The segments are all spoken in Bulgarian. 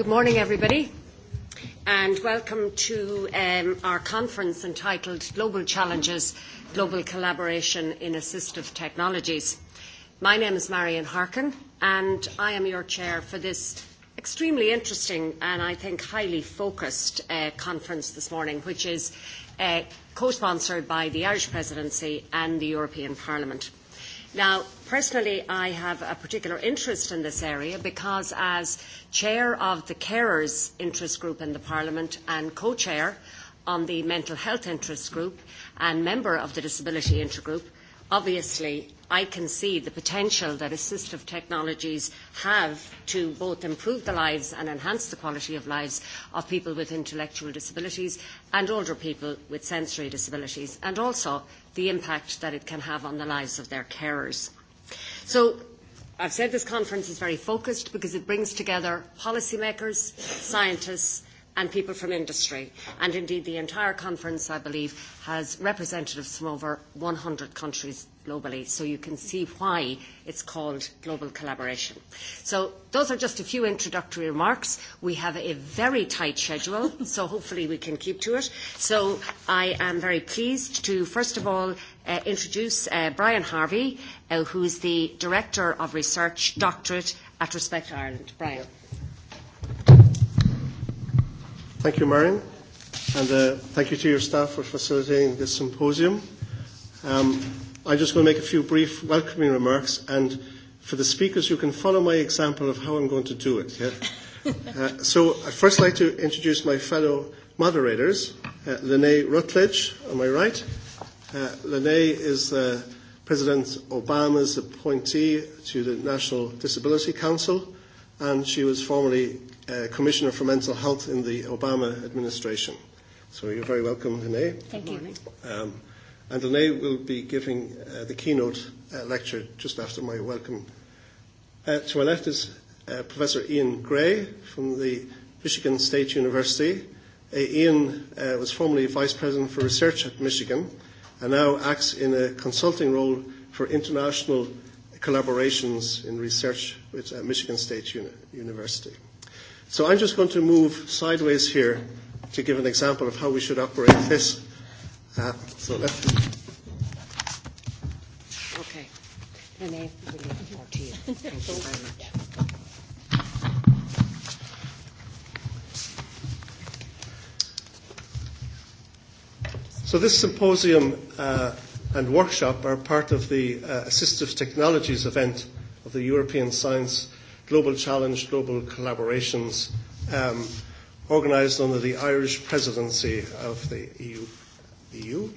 Good morning, everybody, and welcome to um, our conference entitled Global Challenges Global Collaboration in Assistive Technologies. My name is Marion Harkin, and I am your chair for this extremely interesting and I think highly focused uh, conference this morning, which is uh, co-sponsored by the Irish Presidency and the European Parliament. Now, personally, I have a particular interest in this area because as chair of the carers interest group in the Parliament and co-chair on the mental health interest group and member of the disability intergroup, Obviously, I can see the potential that assistive technologies have to both improve the lives and enhance the quality of lives of people with intellectual disabilities and older people with sensory disabilities, and also the impact that it can have on the lives of their carers. So I've said this conference is very focused because it brings together policymakers, scientists, and people from industry. And indeed, the entire conference, I believe, has representatives from over one hundred countries globally, so you can see why it's called global collaboration. So those are just a few introductory remarks. We have a very tight schedule, so hopefully we can keep to it. So I am very pleased to, first of all, uh, introduce uh, Brian Harvey, uh, who is the Director of Research Doctorate at Respect Ireland. Brian. Thank you, Marion, and uh, thank you to your staff for facilitating this symposium. Um, I'm just going to make a few brief welcoming remarks, and for the speakers, you can follow my example of how I'm going to do it. Yeah? uh, so I'd first like to introduce my fellow moderators, uh, Lene Rutledge on my right. Uh, Lene is uh, President Obama's appointee to the National Disability Council and she was formerly uh, Commissioner for Mental Health in the Obama administration. So you're very welcome, Lene. Thank you. Um, and Lene will be giving uh, the keynote uh, lecture just after my welcome. Uh, to my left is uh, Professor Ian Gray from the Michigan State University. Uh, Ian uh, was formerly Vice President for Research at Michigan and now acts in a consulting role for international collaborations in research with uh, Michigan State Uni- University. So I'm just going to move sideways here to give an example of how we should operate this. Uh, so let Okay. So this symposium uh, and workshop are part of the uh, Assistive Technologies event of the European Science Global Challenge Global Collaborations, um, organised under the Irish presidency of the EU. EU.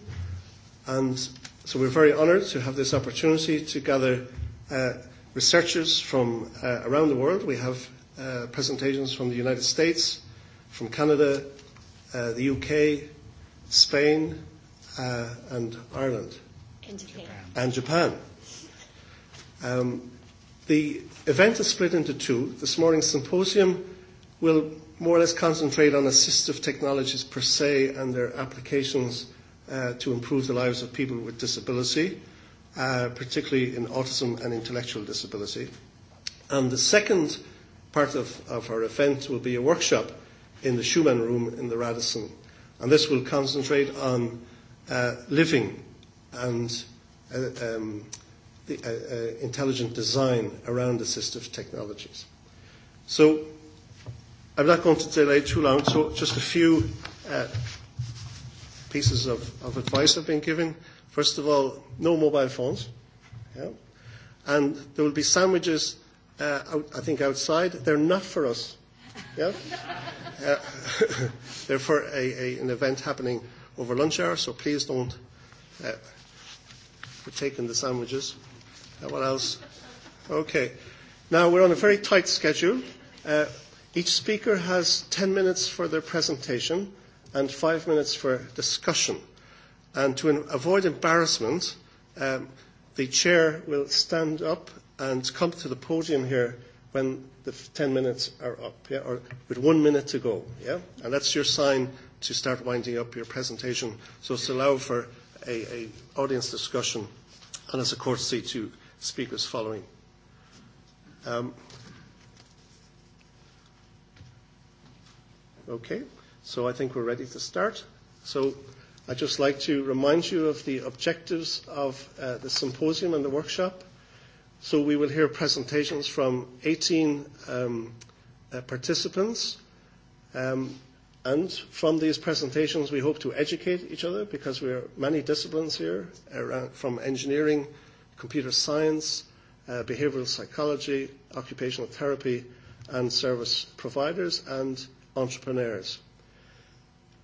And so we're very honoured to have this opportunity to gather uh, researchers from uh, around the world. We have uh, presentations from the United States, from Canada, uh, the UK, Spain, uh, and Ireland. And Japan. And Japan. Um, the event is split into two. This morning's symposium will more or less concentrate on assistive technologies per se and their applications uh, to improve the lives of people with disability, uh, particularly in autism and intellectual disability. And the second part of, of our event will be a workshop in the Schumann Room in the Radisson. And this will concentrate on uh, living and uh, um, the, uh, uh, intelligent design around assistive technologies. So I'm not going to delay too long, so just a few uh, pieces of, of advice have been given. First of all, no mobile phones. Yeah? And there will be sandwiches, uh, out, I think, outside. They're not for us. Yeah? uh, they're for a, a, an event happening over lunch hour, so please don't uh, We've taken the sandwiches. what else? Okay. Now, we're on a very tight schedule. Uh, each speaker has 10 minutes for their presentation and five minutes for discussion. And to avoid embarrassment, um, the chair will stand up and come to the podium here when the 10 minutes are up, yeah, or with one minute to go. Yeah? And that's your sign to start winding up your presentation. So it's allow for a, a audience discussion and as a courtesy to speakers following. Um, okay, so I think we're ready to start. So I'd just like to remind you of the objectives of uh, the symposium and the workshop. So we will hear presentations from 18 um, uh, participants. Um, And from these presentations, we hope to educate each other because we are many disciplines here, around, from engineering, computer science, uh, behavioral psychology, occupational therapy, and service providers and entrepreneurs.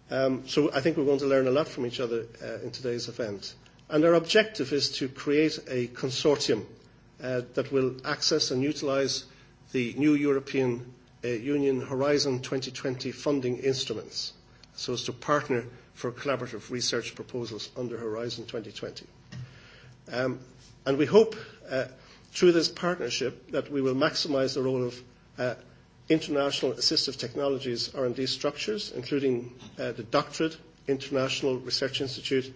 Um, so I think we're going to learn a lot from each other uh, in today's event. And our objective is to create a consortium uh, that will access and utilise the new European Union Horizon 2020 funding instruments so as to partner for collaborative research proposals under Horizon 2020. Um, and we hope uh, through this partnership that we will maximise the role of uh, international assistive technologies R&D structures, including uh, the Doctorate International Research Institute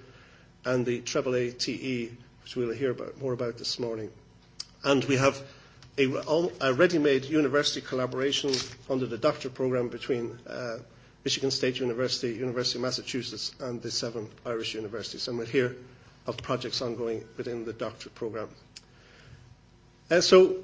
and the AAATE, which we'll hear about, more about this morning. And we have a, a ready-made university collaboration under the doctorate program between uh, Michigan State University, University of Massachusetts, and the seven Irish universities. And we'll hear of projects ongoing within the doctorate program. And so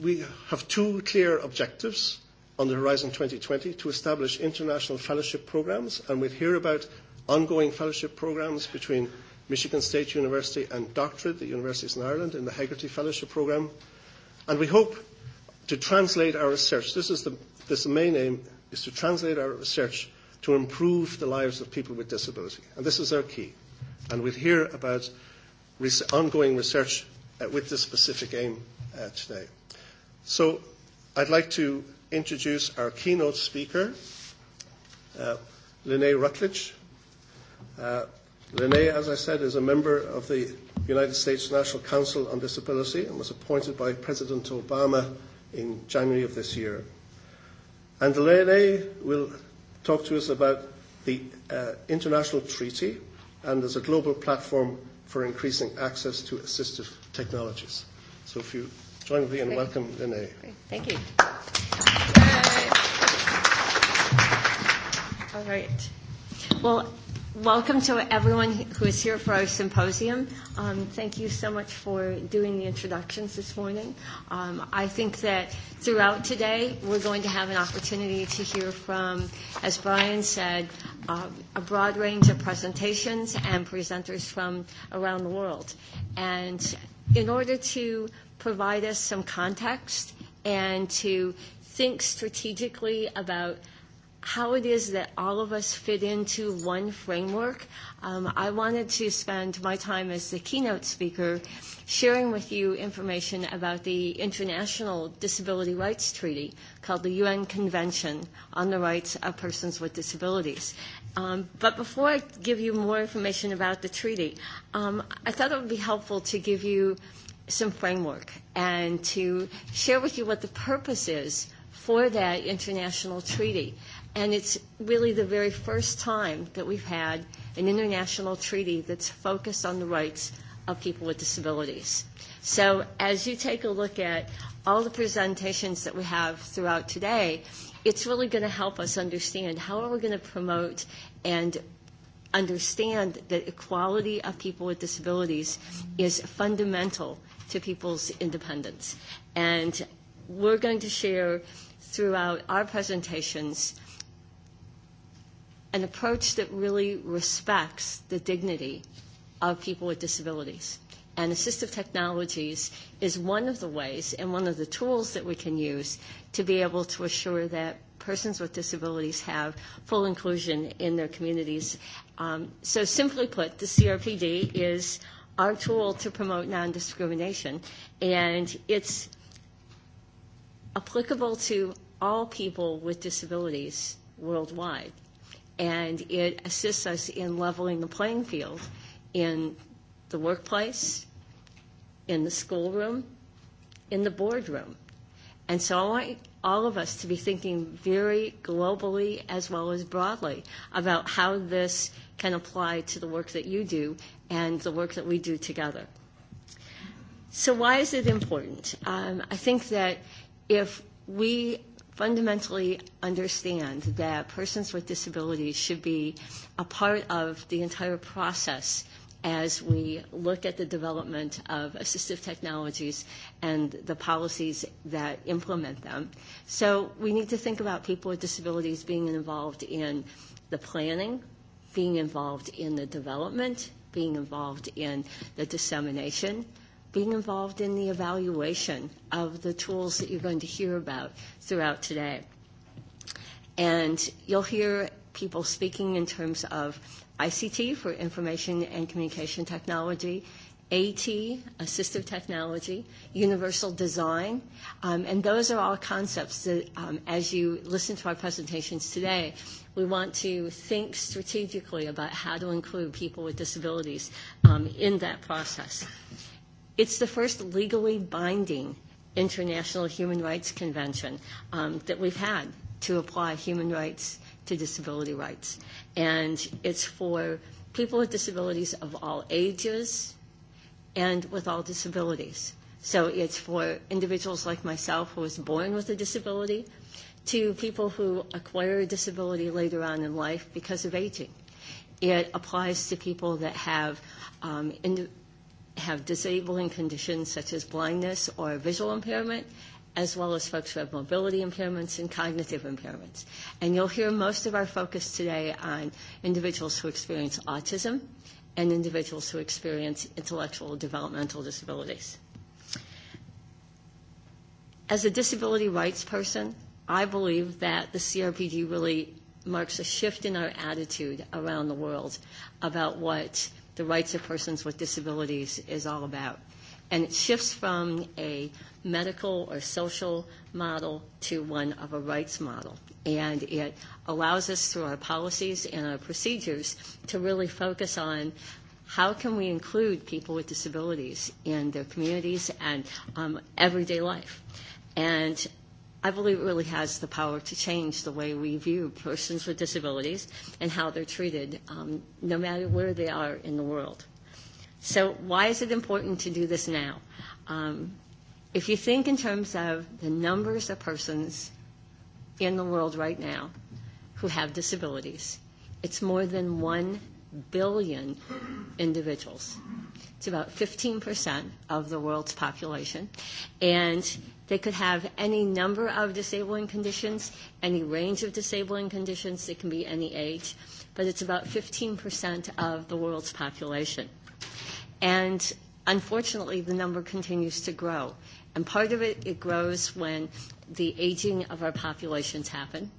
we have two clear objectives on the Horizon 2020 to establish international fellowship programs, and we'll hear about ongoing fellowship programs between Michigan State University and Doctorate, the universities in Ireland, in the Hegarty Fellowship Program, And we hope to translate our research. This is the, this main aim, is to translate our research to improve the lives of people with disability. And this is our key. And we'll hear about res ongoing research uh, with this specific aim uh, today. So I'd like to introduce our keynote speaker, uh, Lene Rutledge. Uh, Lene, as I said, is a member of the United States National Council on Disability and was appointed by President Obama in January of this year. And Lele will talk to us about the uh, international treaty and as a global platform for increasing access to assistive technologies. So if you join me and welcome Lene. Thank you. All right. Well, Welcome to everyone who is here for our symposium. Um, thank you so much for doing the introductions this morning. Um, I think that throughout today, we're going to have an opportunity to hear from, as Brian said, uh, a broad range of presentations and presenters from around the world. And in order to provide us some context and to think strategically about how it is that all of us fit into one framework. Um, I wanted to spend my time as the keynote speaker sharing with you information about the International Disability Rights Treaty called the UN Convention on the Rights of Persons with Disabilities. Um, but before I give you more information about the treaty, um, I thought it would be helpful to give you some framework and to share with you what the purpose is for that international treaty And it's really the very first time that we've had an international treaty that's focused on the rights of people with disabilities. So as you take a look at all the presentations that we have throughout today, it's really going to help us understand how are we going to promote and understand that equality of people with disabilities is fundamental to people's independence. And we're going to share throughout our presentations an approach that really respects the dignity of people with disabilities. And assistive technologies is one of the ways and one of the tools that we can use to be able to assure that persons with disabilities have full inclusion in their communities. Um, so simply put, the CRPD is our tool to promote non-discrimination, and it's applicable to all people with disabilities worldwide and it assists us in leveling the playing field in the workplace, in the schoolroom, in the boardroom. And so I want all of us to be thinking very globally as well as broadly about how this can apply to the work that you do and the work that we do together. So why is it important? Um, I think that if we fundamentally understand that persons with disabilities should be a part of the entire process as we look at the development of assistive technologies and the policies that implement them. So we need to think about people with disabilities being involved in the planning, being involved in the development, being involved in the dissemination, being involved in the evaluation of the tools that you're going to hear about throughout today. And you'll hear people speaking in terms of ICT for information and communication technology, AT, assistive technology, universal design. Um, and those are all concepts that, um, as you listen to our presentations today, we want to think strategically about how to include people with disabilities um, in that process. It's the first legally binding international human rights convention um, that we've had to apply human rights to disability rights. And it's for people with disabilities of all ages and with all disabilities. So it's for individuals like myself who was born with a disability to people who acquire a disability later on in life because of aging. It applies to people that have um, in, have disabling conditions such as blindness or visual impairment, as well as folks who have mobility impairments and cognitive impairments. And you'll hear most of our focus today on individuals who experience autism and individuals who experience intellectual developmental disabilities. As a disability rights person, I believe that the CRPD really marks a shift in our attitude around the world about what the rights of persons with disabilities is all about. And it shifts from a medical or social model to one of a rights model. And it allows us through our policies and our procedures to really focus on how can we include people with disabilities in their communities and um, everyday life. And I believe it really has the power to change the way we view persons with disabilities and how they're treated, um, no matter where they are in the world. So why is it important to do this now? Um, if you think in terms of the numbers of persons in the world right now who have disabilities, it's more than 1 billion individuals. It's about 15% of the world's population. And They could have any number of disabling conditions, any range of disabling conditions. It can be any age, but it's about 15% of the world's population. And unfortunately, the number continues to grow. And part of it, it grows when the aging of our populations happen.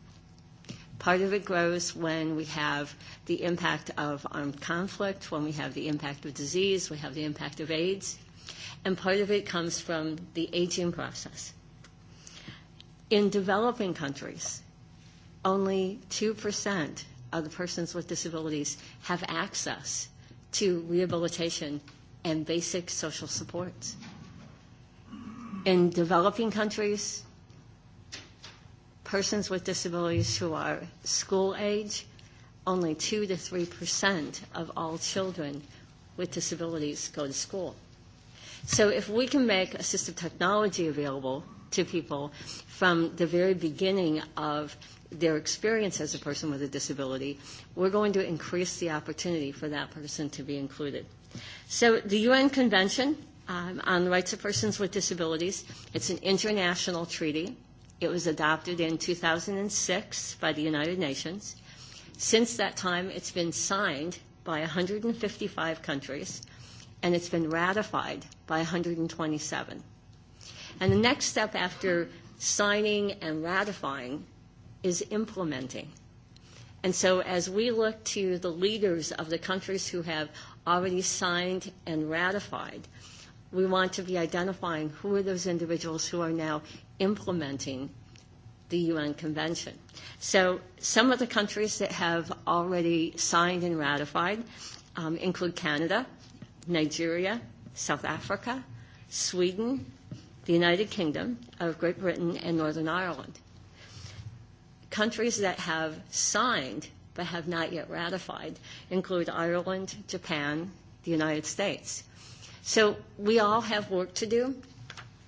Part of it grows when we have the impact of armed conflict, when we have the impact of disease, we have the impact of AIDS and part of it comes from the aging process. In developing countries, only 2% of the persons with disabilities have access to rehabilitation and basic social supports. In developing countries, persons with disabilities who are school age, only 2 to 3% of all children with disabilities go to school. So if we can make assistive technology available to people from the very beginning of their experience as a person with a disability, we're going to increase the opportunity for that person to be included. So the UN Convention um, on the Rights of Persons with Disabilities, it's an international treaty. It was adopted in 2006 by the United Nations. Since that time, it's been signed by 155 countries and it's been ratified by 127. And the next step after signing and ratifying is implementing. And so as we look to the leaders of the countries who have already signed and ratified, we want to be identifying who are those individuals who are now implementing the UN Convention. So some of the countries that have already signed and ratified um, include Canada, Nigeria, South Africa, Sweden, the United Kingdom of Great Britain, and Northern Ireland. Countries that have signed but have not yet ratified include Ireland, Japan, the United States. So we all have work to do,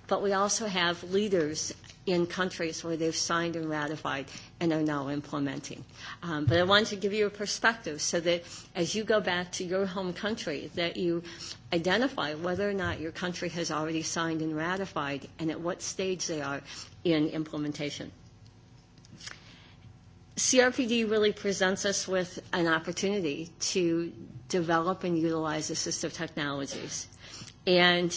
but we also have leaders in countries where they've signed and ratified and are now implementing. Um, but I wanted to give you a perspective so that as you go back to your home country, that you identify whether or not your country has already signed and ratified and at what stage they are in implementation. CRPD really presents us with an opportunity to develop and utilize assistive technologies. And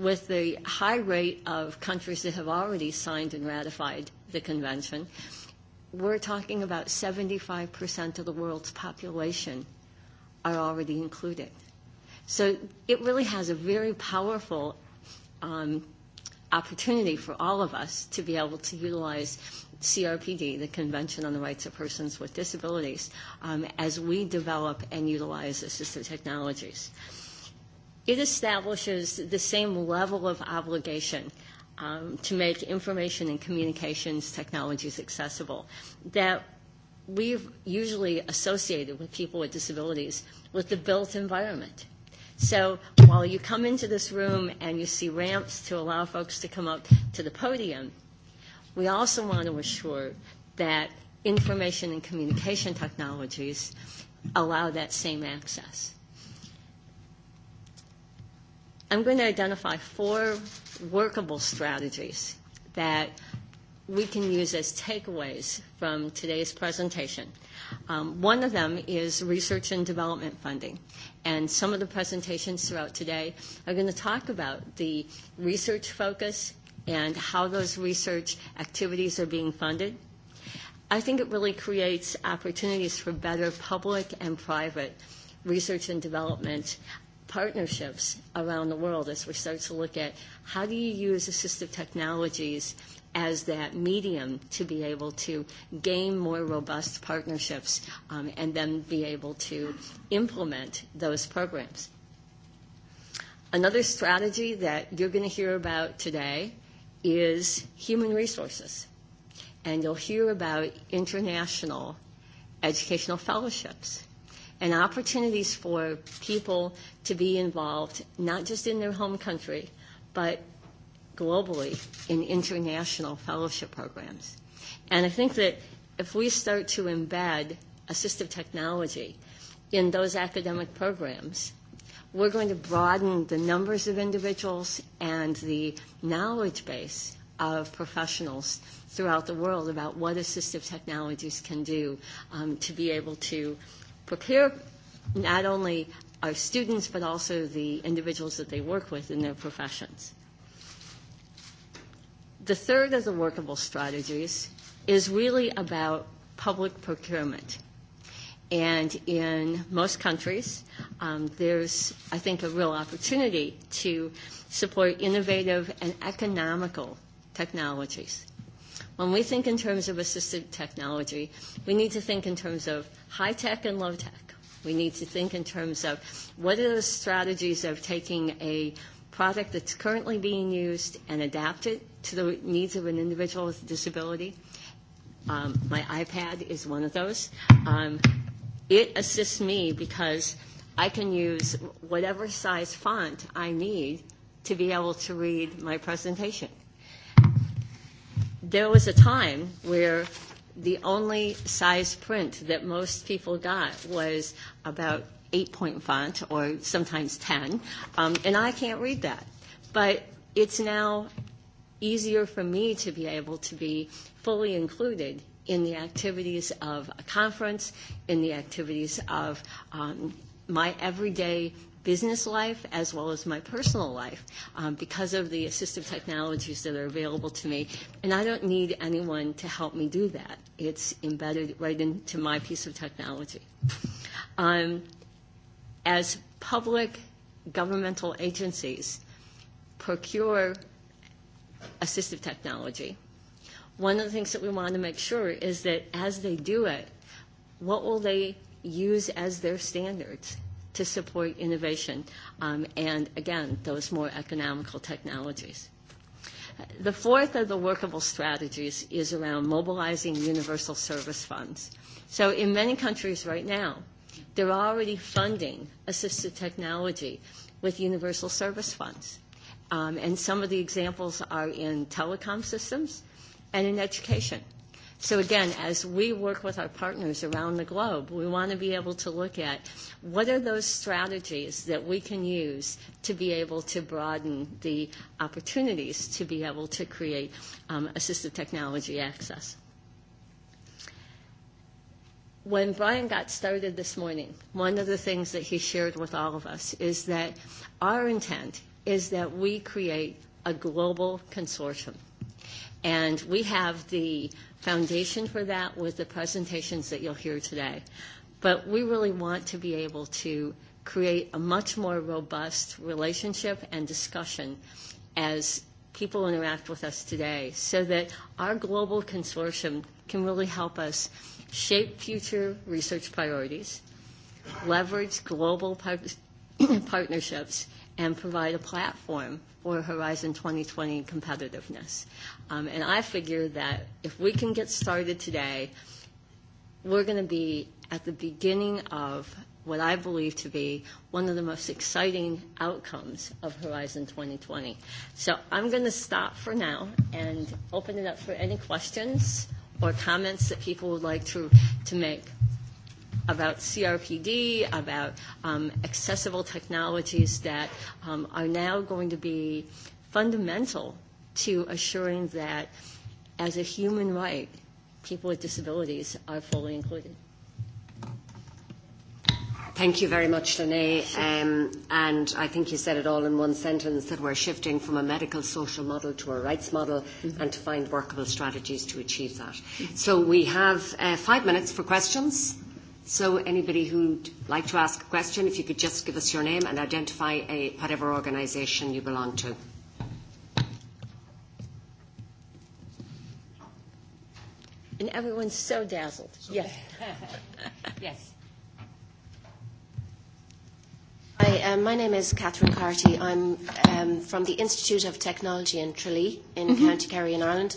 with the high rate of countries that have already signed and ratified the convention, we're talking about 75% of the world's population are already included. So it really has a very powerful um, opportunity for all of us to be able to utilize CRPD, the Convention on the Rights of Persons with Disabilities, um, as we develop and utilize assistive technologies it establishes the same level of obligation um, to make information and communications technologies accessible that we've usually associated with people with disabilities with the built environment. So while you come into this room and you see ramps to allow folks to come up to the podium, we also want to assure that information and communication technologies allow that same access. I'm going to identify four workable strategies that we can use as takeaways from today's presentation. Um, one of them is research and development funding. And some of the presentations throughout today are going to talk about the research focus and how those research activities are being funded. I think it really creates opportunities for better public and private research and development partnerships around the world as we start to look at how do you use assistive technologies as that medium to be able to gain more robust partnerships um, and then be able to implement those programs. Another strategy that you're going to hear about today is human resources. And you'll hear about international educational fellowships and opportunities for people to be involved, not just in their home country, but globally in international fellowship programs. And I think that if we start to embed assistive technology in those academic programs, we're going to broaden the numbers of individuals and the knowledge base of professionals throughout the world about what assistive technologies can do um, to be able to But here, not only our students, but also the individuals that they work with in their professions. The third of the workable strategies is really about public procurement. And in most countries, um, there's, I think, a real opportunity to support innovative and economical technologies When we think in terms of assistive technology, we need to think in terms of high tech and low tech. We need to think in terms of what are the strategies of taking a product that's currently being used and adapt it to the needs of an individual with a disability. Um, my iPad is one of those. Um, it assists me because I can use whatever size font I need to be able to read my presentation there was a time where the only size print that most people got was about eight point font or sometimes 10. Um, and I can't read that. But it's now easier for me to be able to be fully included in the activities of a conference, in the activities of um, my everyday business life as well as my personal life um, because of the assistive technologies that are available to me. And I don't need anyone to help me do that. It's embedded right into my piece of technology. Um, as public governmental agencies procure assistive technology, one of the things that we want to make sure is that as they do it, what will they use as their standards? to support innovation um, and, again, those more economical technologies. The fourth of the workable strategies is around mobilizing universal service funds. So in many countries right now, they're already funding assisted technology with universal service funds. Um, and some of the examples are in telecom systems and in education. So again, as we work with our partners around the globe, we want to be able to look at what are those strategies that we can use to be able to broaden the opportunities to be able to create assistive technology access. When Brian got started this morning, one of the things that he shared with all of us is that our intent is that we create a global consortium. And we have the foundation for that was the presentations that you'll hear today. But we really want to be able to create a much more robust relationship and discussion as people interact with us today so that our global consortium can really help us shape future research priorities, leverage global partnerships, and provide a platform for Horizon 2020 competitiveness. Um, and I figure that if we can get started today, we're going to be at the beginning of what I believe to be one of the most exciting outcomes of Horizon 2020. So I'm going to stop for now and open it up for any questions or comments that people would like to, to make about CRPD, about um, accessible technologies that um, are now going to be fundamental to assuring that as a human right, people with disabilities are fully included. Thank you very much, Lene. Um, and I think you said it all in one sentence that we're shifting from a medical social model to a rights model mm-hmm. and to find workable strategies to achieve that. Mm-hmm. So we have uh, five minutes for questions. So anybody who'd like to ask a question, if you could just give us your name and identify a, whatever organization you belong to. And everyone's so dazzled. Yes. yes. Hi, um, my name is Catherine Carty. I'm um, from the Institute of Technology in Tralee in mm-hmm. County Kerry in Ireland.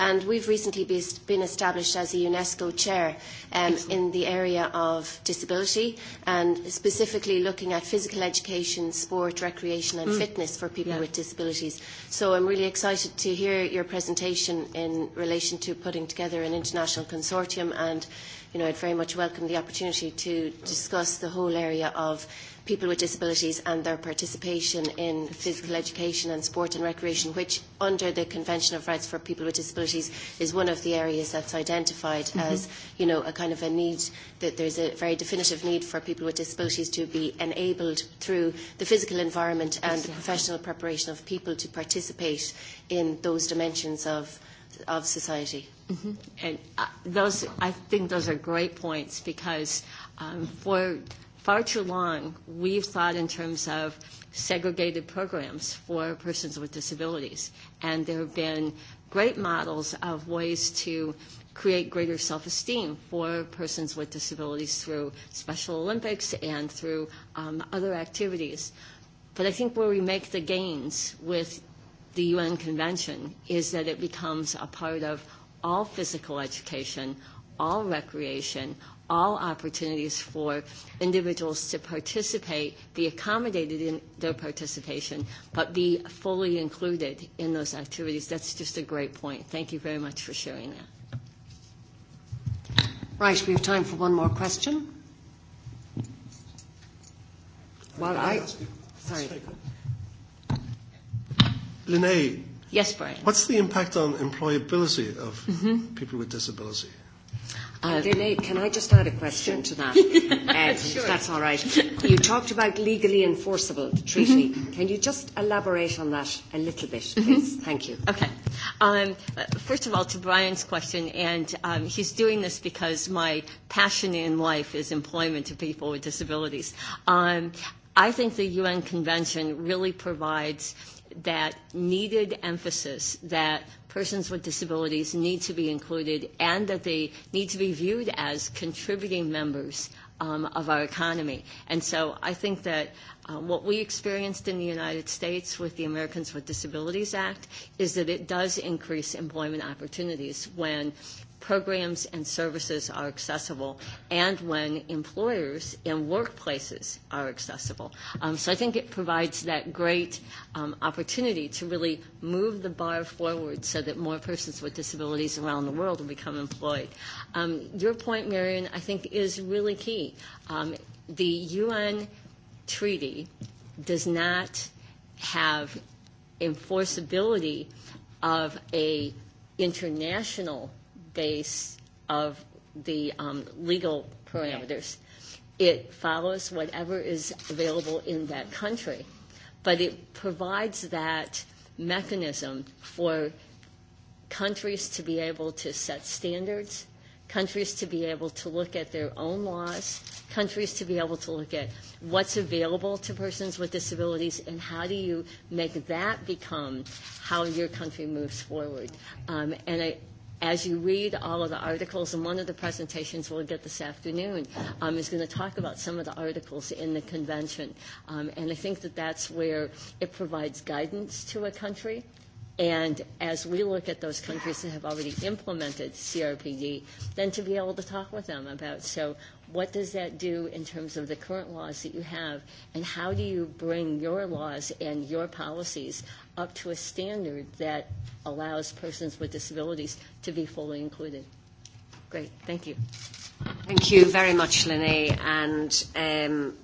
And we've recently be, been established as a UNESCO chair um, in the area of disability and specifically looking at physical education, sport, recreation and mm. fitness for people yeah. with disabilities. So I'm really excited to hear your presentation in relation to putting together an international consortium and you know, I'd very much welcome the opportunity to discuss the whole area of people with disabilities and their participation in physical education and sport and recreation, which under the Convention of Rights for People with Disabilities is one of the areas that's identified as, you know, a kind of a need, that there's a very definitive need for people with disabilities to be enabled through the physical environment and the professional preparation of people to participate in those dimensions of, of society. Mm-hmm. And uh, those, I think those are great points because um, for far too long, we've thought in terms of segregated programs for persons with disabilities. And there have been great models of ways to create greater self-esteem for persons with disabilities through Special Olympics and through um, other activities. But I think where we make the gains with the UN Convention is that it becomes a part of all physical education, all recreation, all opportunities for individuals to participate, be accommodated in their participation, but be fully included in those activities. That's just a great point. Thank you very much for sharing that. Right, we have time for one more question. Well, I. Sorry. Lene, Yes, Brian. What's the impact on employability of mm-hmm. people with disability? Uh, Sinead, can I just add a question to that? uh, sure. That's all right. You talked about legally enforceable the treaty. Mm-hmm. Can you just elaborate on that a little bit, please? Mm-hmm. Thank you. Okay. Um, first of all, to Brian's question, and um, he's doing this because my passion in life is employment to people with disabilities. Um, I think the UN Convention really provides that needed emphasis that persons with disabilities need to be included and that they need to be viewed as contributing members um, of our economy. And so I think that um, what we experienced in the United States with the Americans with Disabilities Act is that it does increase employment opportunities when programs and services are accessible and when employers and workplaces are accessible. Um, so I think it provides that great um, opportunity to really move the bar forward so that more persons with disabilities around the world will become employed. Um, your point, Marion, I think is really key. Um, the UN treaty does not have enforceability of a international base of the um, legal parameters. It follows whatever is available in that country, but it provides that mechanism for countries to be able to set standards, countries to be able to look at their own laws, countries to be able to look at what's available to persons with disabilities and how do you make that become how your country moves forward. Um, and I, as you read all of the articles, and one of the presentations we'll get this afternoon um, is going to talk about some of the articles in the convention. Um, and I think that that's where it provides guidance to a country. And as we look at those countries that have already implemented CRPD, then to be able to talk with them about so what does that do in terms of the current laws that you have, and how do you bring your laws and your policies up to a standard that allows persons with disabilities to be fully included. Great, thank you. Thank you very much, Lene, and um,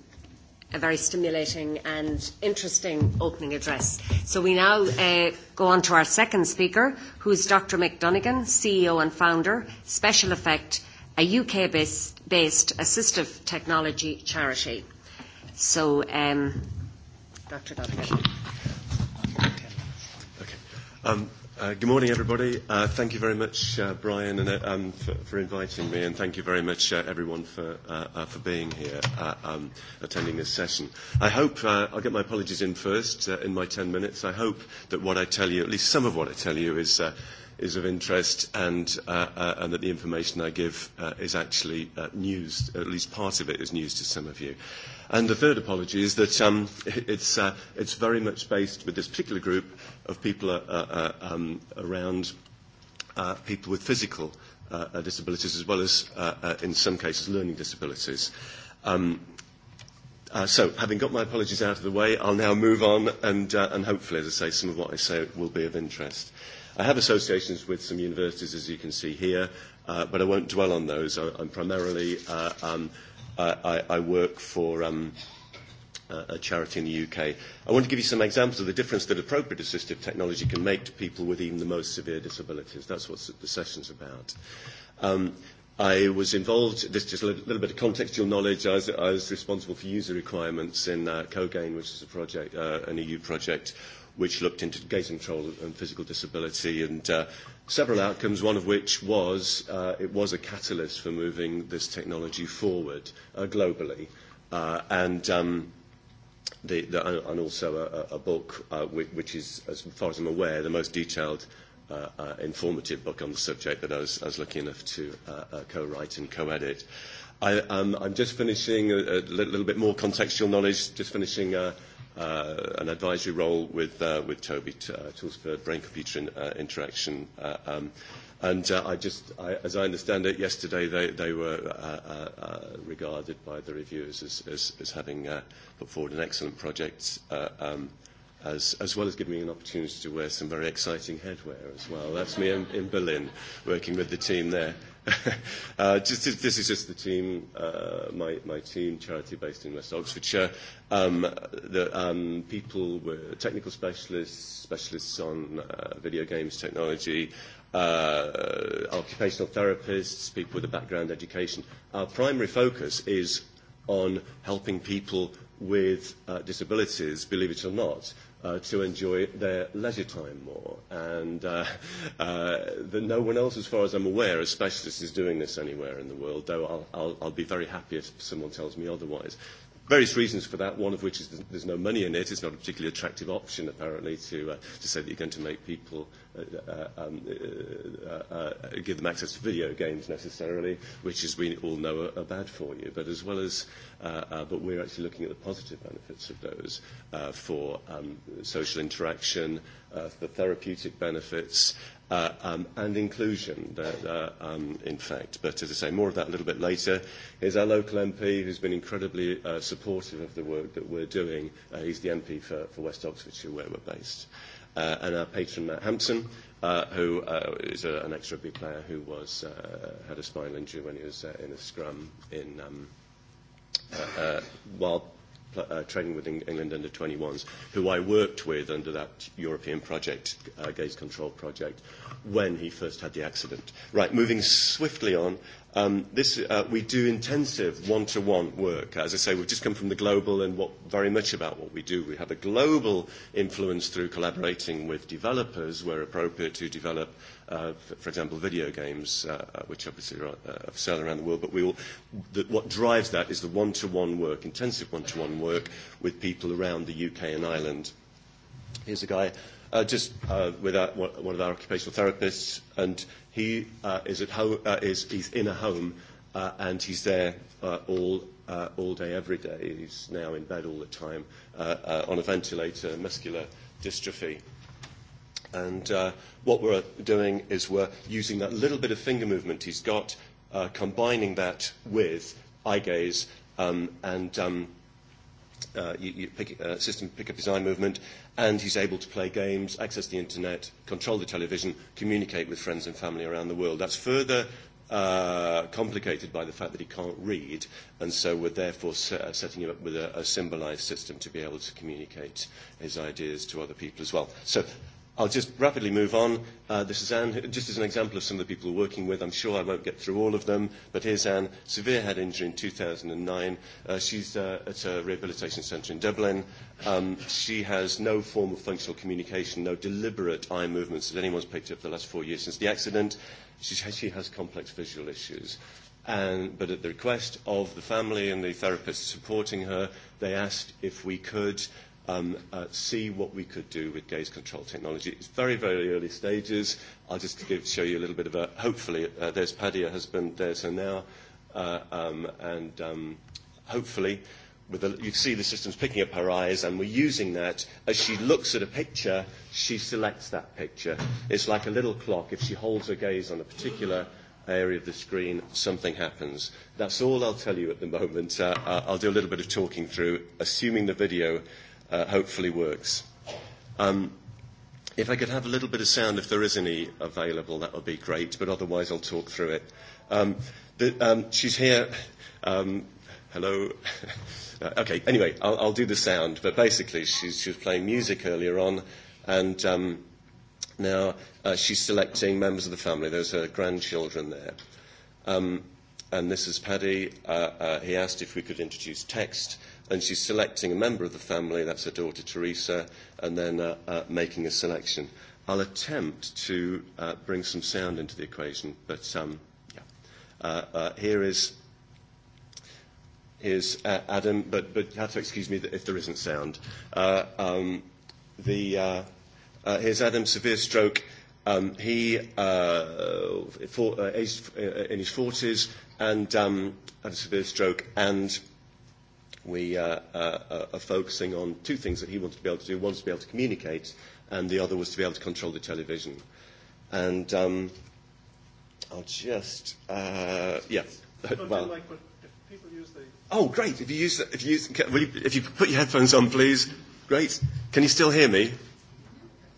a very stimulating and interesting opening address. So we now uh, go on to our second speaker, who is Dr. McDonegan, CEO and founder, Special Effect, a UK-based assistive technology charity. So, um, Dr. Donegan. Um, uh, good morning, everybody. Uh, thank you very much, uh, Brian, and, um, for, for inviting me, and thank you very much, uh, everyone, for, uh, uh, for being here, uh, um, attending this session. I hope, uh, I'll get my apologies in first, uh, in my 10 minutes. I hope that what I tell you, at least some of what I tell you, is uh, is of interest and, uh, uh, and that the information I give uh, is actually uh, news, at least part of it is news to some of you. And the third apology is that um, it's, uh, it's very much based with this particular group of people uh, uh, um, around uh, people with physical uh, disabilities as well as, uh, uh, in some cases, learning disabilities. Um, Uh, so, having got my apologies out of the way, I'll now move on and, uh, and hopefully, as I say, some of what I say will be of interest. I have associations with some universities, as you can see here, uh, but I won't dwell on those. I, I'm primarily, uh, um, I, I work for um, a charity in the UK. I want to give you some examples of the difference that appropriate assistive technology can make to people with even the most severe disabilities. That's what the session's about. Um, I was involved, this just a little bit of contextual knowledge, I was, I was responsible for user requirements in uh, COGAIN, which is a project, uh, an EU project, which looked into gait control and physical disability and uh, several outcomes, one of which was uh, it was a catalyst for moving this technology forward uh, globally. Uh, and um, the, the, and also a, a book uh, which, which is, as far as I'm aware, the most detailed uh, uh, informative book on the subject that I was, I was lucky enough to uh, uh, co-write and co-edit. I, um, I'm just finishing a, a little bit more contextual knowledge, just finishing uh, uh, an advisory role with, uh, with Toby, uh, Tools for Brain Computer uh, Interaction. Uh, um, and uh, I just, I, as I understand it, yesterday they, they were uh, uh, uh, regarded by the reviewers as, as, as having uh, put forward an excellent project. Uh, um, as, as well as giving me an opportunity to wear some very exciting headwear as well. That's me in, in Berlin, working with the team there uh, just, just, this is just the team, uh, my, my team charity based in West Oxfordshire. Um, the um, people were technical specialists, specialists on uh, video games technology, uh, occupational therapists, people with a background education. Our primary focus is on helping people with uh, disabilities, believe it or not uh, to enjoy their leisure time more. And uh, uh, the, no one else, as far as I'm aware, as specialists, is doing this anywhere in the world, though I'll, I'll, I'll be very happy if someone tells me otherwise. Various reasons for that, one of which is there's no money in it. It's not a particularly attractive option, apparently, to, uh, to say that you're going to make people uh, um, uh, uh, give them access to video games necessarily, which as we all know are, are bad for you. But as well as, uh, uh, but we're actually looking at the positive benefits of those uh, for um, social interaction, uh, for therapeutic benefits, uh, um, and inclusion, that, uh, um, in fact. But as I say, more of that a little bit later. Here's our local MP who's been incredibly uh, supportive of the work that we're doing. Uh, he's the MP for, for West Oxfordshire, where we're based. Uh, uh, and our patron Matt Hampson, uh, who uh, is a, an ex-rugby player who was uh, had a spinal injury when he was uh, in a scrum in um, uh, uh, while uh, training with England under 21s, who I worked with under that European project, uh, gaze control project, when he first had the accident. Right, moving swiftly on, Um, this, uh, we do intensive one-to-one work. As I say, we've just come from the global and what, very much about what we do. We have a global influence through collaborating with developers where appropriate to develop, uh, for example, video games, uh, which obviously are uh, sale around the world. But we will, the, what drives that is the one-to-one work, intensive one-to-one work with people around the UK and Ireland. Here's a guy uh, just uh, with our, one of our occupational therapists, and he uh, is at home, uh, is he's in a home, uh, and he's there uh, all uh, all day, every day. He's now in bed all the time uh, uh, on a ventilator, muscular dystrophy. And uh, what we're doing is we're using that little bit of finger movement he's got, uh, combining that with eye gaze um, and um, uh, you, you pick, uh, system pick up his eye movement, and he's able to play games, access the internet, control the television, communicate with friends and family around the world. That's further uh, complicated by the fact that he can't read, and so we're therefore uh, setting him up with a, a symbolized system to be able to communicate his ideas to other people as well. So I'll just rapidly move on. Uh, this is Anne, just as an example of some of the people we're working with. I'm sure I won't get through all of them, but here's Anne, severe head injury in 2009. Uh, she's uh, at a rehabilitation centre in Dublin. Um, she has no form of functional communication, no deliberate eye movements that anyone's picked up the last four years since the accident. She, she has complex visual issues and, but at the request of the family and the therapist supporting her, they asked if we could um, uh, see what we could do with gaze control technology. It's very, very early stages. I'll just give, show you a little bit of a, hopefully, uh, there's Paddy, her husband, there's her now, uh, um, and um, hopefully, with the, you see the system's picking up her eyes, and we're using that. As she looks at a picture, she selects that picture. It's like a little clock. If she holds her gaze on a particular area of the screen, something happens. That's all I'll tell you at the moment. Uh, I'll do a little bit of talking through, assuming the video uh, hopefully works. Um, if I could have a little bit of sound, if there is any available, that would be great, but otherwise I'll talk through it. Um, the, um, she's here. Um, hello. okay, anyway, I'll, I'll do the sound, but basically she's, she was playing music earlier on, and um, now uh, she's selecting members of the family. There's her grandchildren there. Um, and this is Paddy. Uh, uh, he asked if we could introduce text and she's selecting a member of the family, that's her daughter Teresa, and then uh, uh, making a selection. I'll attempt to uh, bring some sound into the equation, but um, yeah. uh, uh, here is is uh, Adam, but but you have to excuse me if there isn't sound. Uh, um, the uh, uh, here's Adam, severe stroke. Um, he uh, for, uh, aged, uh, in his 40s and um, had a severe stroke and we uh, uh, are focusing on two things that he wanted to be able to do. One was to be able to communicate, and the other was to be able to control the television. And um, I'll just, uh, yeah. well, Oh, great! If you use, if you use, will you, if you put your headphones on, please. Great. Can you still hear me?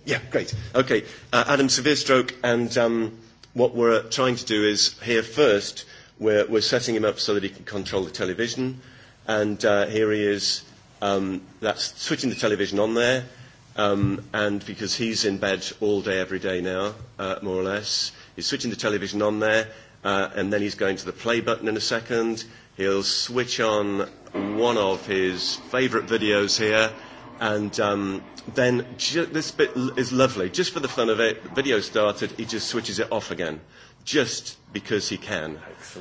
Yeah, great. Okay, uh, Adam, severe stroke, and um, what we're trying to do is here first, we're, we're setting him up so that he can control the television. And uh, here he is. Um, that's switching the television on there. Um, and because he's in bed all day, every day now, uh, more or less, he's switching the television on there. Uh, and then he's going to the play button in a second. He'll switch on one of his favourite videos here. And um, then ju- this bit is lovely. Just for the fun of it, the video started, he just switches it off again. Just because he can.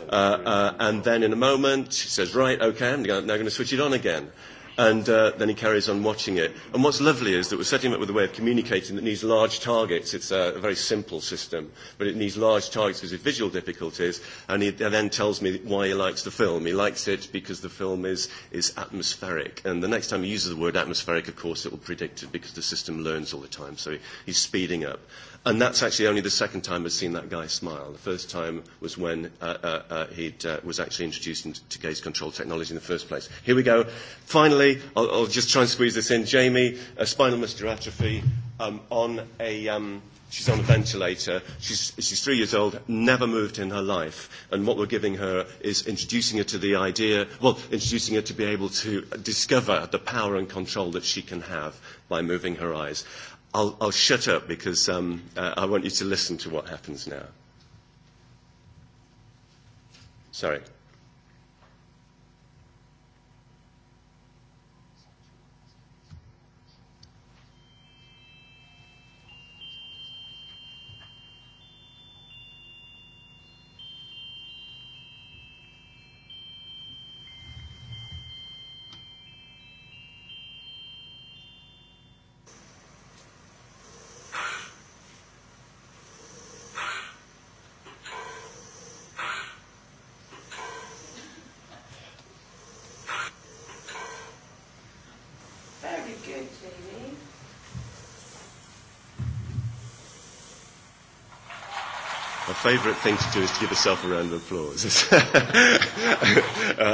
Uh, uh, and then in a moment, he says, right, okay, I'm now going to switch it on again. And uh, then he carries on watching it. And what's lovely is that we're setting him up with a way of communicating that needs large targets. It's a, a very simple system, but it needs large targets because of visual difficulties. And he then tells me why he likes the film. He likes it because the film is, is atmospheric. And the next time he uses the word atmospheric, of course, it will predict it because the system learns all the time. So he, he's speeding up. And that's actually only the second time I've seen that guy smile. The first time was when uh, uh, uh, he uh, was actually introduced into gaze control technology in the first place. Here we go. Finally, I'll, I'll just try and squeeze this in. Jamie, a spinal muscular atrophy um, on a. Um, She's on a ventilator. She's, she's three years old, never moved in her life. And what we're giving her is introducing her to the idea, well, introducing her to be able to discover the power and control that she can have by moving her eyes. I'll, I'll shut up because um, uh, I want you to listen to what happens now. Sorry. favourite thing to do is to give yourself a round of applause. uh,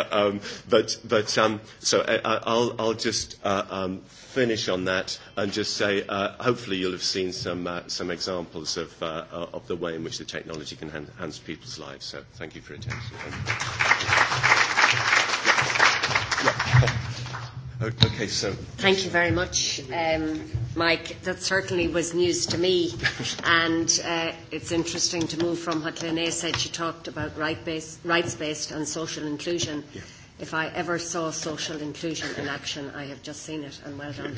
um, but but um, so I, I'll, I'll just uh, um, finish on that and just say uh, hopefully you'll have seen some, uh, some examples of, uh, of the way in which the technology can enhance people's lives. So thank you for your attention. Thank you. Okay, so. Thank you very much, um, Mike. That certainly was news to me. and uh, it's interesting to move from what Linnea said. She talked about right based, rights based and social inclusion. Yeah. If I ever saw social inclusion in action, I have just seen it, and well done.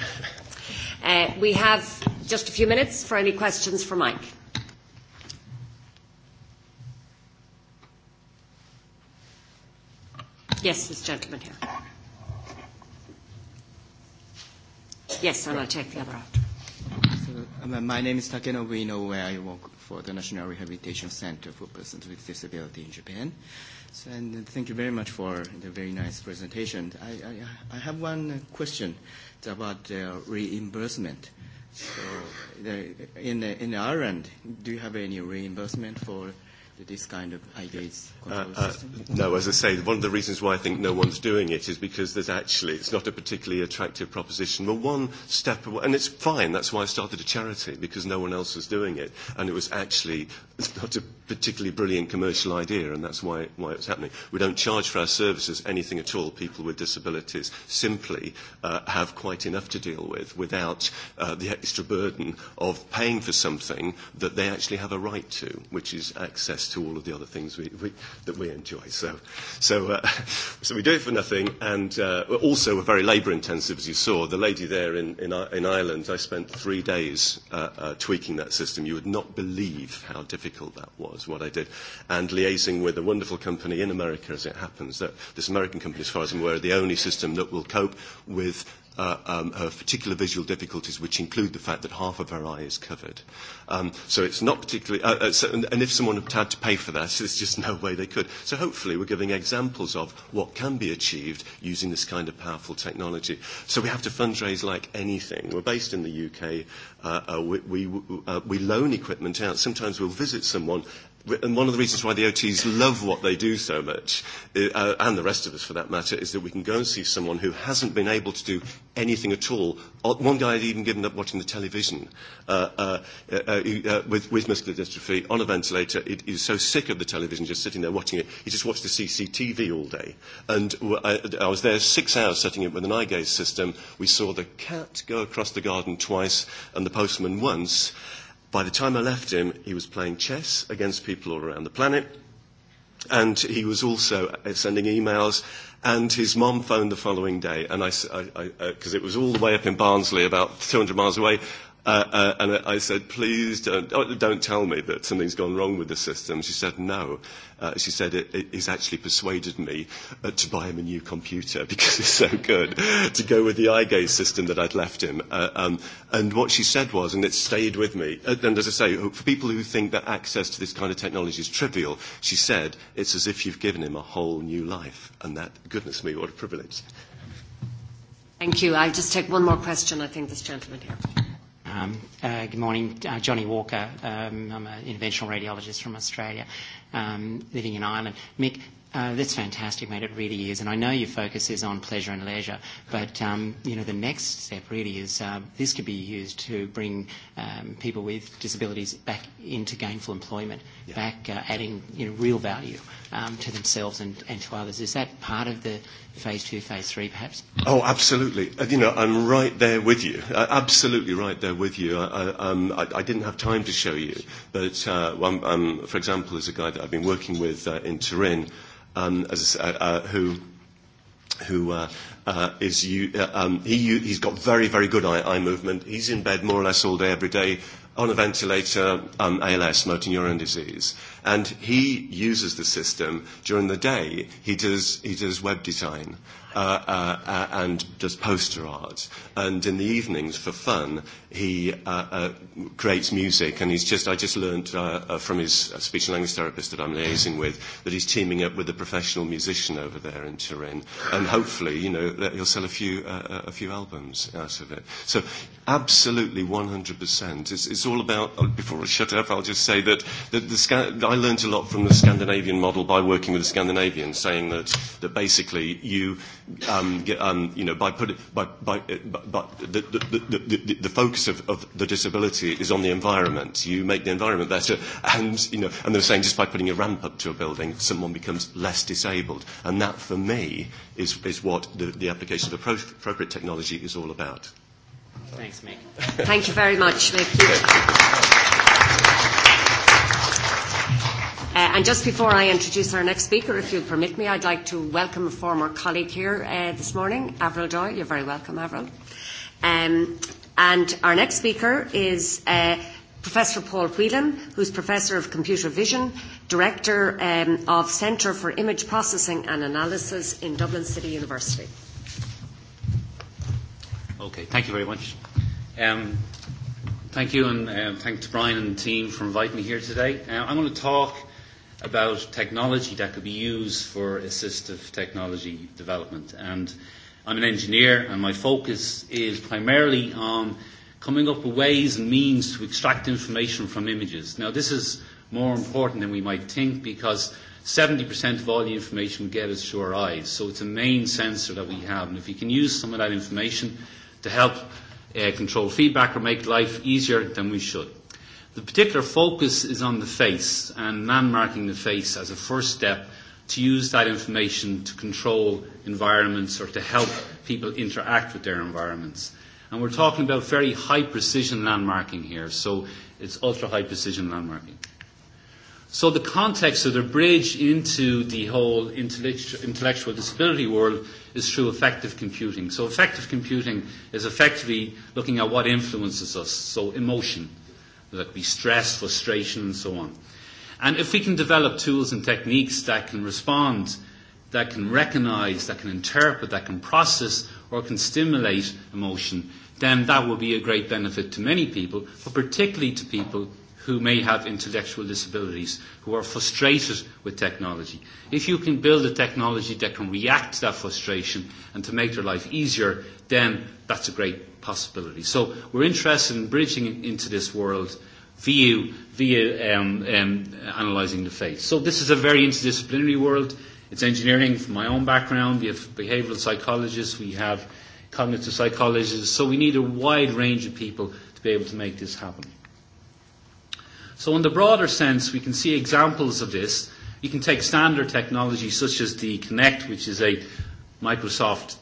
Uh, we have just a few minutes for any questions for Mike. Yes, this gentleman here. Yes, and I'll take the other out. My name is Takeno Ueno, where I work for the National Rehabilitation Center for Persons with Disability in Japan. So, and thank you very much for the very nice presentation. I, I, I have one question it's about uh, reimbursement. So, the, in, the in Ireland, do you have any reimbursement for this kind of ideas control uh, uh, No, as I say, one of the reasons why I think no one's doing it is because there's actually, it's not a particularly attractive proposition. Well, one step, and it's fine, that's why I started a charity, because no one else was doing it. And it was actually not a particularly brilliant commercial idea, and that's why, why it's happening. We don't charge for our services anything at all. People with disabilities simply uh, have quite enough to deal with without uh, the extra burden of paying for something that they actually have a right to, which is access to all of the other things we, we, that we enjoy. So, so, uh, so we do it for nothing, and uh, also we're very labour intensive, as you saw. The lady there in, in, in Ireland, I spent three days uh, uh, tweaking that system. You would not believe how difficult that was, what I did, and liaising with a wonderful company in America, as it happens. That this American company, as far as I'm aware, are the only system that will cope with uh, um, her particular visual difficulties, which include the fact that half of her eye is covered. Um, so it's not particularly, uh, uh, so, and, and if someone had to pay for that, there's just no way they could. So hopefully we're giving examples of what can be achieved using this kind of powerful technology. So we have to fundraise like anything. We're based in the UK. Uh, uh, we, we, uh, we loan equipment out. Sometimes we'll visit someone and one of the reasons why the OTs love what they do so much, uh, and the rest of us for that matter, is that we can go and see someone who hasn't been able to do anything at all. One guy had even given up watching the television uh, uh, uh, uh, uh with, with muscular dystrophy on a ventilator. He, he was so sick of the television, just sitting there watching it, he just watched the CCTV all day. And I, I was there six hours setting it with an eye gaze system. We saw the cat go across the garden twice and the postman once By the time I left him, he was playing chess against people all around the planet, and he was also sending emails. And his mom phoned the following day, and I, because it was all the way up in Barnsley, about 200 miles away, Uh, uh, and I said, please don't, don't tell me that something's gone wrong with the system. She said, no. Uh, she said, it, it, it's actually persuaded me uh, to buy him a new computer because it's so good, to go with the iGaze system that I'd left him. Uh, um, and what she said was, and it stayed with me, and as I say, for people who think that access to this kind of technology is trivial, she said, it's as if you've given him a whole new life. And that, goodness me, what a privilege. Thank you. I'll just take one more question, I think, this gentleman here. Um, uh, good morning, uh, Johnny Walker. Um, I'm an interventional radiologist from Australia, um, living in Ireland. Mick, Uh, that's fantastic, mate. It really is. And I know your focus is on pleasure and leisure, but um, you know the next step really is uh, this could be used to bring um, people with disabilities back into gainful employment, yeah. back uh, adding you know real value um, to themselves and, and to others. Is that part of the phase two, phase three, perhaps? Oh, absolutely. You know, I'm right there with you. Uh, absolutely right there with you. I, I, um, I, I didn't have time to show you, but uh, well um, for example, there's a guy that I've been working with uh, in Turin um, as, uh, uh, who who uh, uh, is you, uh, um, he, he's got very, very good eye, eye movement. He's in bed more or less all day, every day, on a ventilator, um, ALS, motor neuron disease. And he uses the system during the day. He does, he does web design uh, uh, uh, and does poster art. And in the evenings, for fun, he uh, uh, creates music. And he's just, I just learned uh, uh, from his speech and language therapist that I'm liaising with that he's teaming up with a professional musician over there in Turin. And hopefully, you know, that he'll sell a few, uh, a few albums out of it. So absolutely 100%. It's, it's all about, before I shut up, I'll just say that, that the, learned a lot from the Scandinavian model by working with the Scandinavians, saying that, that basically you, um, get, um, you know, by put, by, by, by the, the, the, the focus of, of the disability is on the environment. You make the environment better, and you know, and they're saying just by putting a ramp up to a building, someone becomes less disabled, and that for me is is what the, the application of appropriate technology is all about. Thanks, Mick. Thank you very much, Mick. and just before I introduce our next speaker, if you'll permit me, I'd like to welcome a former colleague here uh, this morning, Avril Doyle. You're very welcome, Avril. Um, and our next speaker is uh, Professor Paul Whelan, who's Professor of Computer Vision, Director um, of Centre for Image Processing and Analysis in Dublin City University. Okay, thank you very much. Um, thank you, and uh, thanks to Brian and the team for inviting me here today. Uh, I'm going to talk about technology that could be used for assistive technology development. And I'm an engineer, and my focus is primarily on coming up with ways and means to extract information from images. Now, this is more important than we might think because 70% of all the information we get is through our eyes. So it's a main sensor that we have. And if you can use some of that information to help uh, control feedback or make life easier, then we should. The particular focus is on the face and landmarking the face as a first step to use that information to control environments or to help people interact with their environments. And we're talking about very high precision landmarking here, so it's ultra high precision landmarking. So the context of the bridge into the whole intellectual disability world is through effective computing. So effective computing is effectively looking at what influences us, so emotion That could be stress, frustration, and so on. And if we can develop tools and techniques that can respond, that can recognize, that can interpret, that can process, or can stimulate emotion, then that will be a great benefit to many people, but particularly to people who may have intellectual disabilities, who are frustrated with technology. If you can build a technology that can react to that frustration and to make their life easier, then that's a great possibility. So we're interested in bridging into this world via, via um, um, analysing the face. So this is a very interdisciplinary world. It's engineering from my own background. We have behavioural psychologists. We have cognitive psychologists. So we need a wide range of people to be able to make this happen. So in the broader sense, we can see examples of this. You can take standard technology such as the Kinect, which is a Microsoft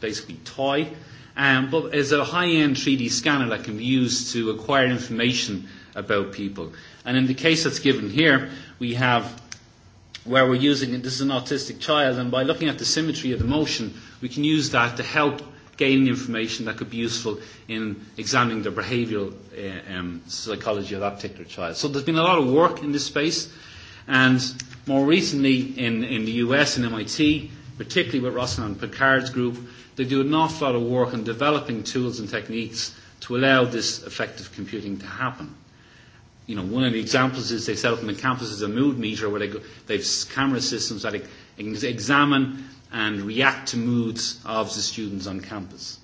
basically toy um, but is a high-end 3D scanner that can be used to acquire information about people. And in the case that's given here, we have where we're using this is an autistic child, and by looking at the symmetry of the motion, we can use that to help gain information that could be useful in examining the behavioural uh, um, psychology of that particular child. So there's been a lot of work in this space, and more recently in, in the US and MIT, particularly with Rosalind Picard's group, They do an awful lot of work on developing tools and techniques to allow this effective computing to happen. You know, one of the examples is they set up on the campus is a mood meter where they go, they've camera systems that examine and react to moods of the students on campus.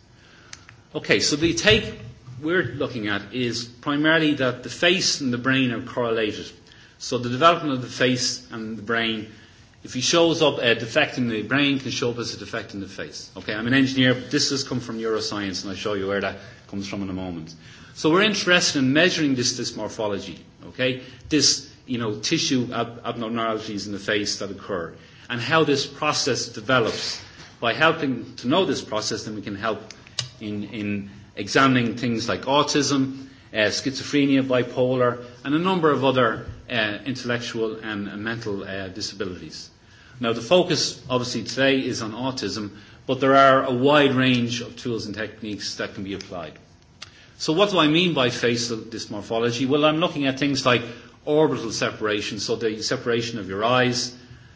Okay, so the take we're looking at is primarily that the face and the brain are correlated. So the development of the face and the brain If he shows up a defect in the brain, can show up as a defect in the face. Okay, I'm an engineer, but this has come from neuroscience, and I'll show you where that comes from in a moment. So we're interested in measuring this dysmorphology, okay? This, you know, tissue ab- abnormalities in the face that occur, and how this process develops. By helping to know this process, then we can help in, in examining things like autism, uh, schizophrenia, bipolar, and a number of other uh, intellectual and uh, mental uh, disabilities. Now, the focus obviously today is on autism, but there are a wide range of tools and techniques that can be applied. So, what do I mean by facial dysmorphology? Well, I'm looking at things like orbital separation, so the separation of your eyes,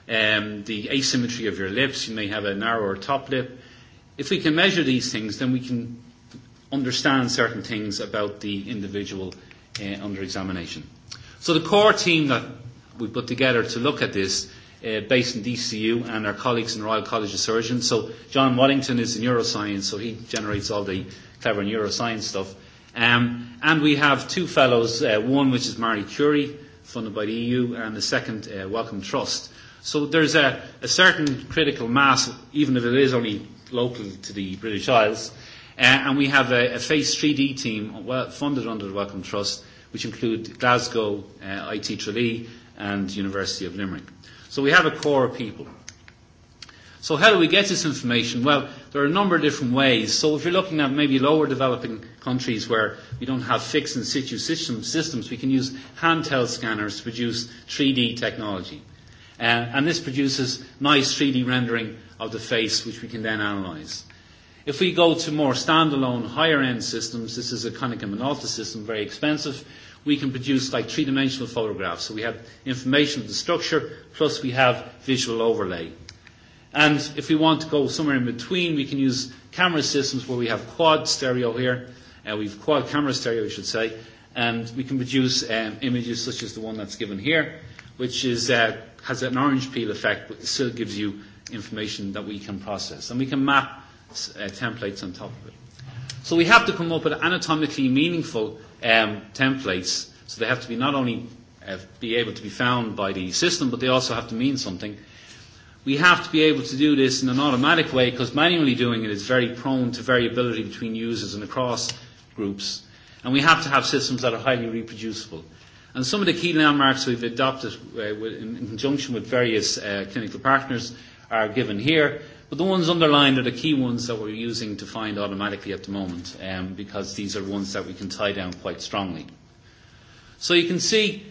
um, the asymmetry of your lips, you may have a narrower top lip. If we can measure these things, then we can understand certain things about the individual uh, under examination. So the core team that we put together to look at this uh, based in DCU and our colleagues in the Royal College of Surgeons. So John Waddington is in neuroscience, so he generates all the clever neuroscience stuff. Um, and we have two fellows, uh, one which is Marie Curie, funded by the EU, and the second, uh, Wellcome Trust. So there's a, a certain critical mass, even if it is only local to the British Isles, Uh, and we have a, a phase 3D team well, funded under the Wellcome Trust, which include Glasgow, uh, IT Tralee, and University of Limerick. So we have a core of people. So how do we get this information? Well, there are a number of different ways. So if you're looking at maybe lower developing countries where we don't have fixed in situ system, systems, we can use handheld scanners to produce 3D technology. Uh, and this produces nice 3D rendering of the face, which we can then analyse. If we go to more standalone, higher end systems, this is a Konica Minolta system, very expensive, we can produce like three dimensional photographs. So we have information of the structure, plus we have visual overlay. And if we want to go somewhere in between, we can use camera systems where we have quad stereo here, uh, we have quad camera stereo, we should say, and we can produce um, images such as the one that's given here, which is, uh, has an orange peel effect, but still gives you information that we can process. And we can map uh, templates on top of it. So we have to come up with anatomically meaningful um, templates. So they have to be not only uh, be able to be found by the system, but they also have to mean something. We have to be able to do this in an automatic way because manually doing it is very prone to variability between users and across groups. And we have to have systems that are highly reproducible. And some of the key landmarks we've adopted uh, in conjunction with various uh, clinical partners are given here. But the ones underlined are the key ones that we're using to find automatically at the moment, um, because these are ones that we can tie down quite strongly. So you can see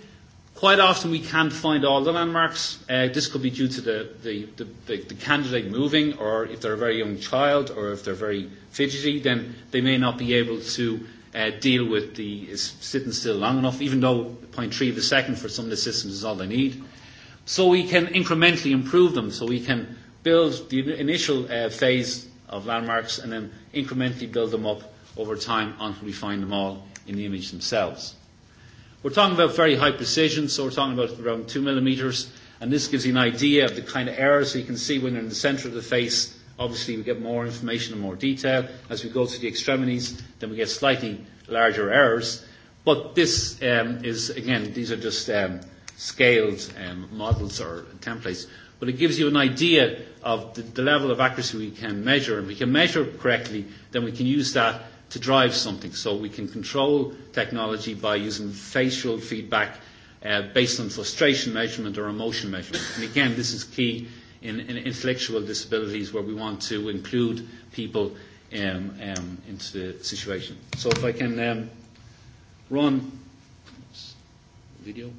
quite often we can't find all the landmarks. Uh, this could be due to the, the, the, the, the candidate moving, or if they're a very young child, or if they're very fidgety, then they may not be able to uh, deal with the is sitting still long enough, even though 0.3 of a second for some of the systems is all they need. So we can incrementally improve them, so we can build the initial uh, phase of landmarks and then incrementally build them up over time until we find them all in the image themselves. We're talking about very high precision, so we're talking about around two millimeters, and this gives you an idea of the kind of error, so you can see when they're in the center of the face, obviously we get more information and more detail. As we go to the extremities, then we get slightly larger errors. But this um, is, again, these are just um, scaled um, models or templates. But it gives you an idea of the, the level of accuracy we can measure. And if we can measure correctly, then we can use that to drive something. So we can control technology by using facial feedback uh, based on frustration measurement or emotion measurement. And again, this is key in, in intellectual disabilities where we want to include people um, um, into the situation. So if I can um, run video.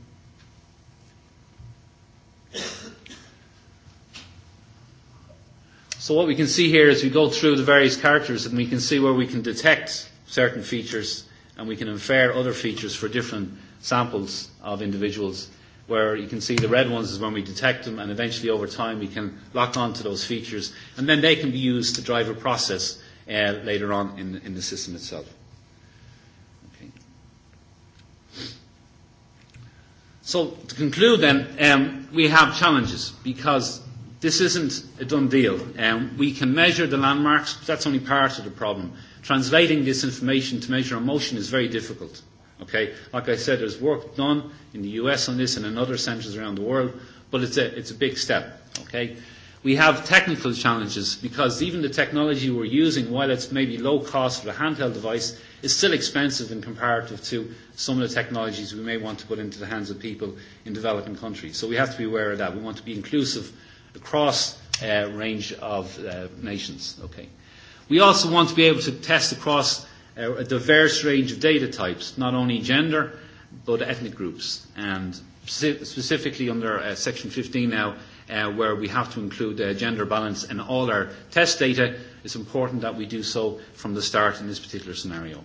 So what we can see here is we go through the various characters and we can see where we can detect certain features and we can infer other features for different samples of individuals where you can see the red ones is when we detect them and eventually over time we can lock on to those features and then they can be used to drive a process uh, later on in, in the system itself. Okay. So to conclude then, um, we have challenges because This isn't a done deal. Um, we can measure the landmarks, but that's only part of the problem. Translating this information to measure emotion is very difficult. Okay, like I said, there's work done in the US on this and in other centres around the world, but it's a, it's a big step. Okay, we have technical challenges because even the technology we're using, while it's maybe low cost for a handheld device, is still expensive in comparative to some of the technologies we may want to put into the hands of people in developing countries. So we have to be aware of that. We want to be inclusive across a range of uh, nations. Okay. We also want to be able to test across uh a diverse range of data types, not only gender, but ethnic groups, and specifically under uh, Section 15 now, uh, where we have to include uh, gender balance in all our test data, it's important that we do so from the start in this particular scenario.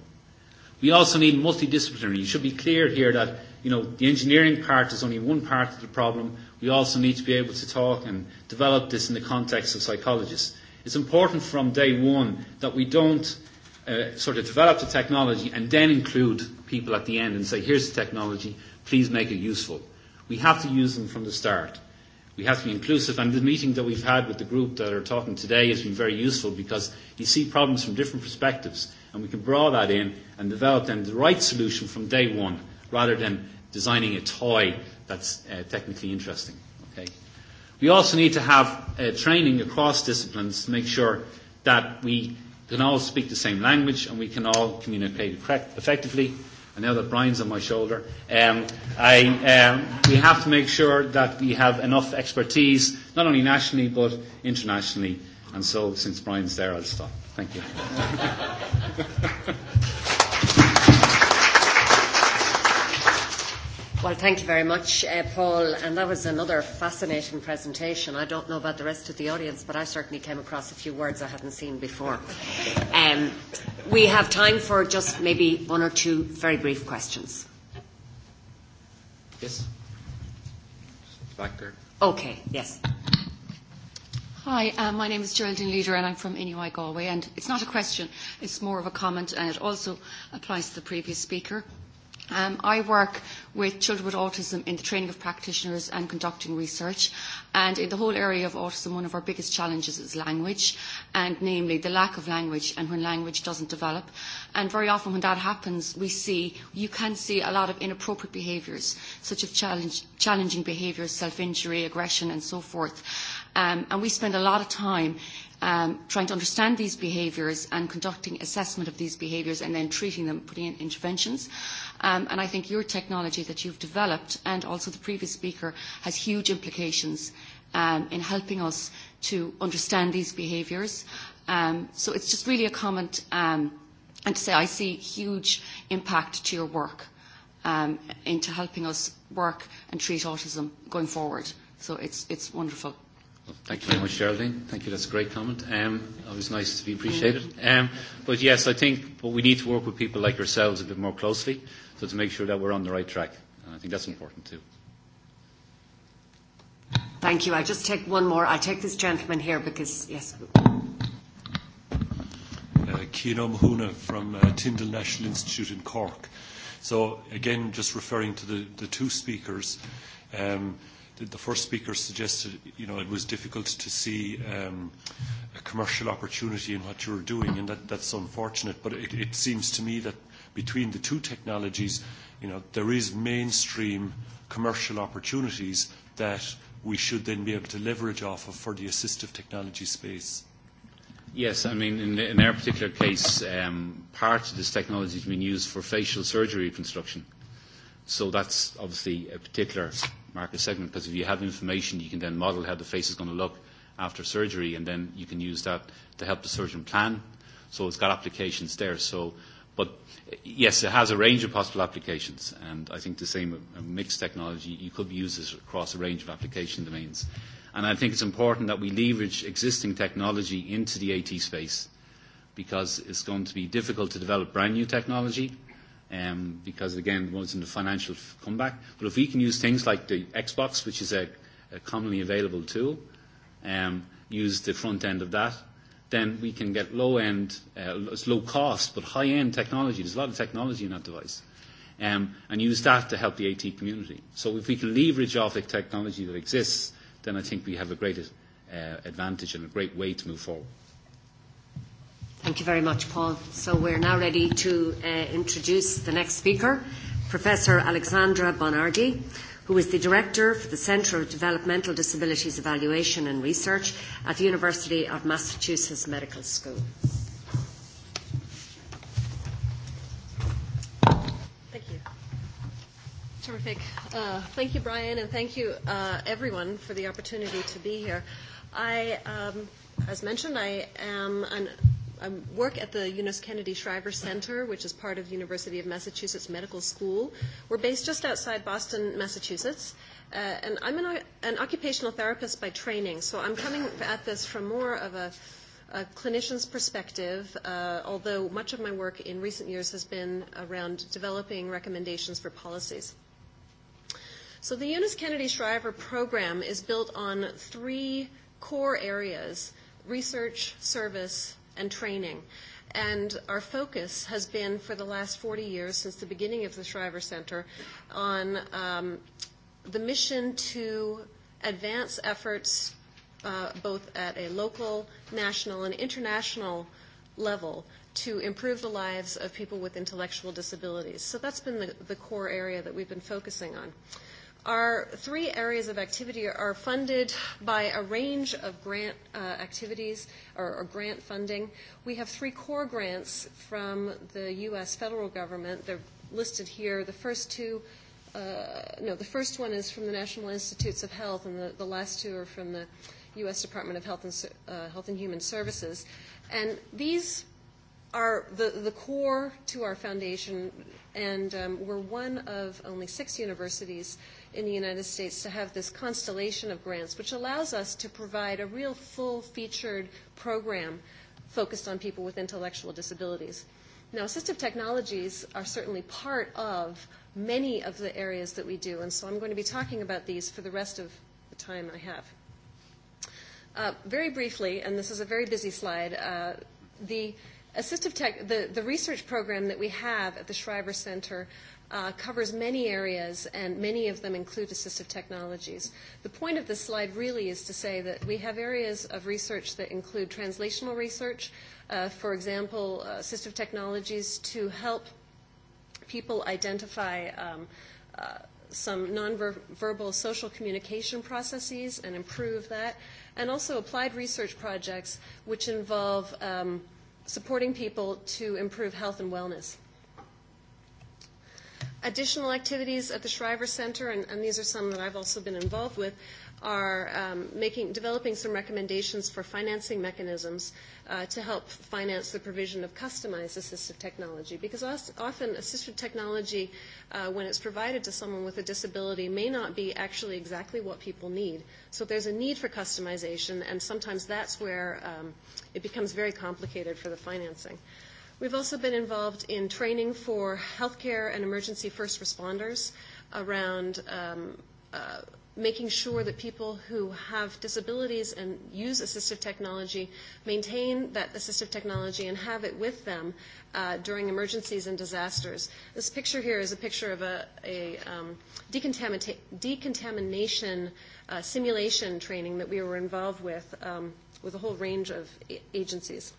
We also need multidisciplinary. It should be clear here that you know, the engineering part is only one part of the problem, We also need to be able to talk and develop this in the context of psychologists. It's important from day one that we don't uh, sort of develop the technology and then include people at the end and say, here's the technology, please make it useful. We have to use them from the start. We have to be inclusive, and the meeting that we've had with the group that are talking today has been very useful because you see problems from different perspectives, and we can draw that in and develop then the right solution from day one rather than designing a toy that's uh, technically interesting. Okay? We also need to have uh, training across disciplines to make sure that we can all speak the same language and we can all communicate correct, effectively. And now that Brian's on my shoulder. Um, I, um, we have to make sure that we have enough expertise, not only nationally but internationally. And so, since Brian's there, I'll stop. Thank you. Well, thank you very much, uh, Paul. And that was another fascinating presentation. I don't know about the rest of the audience, but I certainly came across a few words I hadn't seen before. Um, we have time for just maybe one or two very brief questions. Yes? Back there. Okay, yes. Hi, uh, my name is Geraldine Leader and I'm from Inuit Galway and it's not a question, it's more of a comment and it also applies to the previous speaker. Um, I work with children with autism in the training of practitioners and conducting research. And in the whole area of autism, one of our biggest challenges is language, and namely the lack of language and when language doesn't develop. And very often when that happens, we see, you can see a lot of inappropriate behaviours, such as challenge, challenging behaviours, self-injury, aggression and so forth. Um, and we spend a lot of time um, trying to understand these behaviours and conducting assessment of these behaviours and then treating them, putting in interventions. Um, and I think your technology that you've developed and also the previous speaker has huge implications um, in helping us to understand these behaviours. Um, so it's just really a comment um, and to say I see huge impact to your work um, into helping us work and treat autism going forward. So it's, it's wonderful. Thank you very much, Geraldine. Thank you. That's a great comment. Um, it was nice to be appreciated. Um, but yes, I think but we need to work with people like yourselves a bit more closely so to make sure that we're on the right track. And I think that's important too. Thank you. I'll just take one more. I'll take this gentleman here because, yes. Uh, Mahuna from uh, Tyndall National Institute in Cork. So again, just referring to the, the two speakers, um, the first speaker suggested, you know, it was difficult to see um, a commercial opportunity in what you were doing, and that, that's unfortunate. But it, it seems to me that between the two technologies, you know, there is mainstream commercial opportunities that we should then be able to leverage off of for the assistive technology space. Yes, I mean, in, in our particular case, um, part of this technology has been used for facial surgery reconstruction. So that's obviously a particular market segment because if you have information, you can then model how the face is going to look after surgery, and then you can use that to help the surgeon plan. So it's got applications there. So, but yes, it has a range of possible applications, and I think the same mixed technology you could use this across a range of application domains. And I think it's important that we leverage existing technology into the AT space because it's going to be difficult to develop brand new technology um, because again, it wasn't a the financial comeback. But if we can use things like the Xbox, which is a, a commonly available tool, um, use the front end of that, then we can get low end, uh, it's low cost, but high end technology. There's a lot of technology in that device. Um, and use that to help the AT community. So if we can leverage off the technology that exists, then I think we have a great uh, advantage and a great way to move forward. Thank you very much, Paul. So we're now ready to uh, introduce the next speaker, Professor Alexandra Bonardi, who is the Director for the Centre of Developmental Disabilities Evaluation and Research at the University of Massachusetts Medical School. Thank you. Terrific. Uh, thank you, Brian, and thank you, uh, everyone, for the opportunity to be here. I, um, as mentioned, I am an I work at the Eunice Kennedy Shriver Center, which is part of University of Massachusetts Medical School. We're based just outside Boston, Massachusetts. Uh, and I'm an, an occupational therapist by training, so I'm coming at this from more of a a clinician's perspective, uh, although much of my work in recent years has been around developing recommendations for policies. So the Eunice Kennedy Shriver program is built on three core areas research, service, and training. And our focus has been for the last 40 years, since the beginning of the Shriver Center, on um, the mission to advance efforts uh, both at a local, national, and international level to improve the lives of people with intellectual disabilities. So that's been the, the core area that we've been focusing on. Uh, Our three areas of activity are funded by a range of grant uh, activities or, or grant funding. We have three core grants from the U.S. federal government. They're listed here. The first two, uh, no, the first one is from the National Institutes of Health, and the, the last two are from the U.S. Department of Health and, uh, Health and Human Services. And these are the, the core to our foundation, and um, we're one of only six universities – in the United States to have this constellation of grants, which allows us to provide a real full-featured program focused on people with intellectual disabilities. Now, assistive technologies are certainly part of many of the areas that we do, and so I'm going to be talking about these for the rest of the time I have. Uh, very briefly, and this is a very busy slide, uh, the assistive tech, the, the research program that we have at the Shriver Center uh, covers many areas, and many of them include assistive technologies. The point of this slide really is to say that we have areas of research that include translational research, uh, for example, uh, assistive technologies to help people identify um, uh, some nonverbal social communication processes and improve that, and also applied research projects which involve um, supporting people to improve health and wellness additional activities at the Shriver Center, and, and these are some that I've also been involved with, are um, making, developing some recommendations for financing mechanisms uh, to help finance the provision of customized assistive technology. Because often assistive technology, uh, when it's provided to someone with a disability, may not be actually exactly what people need. So there's a need for customization, and sometimes that's where um, it becomes very complicated for the financing. Uh, We've also been involved in training for healthcare and emergency first responders around um, uh, making sure that people who have disabilities and use assistive technology maintain that assistive technology and have it with them uh, during emergencies and disasters. This picture here is a picture of a, a um, decontamina- decontamination uh, simulation training that we were involved with um, with a whole range of agencies.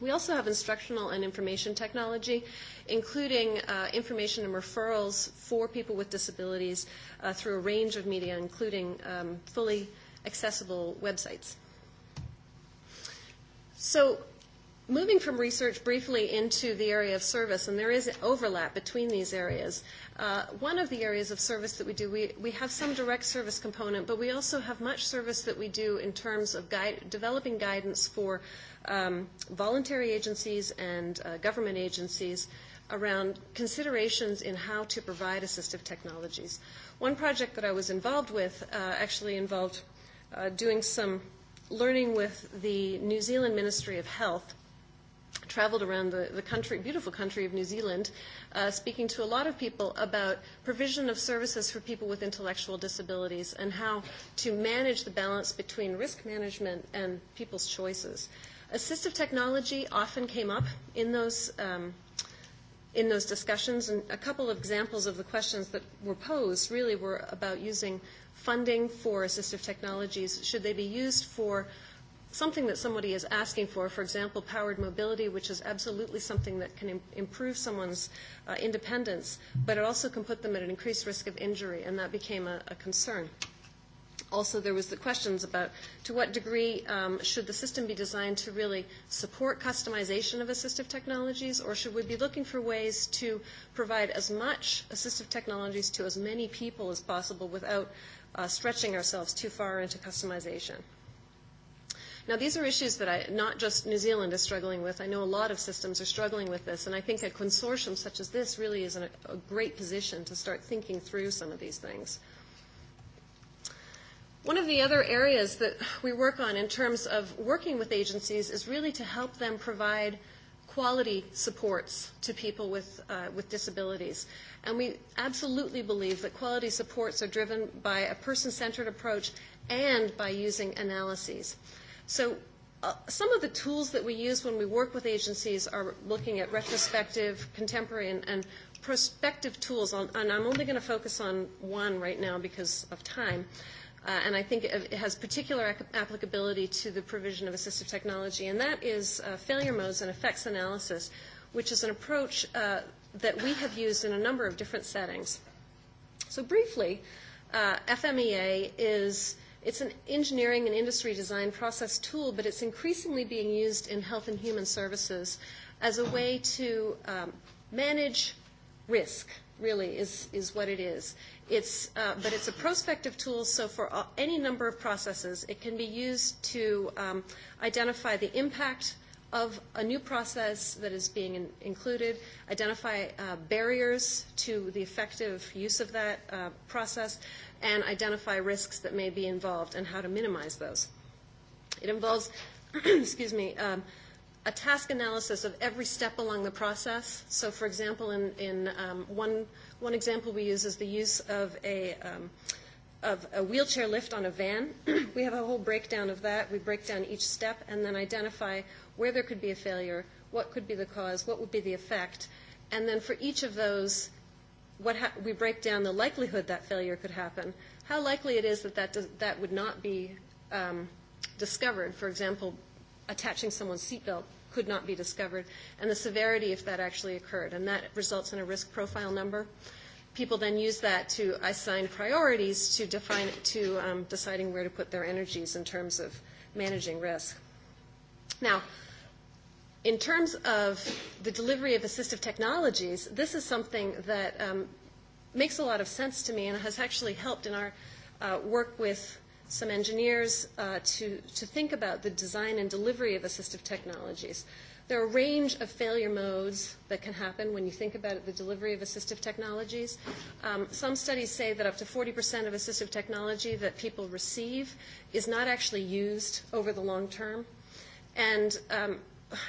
We also have instructional and information technology, including uh, information and referrals for people with disabilities uh, through a range of media, including um, fully accessible websites. So Moving from research briefly into the area of service, and there is overlap between these areas. Uh, one of the areas of service that we do, we, we have some direct service component, but we also have much service that we do in terms of guide, developing guidance for um, voluntary agencies and uh, government agencies around considerations in how to provide assistive technologies. One project that I was involved with uh, actually involved uh, doing some learning with the New Zealand Ministry of Health traveled around the, the country, beautiful country of New Zealand, uh, speaking to a lot of people about provision of services for people with intellectual disabilities and how to manage the balance between risk management and people's choices. Assistive technology often came up in those. Um, in those discussions, and a couple of examples of the questions that were posed really were about using funding for assistive technologies. Should they be used for something that somebody is asking for, for example, powered mobility, which is absolutely something that can im- improve someone's uh, independence, but it also can put them at an increased risk of injury, and that became a, a concern. Also, there was the questions about to what degree um, should the system be designed to really support customization of assistive technologies, or should we be looking for ways to provide as much assistive technologies to as many people as possible without uh, stretching ourselves too far into customization? Now, these are issues that I, not just New Zealand is struggling with. I know a lot of systems are struggling with this, and I think a consortium such as this really is in a, a great position to start thinking through some of these things. One of the other areas that we work on in terms of working with agencies is really to help them provide quality supports to people with, uh, with disabilities. And we absolutely believe that quality supports are driven by a person centered approach and by using analyses. So uh, some of the tools that we use when we work with agencies are looking at retrospective, contemporary, and, and prospective tools. On, and I'm only going to focus on one right now because of time. Uh, and I think it has particular applicability to the provision of assistive technology, and that is uh, failure modes and effects analysis, which is an approach uh, that we have used in a number of different settings. So briefly, uh, FMEA is It's an engineering and industry design process tool, but it's increasingly being used in health and human services as a way to um, manage risk, really, is, is what it is. It's, uh, but it's a prospective tool, so for all, any number of processes, it can be used to um, identify the impact of a new process that is being in, included, identify uh, barriers to the effective use of that uh, process, and identify risks that may be involved and how to minimize those. It involves, excuse me, um, a task analysis of every step along the process. So, for example, in, in um, one, one example we use is the use of a, um, of a wheelchair lift on a van. we have a whole breakdown of that. We break down each step and then identify where there could be a failure, what could be the cause, what would be the effect. And then for each of those, what ha- we break down the likelihood that failure could happen, how likely it is that that, does, that would not be um, discovered. For example, attaching someone's seatbelt could not be discovered, and the severity if that actually occurred. And that results in a risk profile number. People then use that to assign priorities to, define, to um, deciding where to put their energies in terms of managing risk. Now, in terms of the delivery of assistive technologies, this is something that um, makes a lot of sense to me and has actually helped in our uh, work with some engineers uh, to, to think about the design and delivery of assistive technologies. There are a range of failure modes that can happen when you think about it, the delivery of assistive technologies. Um, some studies say that up to 40% of assistive technology that people receive is not actually used over the long term. And um,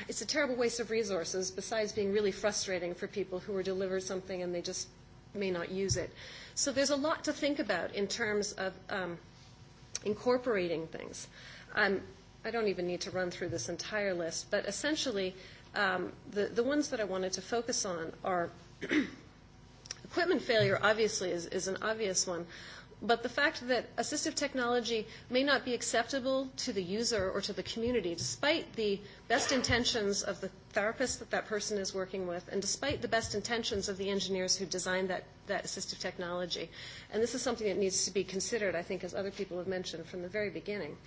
it's a terrible waste of resources, besides being really frustrating for people who are delivered something and they just may not use it. So there's a lot to think about in terms of um, incorporating things. Um, I don't even need to run through this entire list, but essentially, um, the, the ones that I wanted to focus on are equipment failure, obviously, is, is an obvious one. But the fact that assistive technology may not be acceptable to the user or to the community, despite the best intentions of the therapist that that person is working with, and despite the best intentions of the engineers who designed that, that assistive technology. And this is something that needs to be considered, I think, as other people have mentioned from the very beginning.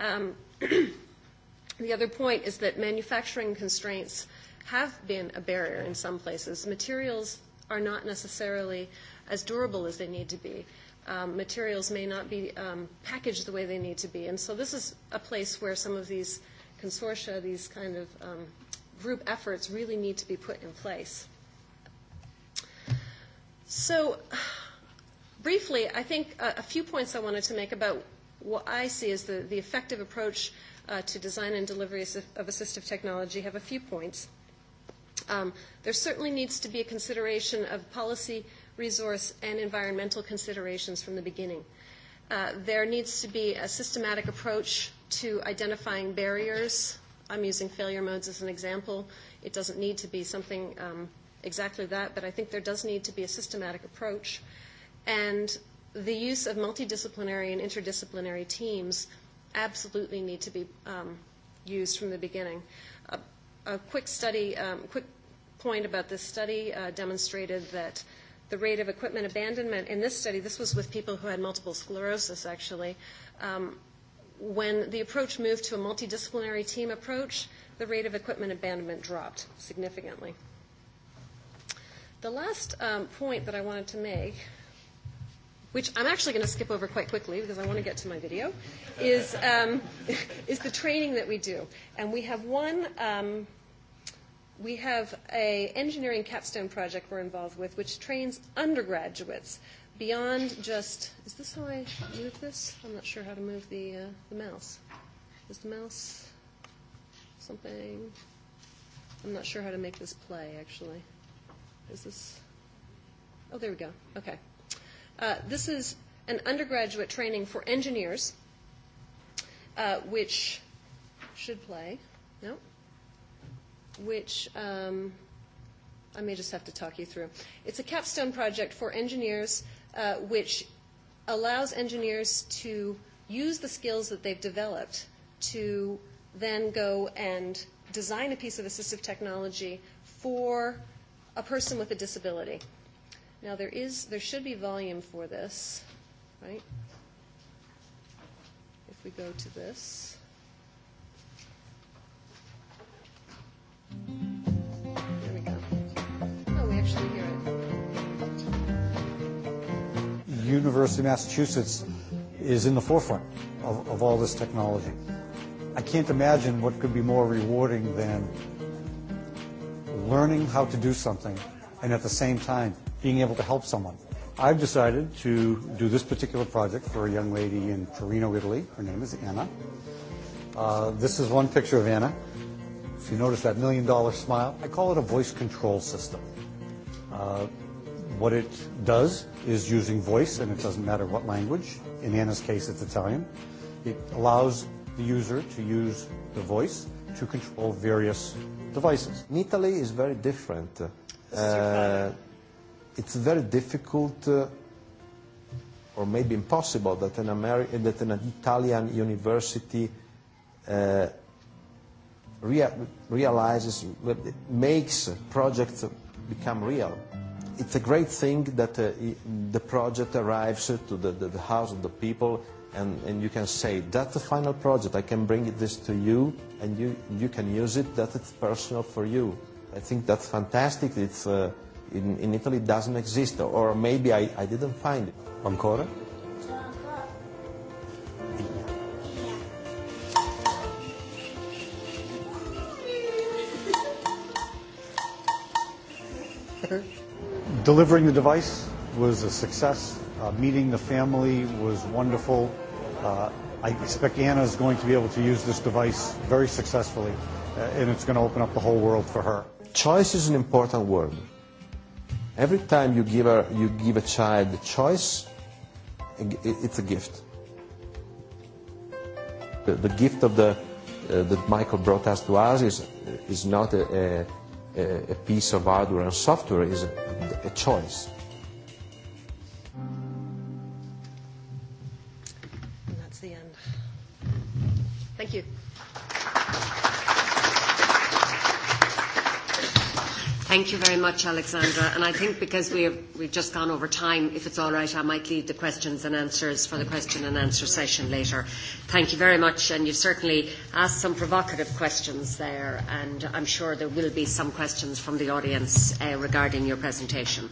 Um, the other point is that manufacturing constraints have been a barrier in some places. Materials are not necessarily as durable as they need to be um, materials may not be um, packaged the way they need to be. And so this is a place where some of these consortia, these kind of um, group efforts really need to be put in place. So briefly, I think a, a few points I wanted to make about what I see as the, the effective approach uh, to design and delivery of assistive technology have a few points. Um, there certainly needs to be a consideration of policy resource, and environmental considerations from the beginning. Uh, there needs to be a systematic approach to identifying barriers. I'm using failure modes as an example. It doesn't need to be something um, exactly that, but I think there does need to be a systematic approach. And the use of multidisciplinary and interdisciplinary teams absolutely need to be um, used from the beginning. A, a quick study, um, quick point about this study uh, demonstrated that the rate of equipment abandonment in this study, this was with people who had multiple sclerosis actually, um, when the approach moved to a multidisciplinary team approach, the rate of equipment abandonment dropped significantly. The last um, point that I wanted to make, which I'm actually going to skip over quite quickly because I want to get to my video, is, um, is the training that we do. And we have one um, we have a engineering capstone project we're involved with, which trains undergraduates beyond just. Is this how I move this? I'm not sure how to move the uh, the mouse. Is the mouse something? I'm not sure how to make this play. Actually, is this? Oh, there we go. Okay. Uh, this is an undergraduate training for engineers, uh, which should play. No. Nope which um, I may just have to talk you through. It's a capstone project for engineers, uh, which allows engineers to use the skills that they've developed to then go and design a piece of assistive technology for a person with a disability. Now there is, there should be volume for this, right? If we go to this. University of Massachusetts is in the forefront of, of all this technology. I can't imagine what could be more rewarding than learning how to do something and at the same time being able to help someone. I've decided to do this particular project for a young lady in Torino, Italy. Her name is Anna. Uh, this is one picture of Anna. If you notice that million dollar smile, I call it a voice control system. Uh, What it does is using voice, and it doesn't matter what language. In Anna's case, it's Italian. It allows the user to use the voice to control various devices. In Italy is very different. Uh, it's very difficult, uh, or maybe impossible, that an, Ameri- that an Italian university uh, rea- realizes, makes projects become real it's a great thing that uh, the project arrives to the, the, the house of the people and, and you can say, that's the final project, I can bring this to you and you, you can use it, that it's personal for you. I think that's fantastic, it's, uh, in, in Italy it doesn't exist, or maybe I, I didn't find it. Ancora? delivering the device was a success. Uh, meeting the family was wonderful. Uh, I expect Anna is going to be able to use this device very successfully, and it's gonna open up the whole world for her. Choice is an important word. Every time you give a, you give a child the choice, it's a gift. The, the gift of the, uh, that Michael brought us to us is, is not a, a a piece of hardware and software is a, a choice. And that's the end. Thank you. Thank you very much, Alexandra. I think because we have, we've just gone over time, if it's all right, I might leave the questions and answers for the question and answer session later. Thank you very much. You you've certainly asked some provocative questions there, and I'm sure there will be some questions from the audience regarding your presentation.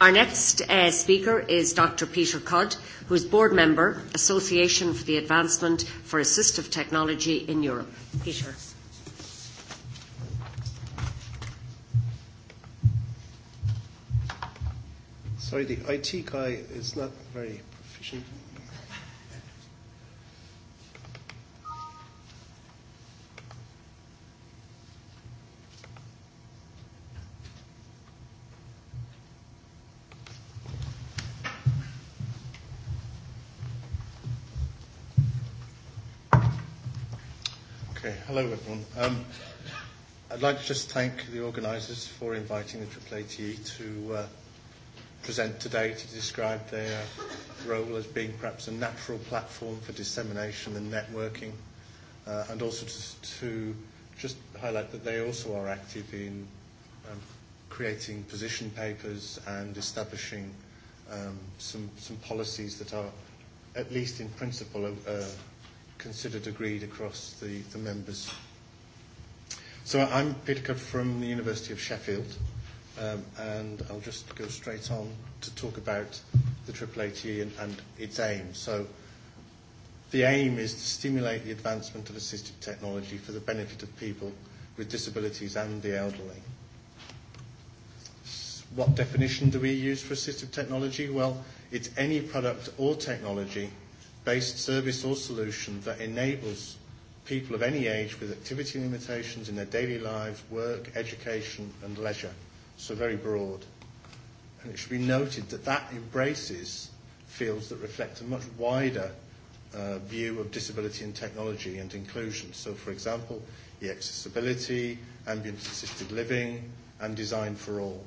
Our next speaker is Dr. Peter Cudd, who is board member, Association for the Advancement for Assistive Technology in Europe. Peter. Sorry, the IT guy is not very proficient. Okay, hello everyone. Um, I'd like to just thank the organisers for inviting the AAAT to uh, present today to describe their role as being perhaps a natural platform for dissemination and networking, uh, and also to, to just highlight that they also are active in um, creating position papers and establishing um, some, some policies that are, at least in principle, uh, considered agreed across the, the members. So I'm Peter Cup from the University of Sheffield um, and I'll just go straight on to talk about the AAAT and, and its aim. So the aim is to stimulate the advancement of assistive technology for the benefit of people with disabilities and the elderly. What definition do we use for assistive technology? Well, it's any product or technology based service or solution that enables people of any age with activity limitations in their daily lives, work, education and leisure – so very broad. And it should be noted that that embraces fields that reflect a much wider uh, view of disability and technology and inclusion. So, for example, the accessibility, ambient assisted living, and design for all.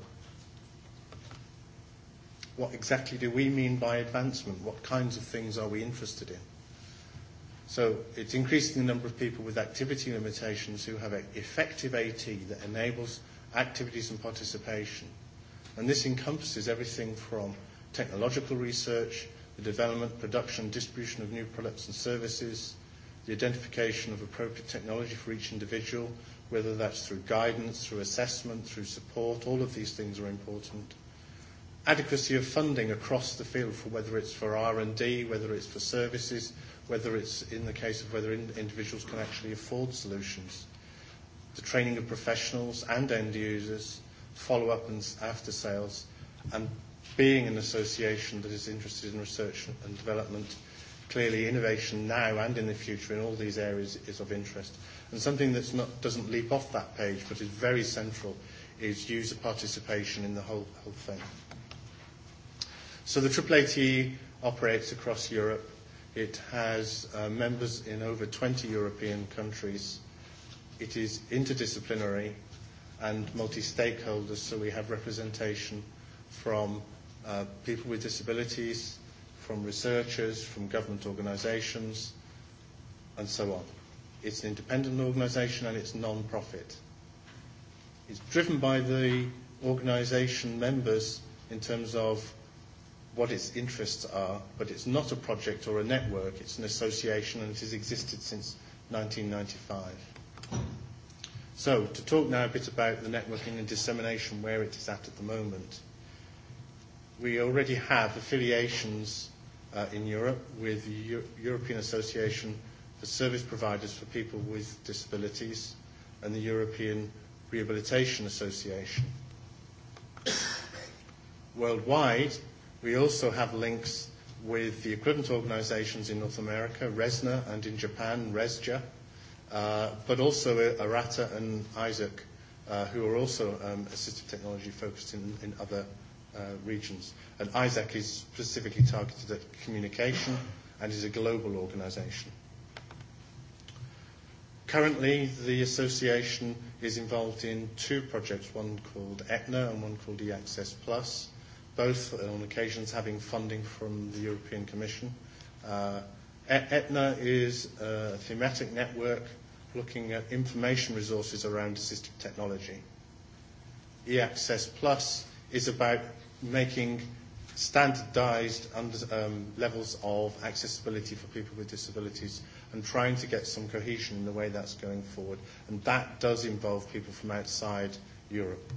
What exactly do we mean by advancement? What kinds of things are we interested in? So it's increasing the number of people with activity limitations who have an effective AT that enables activities and participation. And this encompasses everything from technological research, the development, production, and distribution of new products and services, the identification of appropriate technology for each individual, whether that's through guidance, through assessment, through support, all of these things are important. Adequacy of funding across the field, for whether it's for R&D, whether it's for services, whether it's in the case of whether in individuals can actually afford solutions the training of professionals and end users, follow-up and after sales, and being an association that is interested in research and development, clearly innovation now and in the future in all these areas is of interest. And something that's not, doesn't leap off that page but is very central is user participation in the whole, whole thing. So the AAAT operates across Europe. It has uh, members in over 20 European countries It is interdisciplinary and multi-stakeholders, so we have representation from uh, people with disabilities, from researchers, from government organisations, and so on. It's an independent organisation and it's non-profit. It's driven by the organisation members in terms of what its interests are, but it's not a project or a network, it's an association and it has existed since 1995. So to talk now a bit about the networking and dissemination, where it is at at the moment. We already have affiliations uh, in Europe with the Euro- European Association for Service Providers for People with Disabilities and the European Rehabilitation Association. Worldwide, we also have links with the equivalent organisations in North America, RESNA, and in Japan, RESJA uh, but also Arata and Isaac, uh, who are also um, assistive technology focused in, in other uh, regions. And Isaac is specifically targeted at communication and is a global organisation. Currently, the association is involved in two projects, one called ETNA and one called eAccess Plus, both on occasions having funding from the European Commission. Uh, ETNA is a thematic network looking at information resources around assistive technology. E-Access Plus is about making standardized under, um, levels of accessibility for people with disabilities and trying to get some cohesion in the way that's going forward. And that does involve people from outside Europe.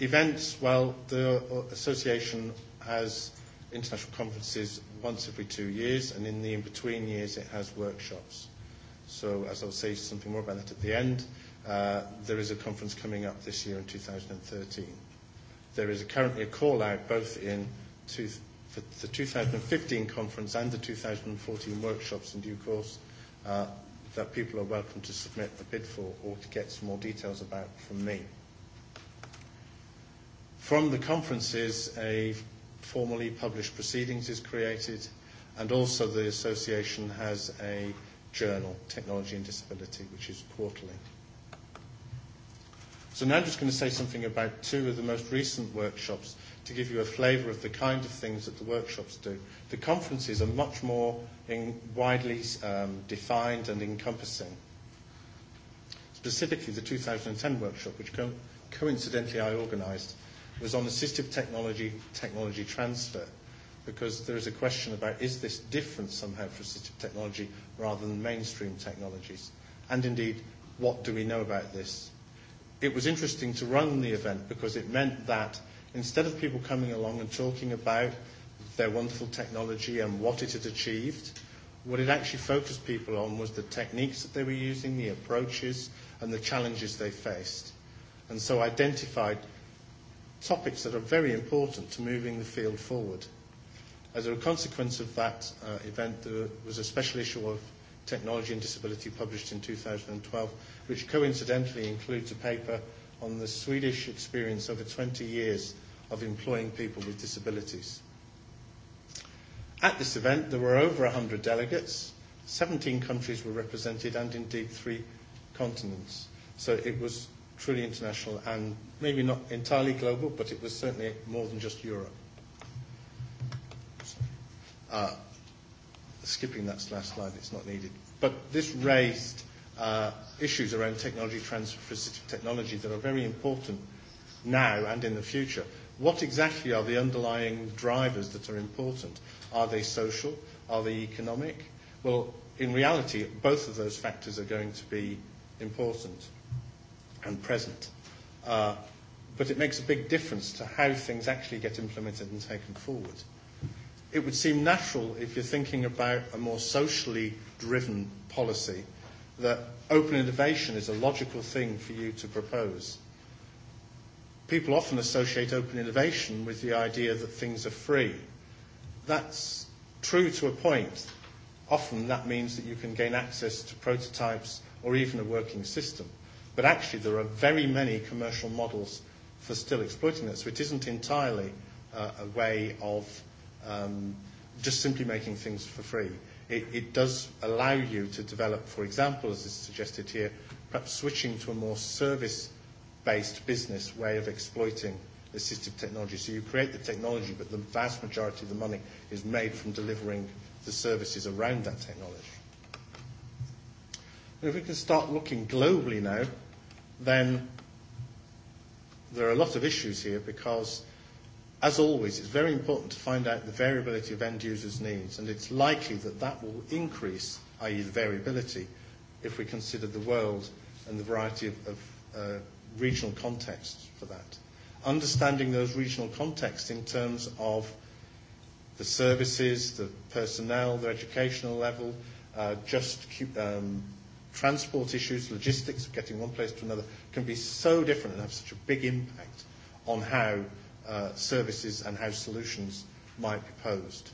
Events, well, the association has international conferences once every two years, and in the in-between years it has workshops. So as I'll say something more about that at the end, uh, there is a conference coming up this year in 2013. There is a, currently a call out both in two, for the 2015 conference and the 2014 workshops in due course uh, that people are welcome to submit a bid for or to get some more details about from me. From the conferences, a formally published proceedings is created, and also the association has a journal, Technology and Disability, which is quarterly. So now I'm just going to say something about two of the most recent workshops to give you a flavour of the kind of things that the workshops do. The conferences are much more in, widely um, defined and encompassing. Specifically, the 2010 workshop, which co- coincidentally I organised, was on assistive technology, technology transfer, because there is a question about is this different somehow for assistive technology rather than mainstream technologies? And indeed, what do we know about this? It was interesting to run the event because it meant that instead of people coming along and talking about their wonderful technology and what it had achieved, what it actually focused people on was the techniques that they were using, the approaches, and the challenges they faced. And so identified topics that are very important to moving the field forward. As a consequence of that uh, event, there was a special issue of Technology and Disability published in 2012, which coincidentally includes a paper on the Swedish experience over 20 years of employing people with disabilities. At this event, there were over 100 delegates, 17 countries were represented, and indeed three continents. So it was truly international and maybe not entirely global, but it was certainly more than just Europe. Uh, skipping that last slide, it's not needed. But this raised uh, issues around technology transfer for technology that are very important now and in the future. What exactly are the underlying drivers that are important? Are they social? Are they economic? Well, in reality, both of those factors are going to be important and present. Uh, but it makes a big difference to how things actually get implemented and taken forward. It would seem natural if you're thinking about a more socially driven policy that open innovation is a logical thing for you to propose. People often associate open innovation with the idea that things are free. That's true to a point. Often that means that you can gain access to prototypes or even a working system. But actually, there are very many commercial models for still exploiting that. So it isn't entirely uh, a way of um, just simply making things for free. It, it does allow you to develop, for example, as is suggested here, perhaps switching to a more service-based business way of exploiting assistive technology. So you create the technology, but the vast majority of the money is made from delivering the services around that technology. If we can start looking globally now then there are a lot of issues here because, as always, it's very important to find out the variability of end users' needs, and it's likely that that will increase, i.e., the variability, if we consider the world and the variety of, of uh, regional contexts for that. Understanding those regional contexts in terms of the services, the personnel, the educational level, uh, just um, transport issues, logistics of getting one place to another can be so different and have such a big impact on how uh, services and how solutions might be posed.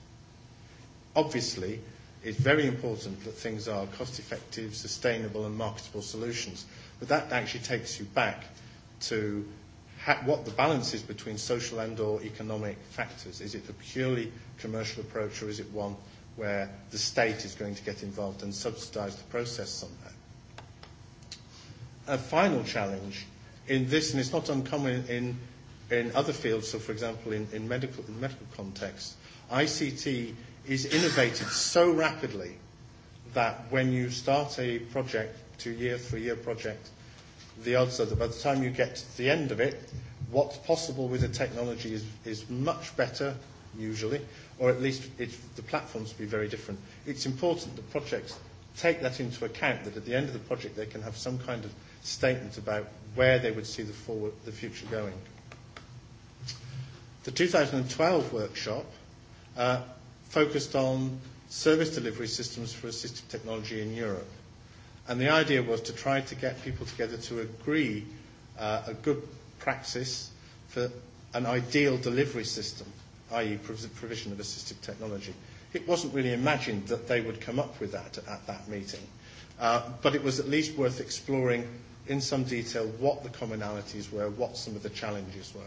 Obviously, it's very important that things are cost effective, sustainable, and marketable solutions, but that actually takes you back to ha- what the balance is between social and or economic factors. Is it a purely commercial approach or is it one where the state is going to get involved and subsidise the process somehow. A final challenge in this, and it's not uncommon in, in other fields, so for example in, in, medical, in medical context, ICT is innovated so rapidly that when you start a project, two-year, three-year project, the odds are that by the time you get to the end of it, what's possible with the technology is, is much better, usually, or at least it's, the platforms be very different. It's important that projects take that into account, that at the end of the project they can have some kind of statement about where they would see the, forward, the future going. The 2012 workshop uh, focused on service delivery systems for assistive technology in Europe. And the idea was to try to get people together to agree uh, a good praxis for an ideal delivery system i.e. provision of assistive technology. It wasn't really imagined that they would come up with that at that meeting, uh, but it was at least worth exploring in some detail what the commonalities were, what some of the challenges were.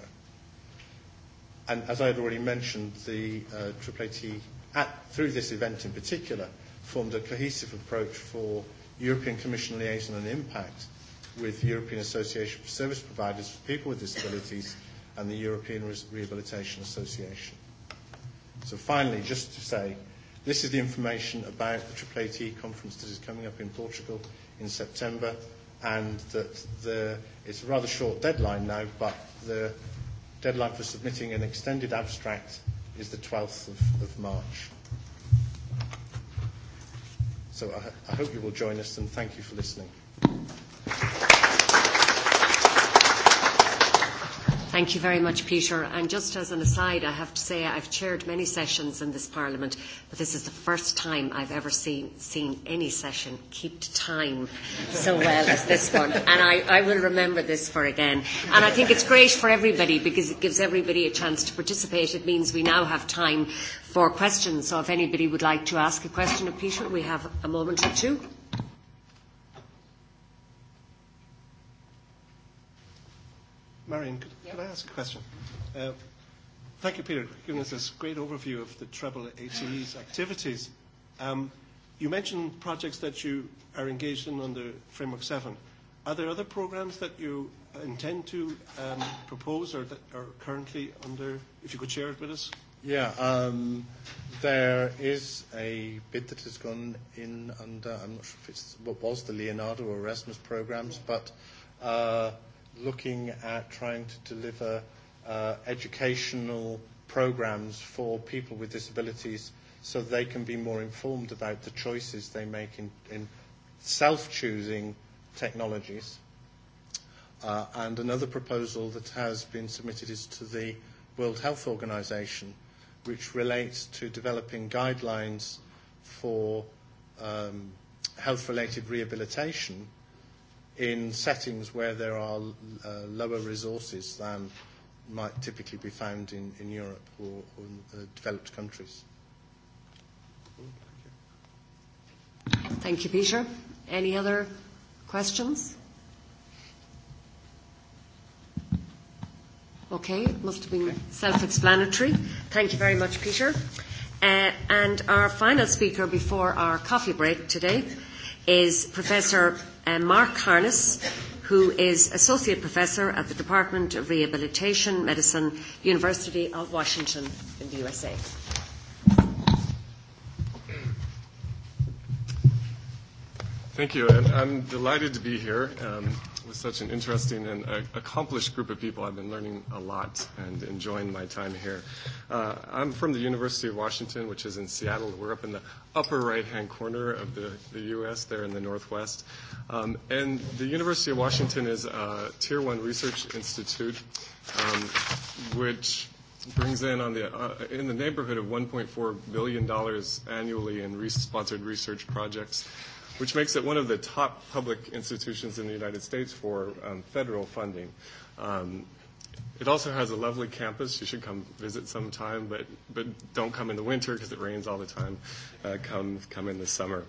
And as I had already mentioned, the uh, AAAT, at, through this event in particular, formed a cohesive approach for European Commission liaison and impact with the European Association for Service Providers for People with Disabilities – and the European Rehabilitation Association. So finally, just to say, this is the information about the AAAT conference that is coming up in Portugal in September, and that the, it's a rather short deadline now, but the deadline for submitting an extended abstract is the 12th of, of March. So I, I hope you will join us, and thank you for listening. Thank you very much, Peter. And just as an aside, I have to say I've chaired many sessions in this Parliament, but this is the first time I've ever seen, seen any session keep to time so well as this one. And I, I will remember this for again. And I think it's great for everybody because it gives everybody a chance to participate. It means we now have time for questions. So if anybody would like to ask a question of Peter, we have a moment or two. Marion, could Can I ask a question? Uh, thank you, Peter, for giving us this great overview of the Treble ATE's activities. Um, you mentioned projects that you are engaged in under Framework 7. Are there other programs that you intend to um, propose or that are currently under, if you could share it with us? Yeah, um, there is a bid that has gone in under, I'm not sure if it's what was the Leonardo or Erasmus programs, but uh, looking at trying to deliver uh, educational programs for people with disabilities so they can be more informed about the choices they make in, in self-choosing technologies. Uh, and another proposal that has been submitted is to the World Health Organization, which relates to developing guidelines for um, health-related rehabilitation – in settings where there are uh, lower resources than might typically be found in, in Europe or, or in uh, developed countries. Thank you, Peter. Any other questions? Okay, it must have been self-explanatory. Thank you very much, Peter. Uh, and our final speaker before our coffee break today is Professor uh, Mark Harness, who is Associate Professor at the Department of Rehabilitation Medicine, University of Washington in the USA. Thank you, and I'm delighted to be here. Um, with such an interesting and uh, accomplished group of people. I've been learning a lot and enjoying my time here. Uh, I'm from the University of Washington, which is in Seattle. We're up in the upper right-hand corner of the, the U.S. there in the northwest. Um, and the University of Washington is a Tier 1 research institute, um, which brings in on the uh, in the neighborhood of 1.4 billion annually in re- sponsored research projects which makes it one of the top public institutions in the United States for um, federal funding. Um, it also has a lovely campus. You should come visit sometime, but, but don't come in the winter because it rains all the time. Uh, come, come in the summer.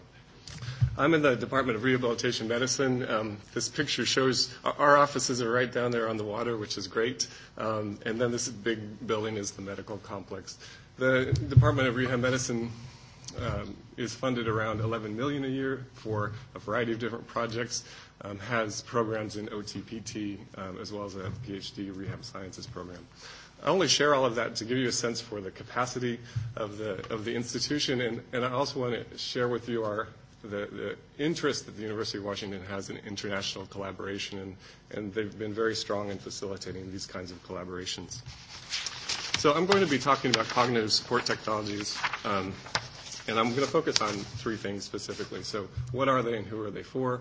I'm in the Department of Rehabilitation Medicine. Um, this picture shows our offices are right down there on the water, which is great. Um, and then this big building is the medical complex. The Department of Rehab Medicine um, is funded around 11 million a year for a variety of different projects, um, has programs in OTPT um, as well as a PhD rehab sciences program. I only share all of that to give you a sense for the capacity of the of the institution, and, and I also want to share with you our the, the interest that the University of Washington has in international collaboration, and, and they've been very strong in facilitating these kinds of collaborations. So I'm going to be talking about cognitive support technologies. Um, And I'm going to focus on three things specifically. So what are they and who are they for?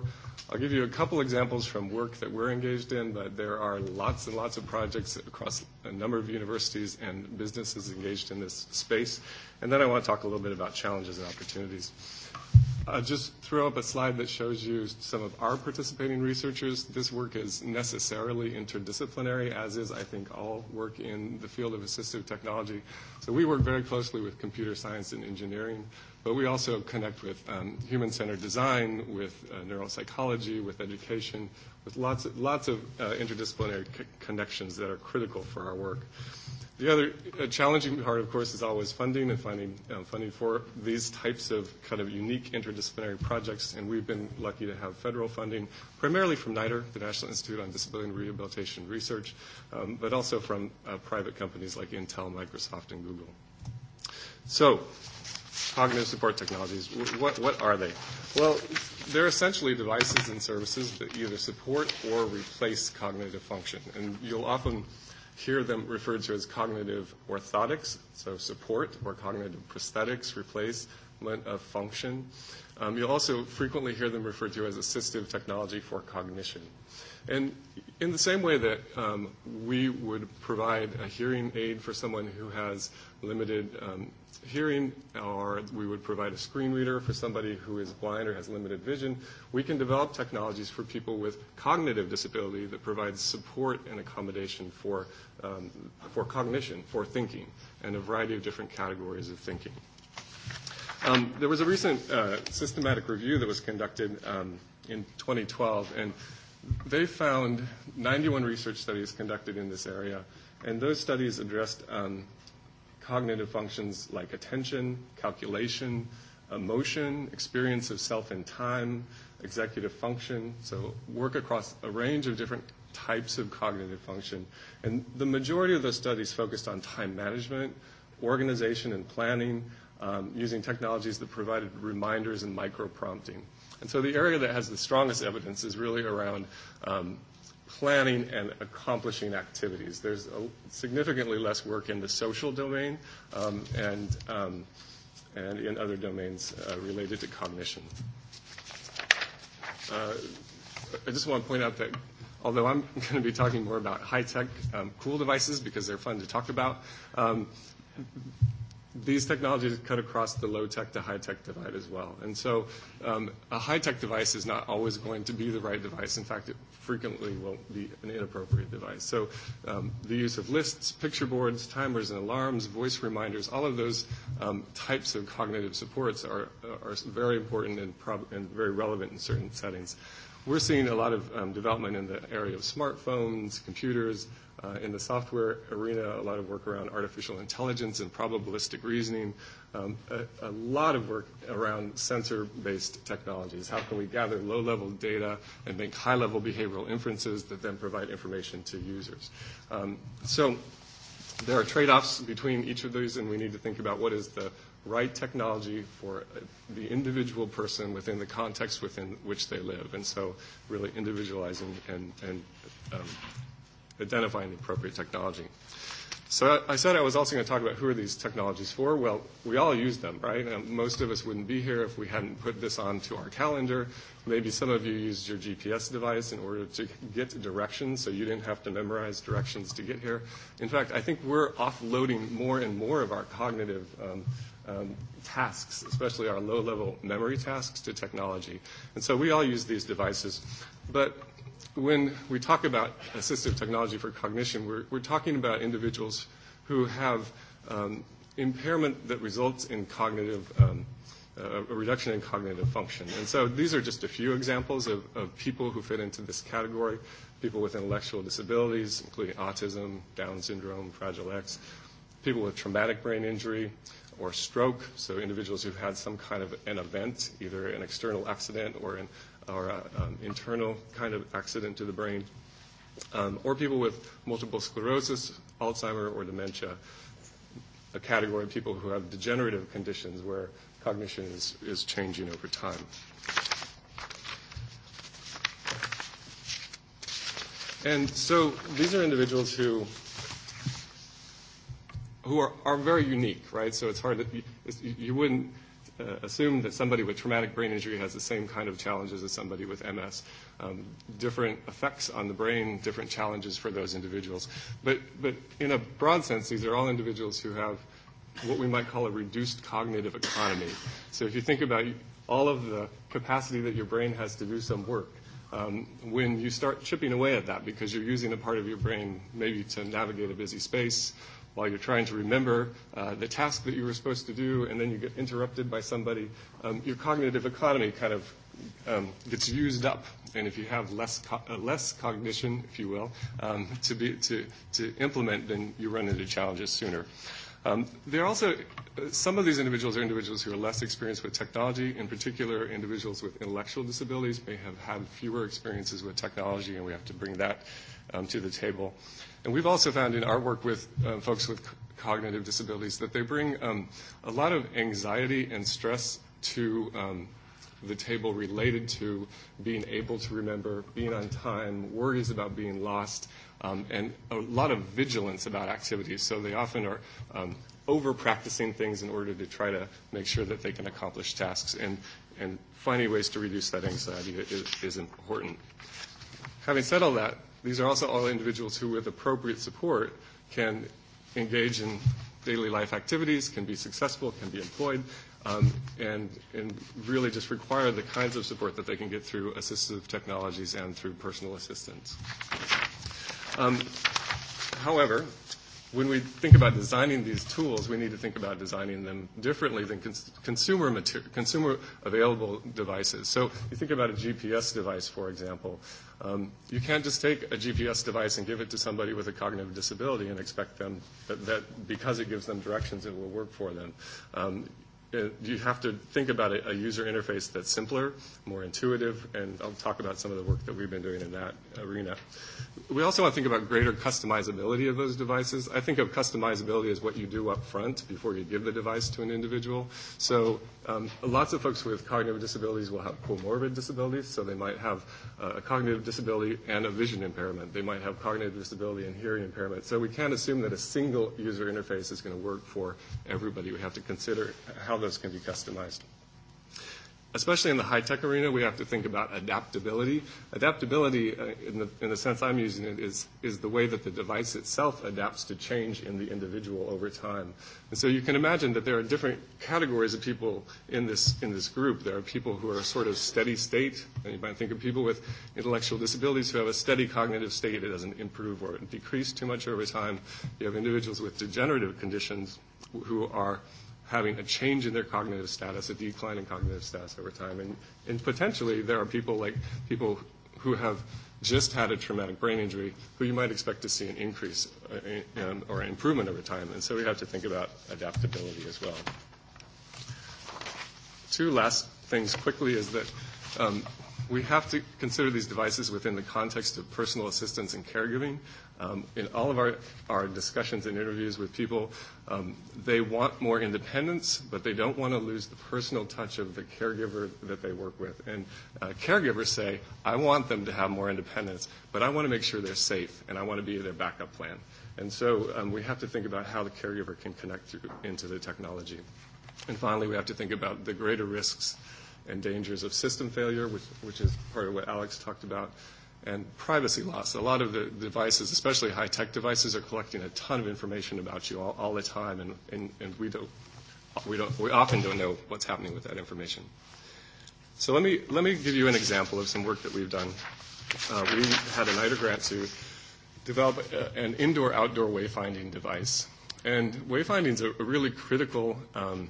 I'll give you a couple examples from work that we're engaged in, but there are lots and lots of projects across a number of universities and businesses engaged in this space. And then I want to talk a little bit about challenges and opportunities. I just throw up a slide that shows you some of our participating researchers. This work is necessarily interdisciplinary, as is, I think, all work in the field of assistive technology. So we work very closely with computer science and engineering, but we also connect with um, human-centered design, with uh, neuropsychology, with education, with lots of, lots of uh, interdisciplinary c- connections that are critical for our work. Uh, The other challenging part, of course, is always funding and finding um, funding for these types of kind of unique interdisciplinary projects. And we've been lucky to have federal funding, primarily from NIDER, the National Institute on Disability and Rehabilitation Research, um, but also from uh, private companies like Intel, Microsoft, and Google. So, cognitive support technologies, what, what are they? Well, they're essentially devices and services that either support or replace cognitive function. And you'll often Here, them referred to as cognitive orthotics, so support or cognitive prosthetics, replacement of function. Um, you'll also frequently hear them referred to as assistive technology for cognition. And in the same way that um, we would provide a hearing aid for someone who has limited um, hearing, or we would provide a screen reader for somebody who is blind or has limited vision, we can develop technologies for people with cognitive disability that provides support and accommodation for, um, for cognition, for thinking, and a variety of different categories of thinking. Um, there was a recent uh, systematic review that was conducted um, in 2012, and They found 91 research studies conducted in this area, and those studies addressed um, cognitive functions like attention, calculation, emotion, experience of self and time, executive function, so work across a range of different types of cognitive function. And the majority of those studies focused on time management, organization and planning, um, using technologies that provided reminders and micro prompting. And so the area that has the strongest evidence is really around um, planning and accomplishing activities. There's a significantly less work in the social domain um, and, um, and in other domains uh, related to cognition. Uh, I just want to point out that although I'm going to be talking more about high-tech um, cool devices because they're fun to talk about, um, these technologies cut across the low-tech to high-tech divide as well. And so um, a high-tech device is not always going to be the right device. In fact, it frequently won't be an inappropriate device. So um, the use of lists, picture boards, timers and alarms, voice reminders, all of those um, types of cognitive supports are, are very important and, prob- and very relevant in certain settings. We're seeing a lot of um, development in the area of smartphones, computers, Uh, in the software arena, a lot of work around artificial intelligence and probabilistic reasoning, um, a, a lot of work around sensor based technologies. How can we gather low level data and make high level behavioral inferences that then provide information to users? Um, so there are trade offs between each of these, and we need to think about what is the right technology for the individual person within the context within which they live. And so, really individualizing and, and um, identifying the appropriate technology. So I said I was also going to talk about who are these technologies for. Well, we all use them, right? And most of us wouldn't be here if we hadn't put this onto our calendar. Maybe some of you used your GPS device in order to get directions, so you didn't have to memorize directions to get here. In fact, I think we're offloading more and more of our cognitive um, um, tasks, especially our low-level memory tasks, to technology. And so we all use these devices, but when we talk about assistive technology for cognition, we're, we're talking about individuals who have um, impairment that results in cognitive, um, uh, a reduction in cognitive function. And so these are just a few examples of, of people who fit into this category people with intellectual disabilities, including autism, Down syndrome, Fragile X, people with traumatic brain injury or stroke, so individuals who've had some kind of an event, either an external accident or an or a, um, internal kind of accident to the brain, um, or people with multiple sclerosis, Alzheimer, or dementia, a category of people who have degenerative conditions where cognition is, is changing over time. And so these are individuals who who are, are very unique, right? So it's hard that you, you wouldn't uh, assume that somebody with traumatic brain injury has the same kind of challenges as somebody with MS. Um, different effects on the brain, different challenges for those individuals. But, but in a broad sense, these are all individuals who have what we might call a reduced cognitive economy. So if you think about all of the capacity that your brain has to do some work, um, when you start chipping away at that because you're using a part of your brain maybe to navigate a busy space, while you're trying to remember uh, the task that you were supposed to do, and then you get interrupted by somebody, um, your cognitive economy kind of um, gets used up. And if you have less co- uh, less cognition, if you will, um, to be to to implement, then you run into challenges sooner. Um, there are also uh some of these individuals are individuals who are less experienced with technology. In particular, individuals with intellectual disabilities may have had fewer experiences with technology, and we have to bring that um, to the table. Uh, And we've also found in our work with uh, folks with cognitive disabilities that they bring um, a lot of anxiety and stress to um, the table related to being able to remember, being on time, worries about being lost, um, and a lot of vigilance about activities. So they often are um, over practicing things in order to try to make sure that they can accomplish tasks. And, and finding ways to reduce that anxiety is, is important. Having said all that, These are also all individuals who, with appropriate support, can engage in daily life activities, can be successful, can be employed, um, and, and really just require the kinds of support that they can get through assistive technologies and through personal assistance. Um, however, when we think about designing these tools, we need to think about designing them differently than cons- consumer mater- consumer available devices. So you think about a GPS device, for example. Um, you can't just take a GPS device and give it to somebody with a cognitive disability and expect them that, that because it gives them directions, it will work for them. Um, you have to think about a, user interface that's simpler, more intuitive, and I'll talk about some of the work that we've been doing in that arena. We also want to think about greater customizability of those devices. I think of customizability as what you do up front before you give the device to an individual. So um, lots of folks with cognitive disabilities will have comorbid disabilities, so they might have uh, a cognitive disability and a vision impairment. They might have cognitive disability and hearing impairment. So we can't assume that a single user interface is going to work for everybody. We have to consider how those can be customized. Especially in the high-tech arena, we have to think about adaptability. Adaptability, uh, in, the, in the sense I'm using it, is, is the way that the device itself adapts to change in the individual over time. And so you can imagine that there are different categories of people in this, in this group. There are people who are sort of steady state, and you might think of people with intellectual disabilities who have a steady cognitive state. It doesn't improve or decrease too much over time. You have individuals with degenerative conditions who are having a change in their cognitive status, a decline in cognitive status over time. And, and potentially there are people like people who have just had a traumatic brain injury who you might expect to see an increase in, or improvement over time. And so we have to think about adaptability as well. Two last things quickly is that um, we have to consider these devices within the context of personal assistance and caregiving. Um, in all of our, our discussions and interviews with people, um, they want more independence, but they don't want to lose the personal touch of the caregiver that they work with. And uh, caregivers say, I want them to have more independence, but I want to make sure they're safe, and I want to be their backup plan. And so um, we have to think about how the caregiver can connect through, into the technology. And finally, we have to think about the greater risks and dangers of system failure, which, which is part of what Alex talked about and privacy loss. A lot of the devices, especially high-tech devices, are collecting a ton of information about you all, all the time, and, and, and we, don't, we, don't, we often don't know what's happening with that information. So let me, let me give you an example of some work that we've done. Uh, we had an ITER grant to develop a, an indoor-outdoor wayfinding device. And wayfinding is a really critical um,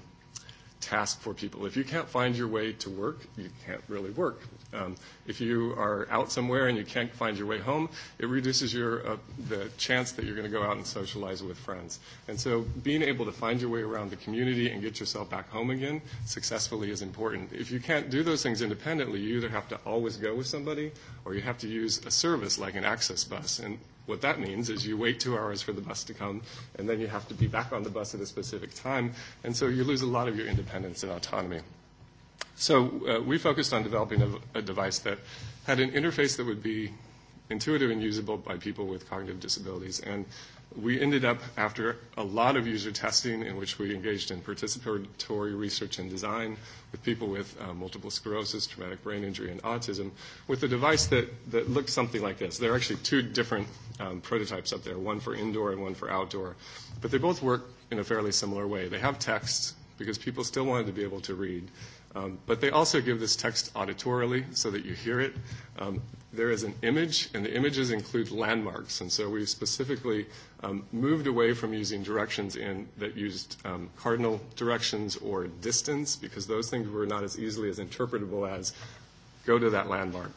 task for people. If you can't find your way to work, you can't really work. Um, if you are out somewhere and you can't find your way home, it reduces your, uh, the chance that you're going to go out and socialize with friends. And so being able to find your way around the community and get yourself back home again successfully is important. If you can't do those things independently, you either have to always go with somebody or you have to use a service like an access bus. And what that means is you wait two hours for the bus to come and then you have to be back on the bus at a specific time. And so you lose a lot of your independence and autonomy. So uh, we focused on developing a, a device that had an interface that would be intuitive and usable by people with cognitive disabilities. And we ended up, after a lot of user testing in which we engaged in participatory research and design with people with uh, multiple sclerosis, traumatic brain injury, and autism, with a device that, that looked something like this. There are actually two different um, prototypes up there, one for indoor and one for outdoor, but they both work in a fairly similar way. They have text because people still wanted to be able to read. Um, but they also give this text auditorily so that you hear it. Um, there is an image, and the images include landmarks. And so we specifically um, moved away from using directions in that used um, cardinal directions or distance because those things were not as easily as interpretable as go to that landmark.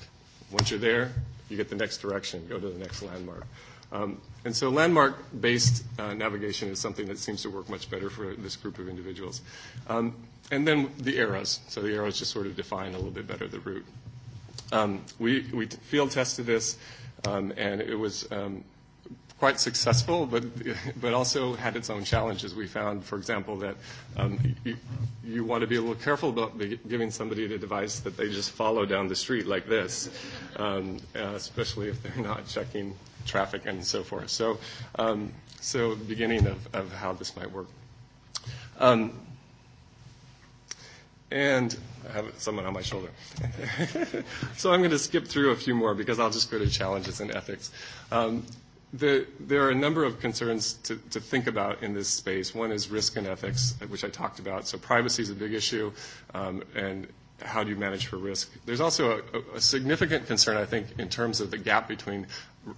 Once you're there, you get the next direction, go to the next landmark. Um, and so landmark-based uh, navigation is something that seems to work much better for this group of individuals. Um, and then the arrows. So the arrows just sort of define a little bit better the route. Um, we, we field tested this, um, and it was um, quite successful, but but also had its own challenges. We found, for example, that um, you, you want to be a little careful about the, giving somebody the device that they just follow down the street like this, um, uh, especially if they're not checking traffic and so forth. So, um, so beginning of, of how this might work. Um, and I have someone on my shoulder. so I'm going to skip through a few more because I'll just go to challenges and ethics. Um, the, there are a number of concerns to, to think about in this space. One is risk and ethics, which I talked about. So privacy is a big issue, um, and how do you manage for risk? There's also a, a significant concern, I think, in terms of the gap between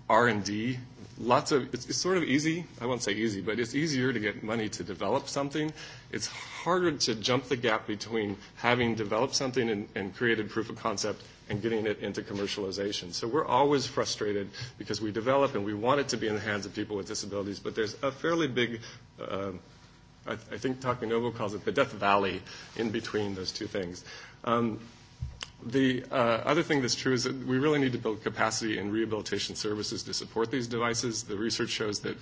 R&D. Lots of it's, it's sort of easy. I won't say easy, but it's easier to get money to develop something. It's harder to jump the gap between having developed something and, and created proof of concept and getting it into commercialization. So we're always frustrated because we develop and we want it to be in the hands of people with disabilities, but there's a fairly big, uh, I, I think Novo calls it the death valley in between those two things. Um, The uh, other thing that's true is that we really need to build capacity in rehabilitation services to support these devices. The research shows that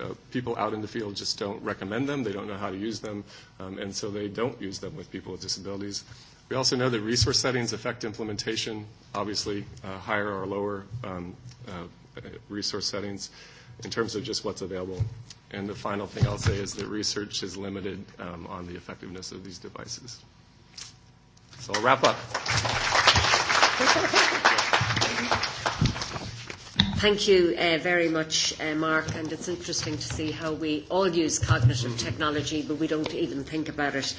uh, people out in the field just don't recommend them. They don't know how to use them, um, and so they don't use them with people with disabilities. We also know that resource settings affect implementation, obviously uh, higher or lower um, uh, resource settings in terms of just what's available. And the final thing I'll say is that research is limited um, on the effectiveness of these devices. So I'll wrap up. Thank you. Thank you uh, very much, uh, Mark. And it's interesting to see how we all use cognitive technology, but we don't even think about it.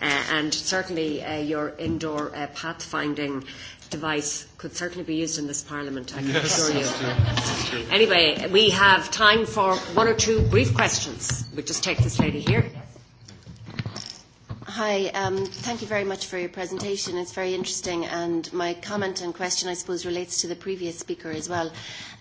Uh, and certainly, uh, your indoor uh, pathfinding device could certainly be used in this Parliament, I can yes, assure you. That's true. Anyway, we have time for one or two brief questions. We'll just take this lady here. Hi. Um, thank you very much for your presentation. It's very interesting, and my comment and question, I suppose, relates to the previous speaker as well.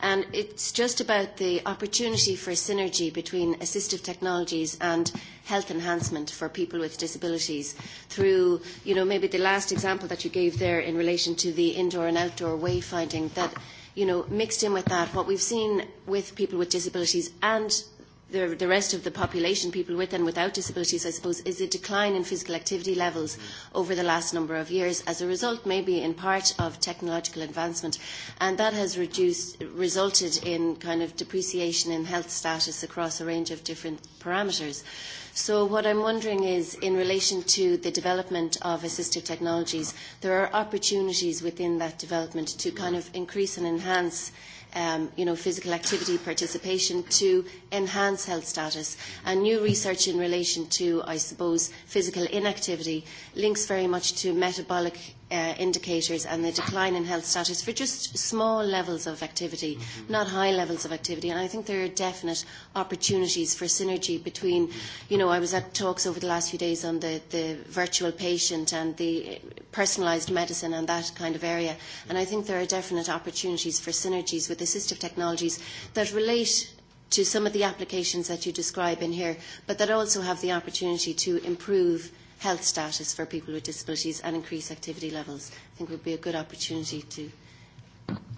And it's just about the opportunity for synergy between assistive technologies and health enhancement for people with disabilities through, you know, maybe the last example that you gave there in relation to the indoor and outdoor wayfinding that, you know, mixed in with that, what we've seen with people with disabilities and the, the rest of the population, people with and without disabilities, I suppose, is a decline in physical activity levels over the last number of years as a result maybe in part of technological advancement. And that has reduced, resulted in kind of depreciation in health status across a range of different parameters. So what I'm wondering is, in relation to the development of assistive technologies, there are opportunities within that development to kind of increase and enhance um, you know, physical activity participation to enhance health status. And new research in relation to, I suppose, physical inactivity links very much to metabolic uh, indicators and the decline in health status for just small levels of activity, not high levels of activity. And I think there are definite opportunities for synergy between, you know, I was at talks over the last few days on the, the virtual patient and the personalised medicine and that kind of area. And I think there are definite opportunities for synergies with assistive technologies that relate to some of the applications that you describe in here, but that also have the opportunity to improve health status for people with disabilities and increase activity levels. I think would be a good opportunity to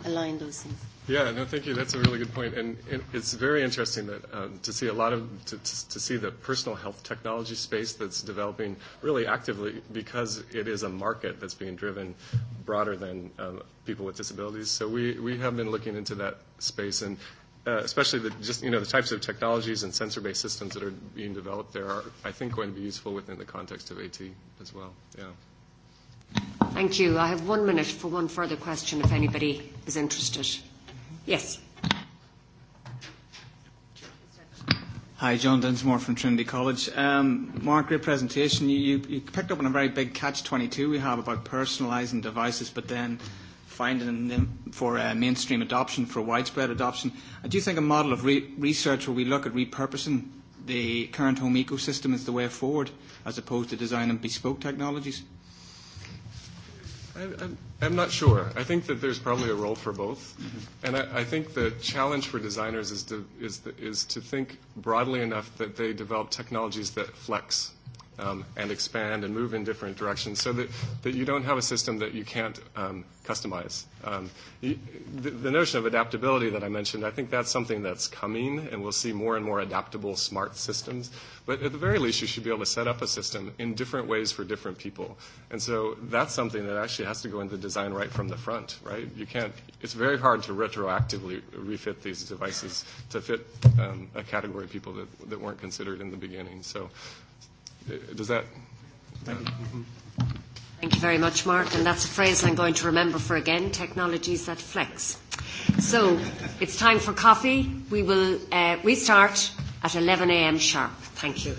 align those things. Yeah, no, thank you. That's a really good point, and it, it's very interesting that um, to see a lot of to, to, to see the personal health technology space that's developing really actively because it is a market that's being driven broader than um, people with disabilities. So we we have been looking into that space, and uh, especially the, just you know the types of technologies and sensor-based systems that are being developed there are, I think, going to be useful within the context of AT as well. Yeah. Thank you. I have one minute for one further question, if anybody is interested. Yes. Hi, John Dinsmore from Trinity College. Um, Mark, great presentation. You, you, you picked up on a very big catch-22 we have about personalising devices, but then finding them for uh, mainstream adoption, for widespread adoption. I do think a model of re- research where we look at repurposing the current home ecosystem is the way forward, as opposed to designing bespoke technologies. I, I'm, I'm not sure. I think that there's probably a role for both, mm-hmm. and I, I think the challenge for designers is to, is, the, is to think broadly enough that they develop technologies that flex um, and expand and move in different directions so that, that you don't have a system that you can't um, customize. Um, you, the, the notion of adaptability that I mentioned, I think that's something that's coming, and we'll see more and more adaptable smart systems. But at the very least, you should be able to set up a system in different ways for different people. And so that's something that actually has to go into design right from the front, right? You can't, it's very hard to retroactively refit these devices to fit um, a category of people that, that weren't considered in the beginning. So Does that? Thank you. Thank you very much, Mark. And that's a phrase I'm going to remember for again technologies that flex. So it's time for coffee. We will uh, restart at 11 a.m. sharp. Thank you.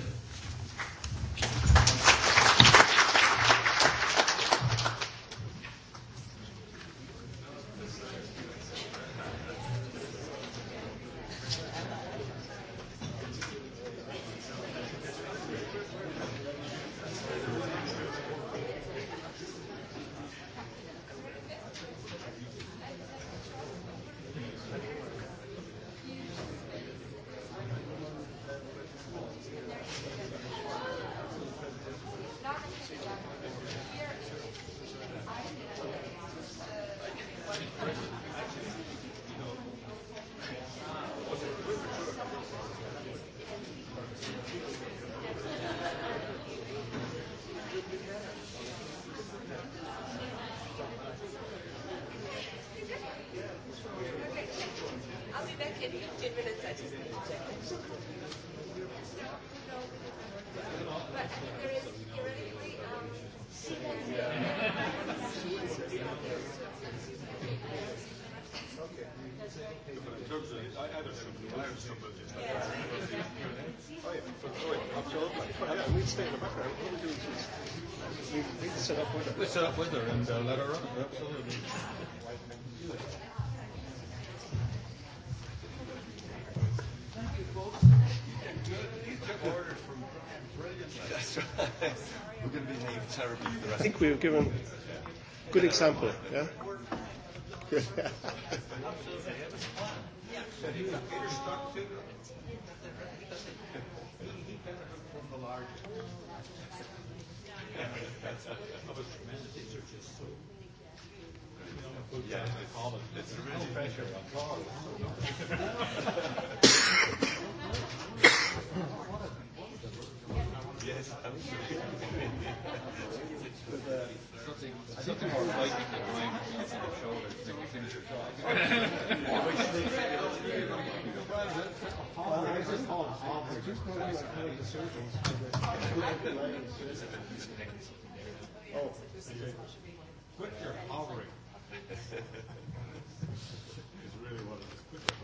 I'll we'd stay in the background. we set up with her. set up with her and uh, let her run. Absolutely. Thank you, folks. You took orders from That's right. We're going to named terribly for the rest. I think we've given good example. Yeah. Absolutely hard. I was tremendous. These are just so. Yeah, it's, it's real pressure on Carl. Oh, quit your hovering. is really what it is.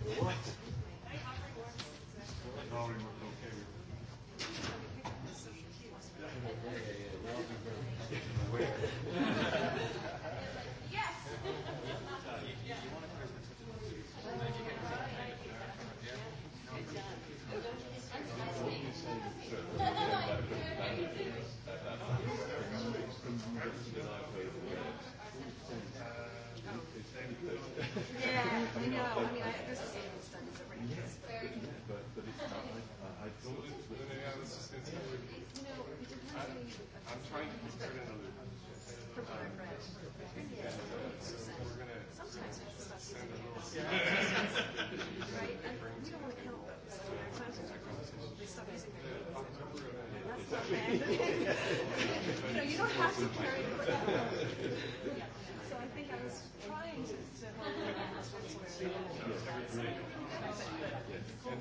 Quit your hovering. What? Hovering way.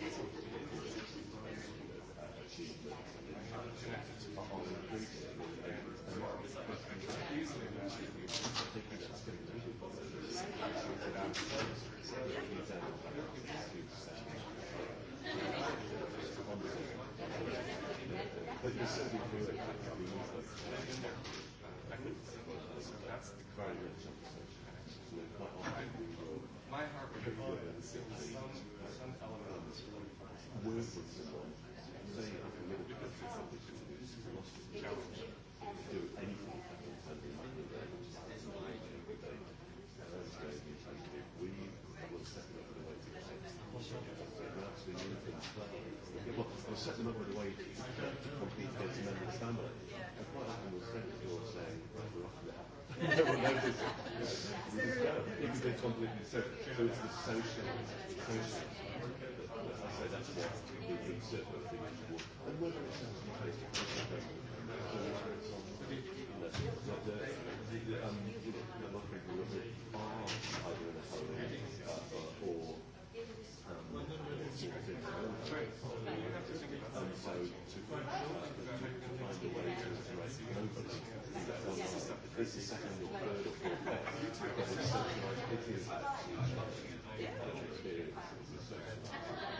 That's the value of the My heart was full of there some, some element of this really Word was Because it's a challenge to do anything. my set them up with a way to complete their And quite often we'll say, you don't notice it. So it's the social I say, that's what we do of a lot of or um, and so to find a way to address globally It's the second or third or fourth day. It is actually a experience. It's a socialized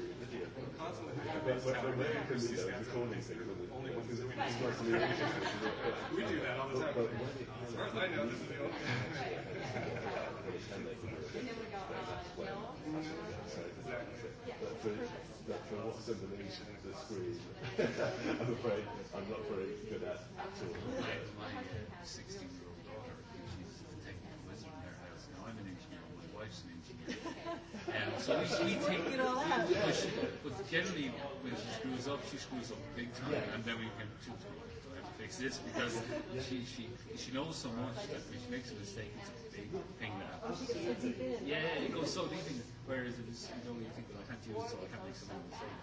We do that all the time. As far as I know, this is the only. That for what's underneath the screen, I'm afraid I'm not very good at at all. And so we, she take it all out. But, she, but generally, when she screws up, she screws up big time, yeah. and then we can to, have to fix this because she she she knows so much that when she makes a mistake, it's a big thing that happens. Yeah, yeah, it goes so deep. In, whereas it was, you know, you think, well, I can't use it, so I can't make some mistake.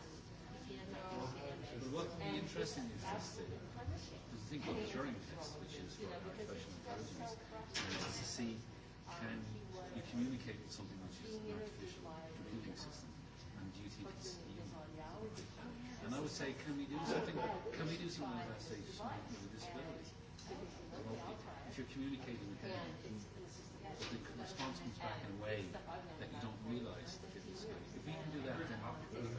But what would be interesting is this. Uh, think the Turing test, which is for artificial intelligence, is to see can you communicate with something which is artificial I would say, can we do something? Can we do something about say with a disability? If you're communicating with them, the response comes back in a way that you don't realise that it was. If we can do that, then we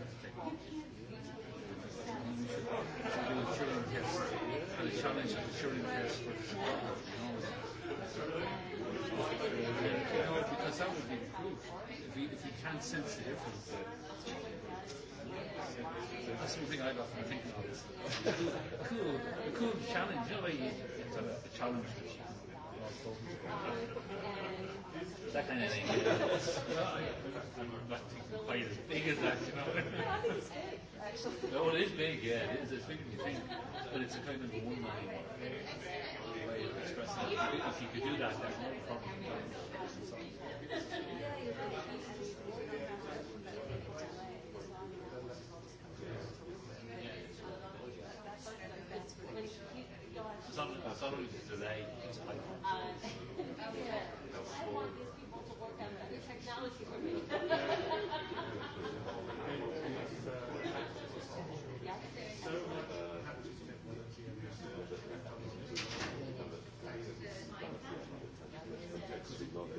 do a Turing test and a challenge of the Turing test for because that would be proof. If you if you can't sense the difference, That's something I often think about. A cool, a cool challenge. You know, you sort of a challenge. That kind of thing. I'm not quite as big as that, you know. I think it's big, actually. No, it is big, yeah, it is. It's bigger than you think. But it's a kind of one line way of expressing it. If you could do that, there's no problem.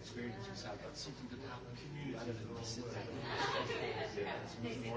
experience yourself, something that happened rather than just sit there.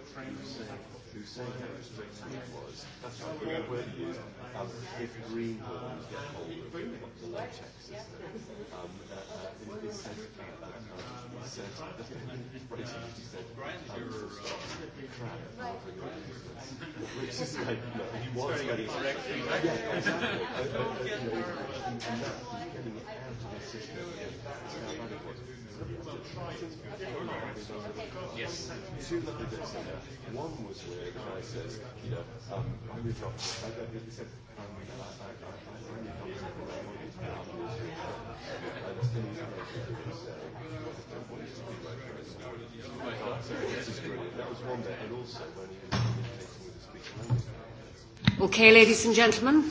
who say how restrictive it was, That's or whether you, um, if Greenwood would get hold of the latex, um, uh, uh, it said, uh, uh, it said, basically said, um, crap, which is like, no, he was getting correctly. Yeah, exactly. And that was getting out of the system, and that's how bad it was. Yes. Two lovely bits in there. One was where the guy says, you know, um, I moved on. he said, I moved on. I, I, I, I moved on. And That was one bit. also when communicating with the speech language. Okay, ladies and gentlemen,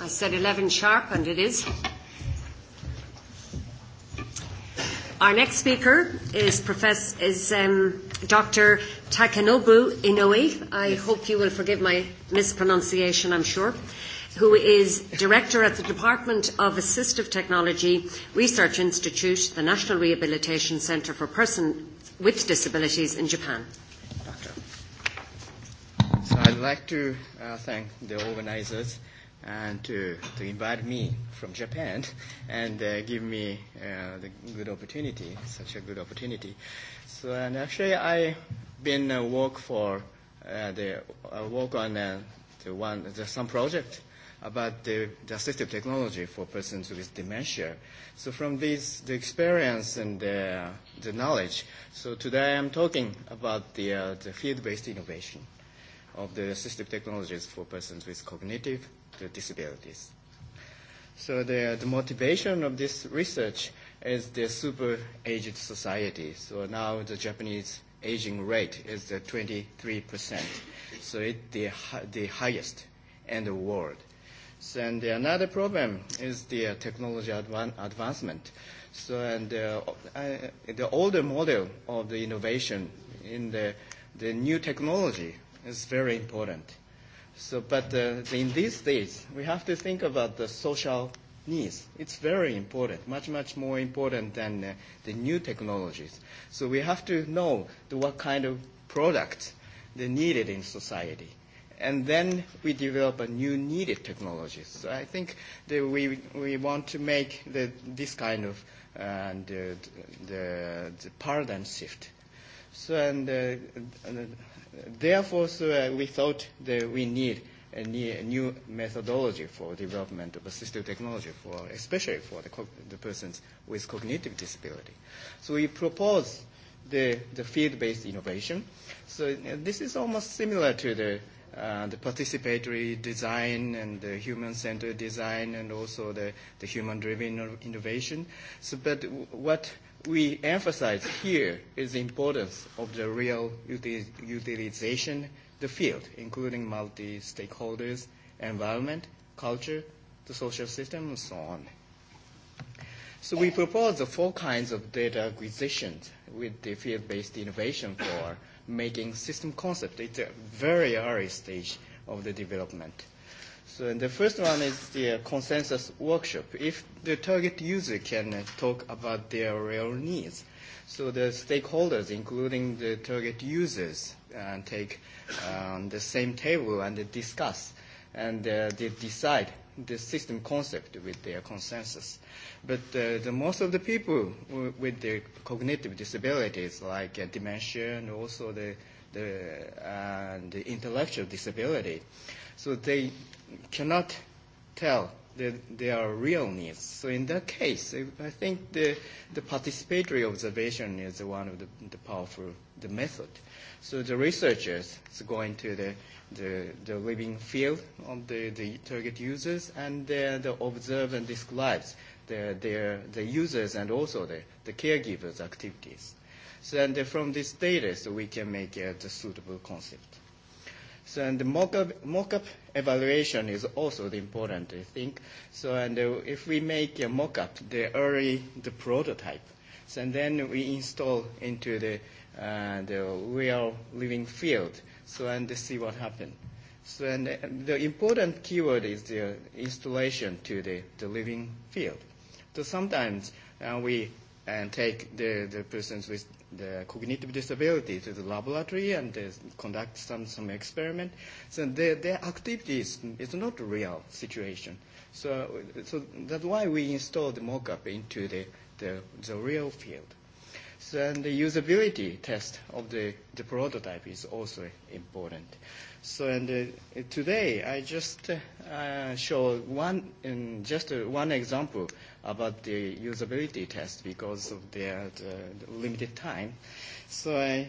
I said 11 sharp, and it is. Our next speaker is Profess is um, Dr. Takanobu Inoue. I hope you will forgive my mispronunciation. I'm sure. Who is director at the Department of Assistive Technology Research Institute, the National Rehabilitation Centre for Persons with Disabilities in Japan. Doctor. So I'd like to uh, thank the organisers and to, to invite me from Japan and uh, give me uh, the good opportunity, such a good opportunity. So, and actually, I been uh, work for uh, the uh, work on uh, the one the, some project about the, the assistive technology for persons with dementia. So from this, the experience and uh, the knowledge. So today I'm talking about the, uh, the field-based innovation of the assistive technologies for persons with cognitive disabilities. So the, the motivation of this research is the super aged society. So now the Japanese aging rate is the 23%. So it's the, the highest in the world. So, and another problem is the technology advan- advancement. So and uh, uh the older model of the innovation in the, the new technology is very important. So, but uh, in these days we have to think about the social needs. It's very important, much, much more important than uh, the new technologies. So we have to know the, what kind of product they needed in society. And then we develop a new needed technologies. So I think that we, we want to make the, this kind of uh, the, the, the paradigm shift. So and uh, Therefore, so uh, we thought that we need a new methodology for development of assistive technology, for especially for the, co- the persons with cognitive disability. So we propose the, the field-based innovation. So this is almost similar to the, uh, the participatory design and the human-centered design and also the, the human-driven innovation. So, but what we emphasize here is the importance of the real utilization the field, including multi-stakeholders, environment, culture, the social system, and so on. So we propose the four kinds of data acquisitions with the field-based innovation for making system concept. It's a very early stage of the development. So and the first one is the consensus workshop. If the target user can uh, talk about their real needs, so the stakeholders, including the target users, uh, take um, the same table and discuss and uh, they decide the system concept with their consensus. But uh, the most of the people w- with their cognitive disabilities, like uh, dementia and also the the, uh, the intellectual disability, so they cannot tell the, their real needs. So in that case, I think the, the participatory observation is one of the, the powerful the method. So the researchers is going to the, the, the living field of the, the target users and they, they observe and describe the, their, the users and also the, the caregivers' activities. So and from this data, so we can make uh, the suitable concept. So and the mock-up, mock-up evaluation is also the important, I think. So and uh, if we make a mock-up, the early the prototype, so and then we install into the uh, the real living field. So and see what happened. So and the important keyword is the installation to the, the living field. So sometimes uh, we and take the, the persons with the cognitive disability to the laboratory and uh, conduct some, some experiment. So their, their activity is, is not a real situation. So, so that's why we installed the mock-up into the, the, the real field. So, and the usability test of the, the prototype is also important. So and uh, today I just uh, show one, um, just uh, one example about the usability test because of their the limited time. So I,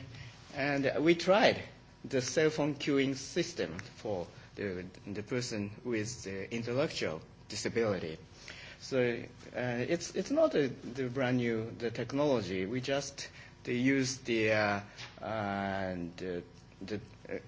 and we tried the cell phone queuing system for the, the person with the intellectual disability. So uh, it's, it's not a, the brand new the technology. We just they use the, uh, uh, the, the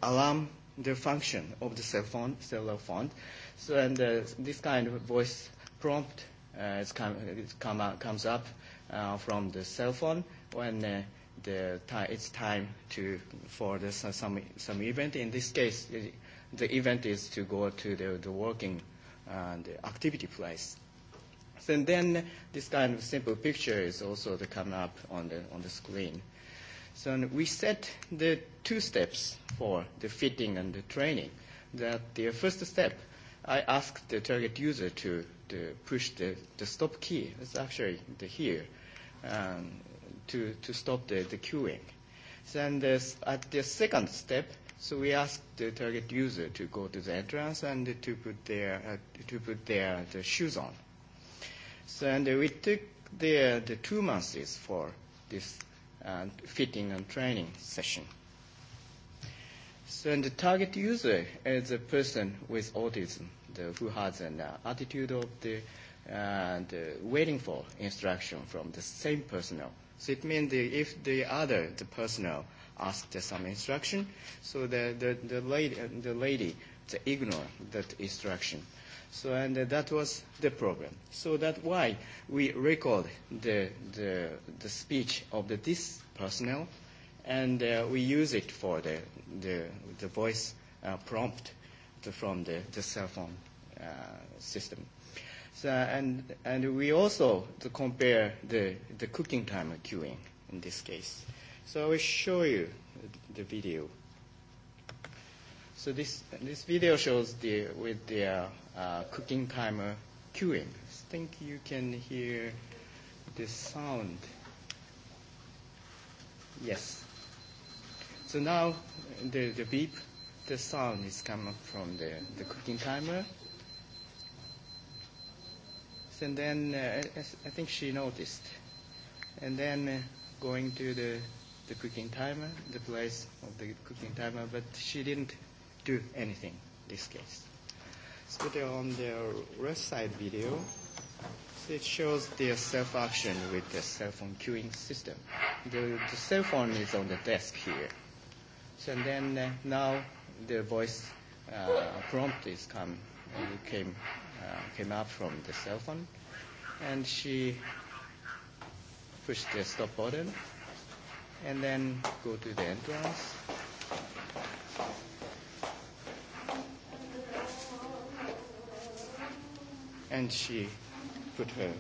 alarm the function of the cell phone, cellular phone. So and uh, this kind of voice prompt uh, it's come, it's come out, comes up uh, from the cell phone when uh, the ti it's time to for the, some some event. In this case, it, the event is to go to the, the working uh, the activity place. And then this kind of simple picture is also to come up on the on the screen. So we set the two steps for the fitting and the training. That the first step, I asked the target user to to push the, the stop key. It's actually the here um, to, to stop the, the queuing. Then this, at the second step, so we ask the target user to go to the entrance and to put their, uh, to put their the shoes on. So and we took the, the two months for this uh, fitting and training session. So and the target user is a person with autism the, who has an uh, attitude of the and uh, waiting for instruction from the same personnel. So it means the, if the other the personnel asked some instruction, so the the, the lady the lady to ignore that instruction. So and that was the problem. So that's why we record the the the speech of the, this personnel, and uh, we use it for the the the voice uh, prompt from the, the cell phone uh, system. So, and, and we also to compare the, the cooking time of queuing in this case. So I will show you the video. So this, this video shows the, with the uh, cooking timer queuing. I think you can hear the sound. Yes. So now the, the beep the sound is coming from the, the cooking timer. And then uh, I, I think she noticed. And then uh, going to the, the cooking timer, the place of the cooking timer, but she didn't do anything in this case. So they're on the right side video. So it shows their self-action with the cell phone queuing system. The, the cell phone is on the desk here. So and then uh, now their voice uh, prompt is come it came uh, came up from the cell phone, and she pushed the stop button, and then go to the entrance. And she put her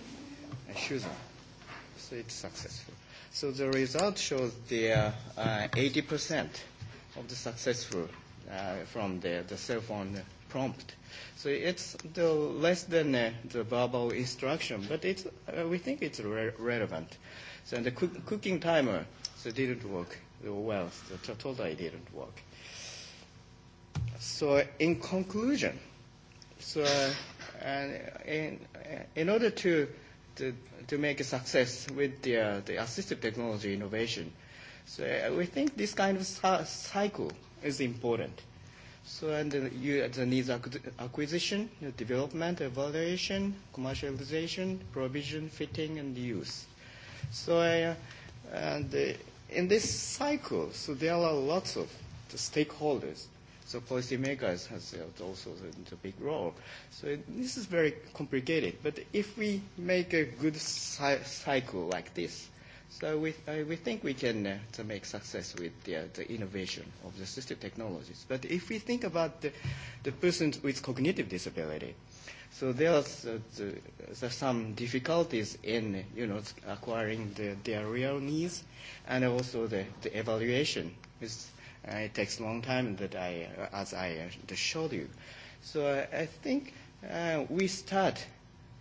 shoes on. So it's successful. So the result shows the uh, uh, 80% of the successful uh, from the, the cell phone prompt. So it's the less than uh, the verbal instruction, but it's, uh, we think it's re- relevant. So the cook- cooking timer so didn't work well. So totally didn't work. So in conclusion, so uh, in, in order to, to to make a success with the, uh, the assistive technology innovation, so we think this kind of cycle is important. So and the you the needs acquisition, the development, evaluation, commercialization, provision, fitting, and use. So uh, and uh, in this cycle, so there are lots of the stakeholders. So policymakers has also a big role. So this is very complicated. But if we make a good cycle like this, So we, uh, we think we can uh, to make success with the, uh, the innovation of the system technologies. But if we think about the, the persons with cognitive disability, so there are uh, the, the some difficulties in you know acquiring the, their real needs, and also the, the evaluation. It's, uh, it takes a long time that I uh, as I uh, showed you. So I, I think uh, we start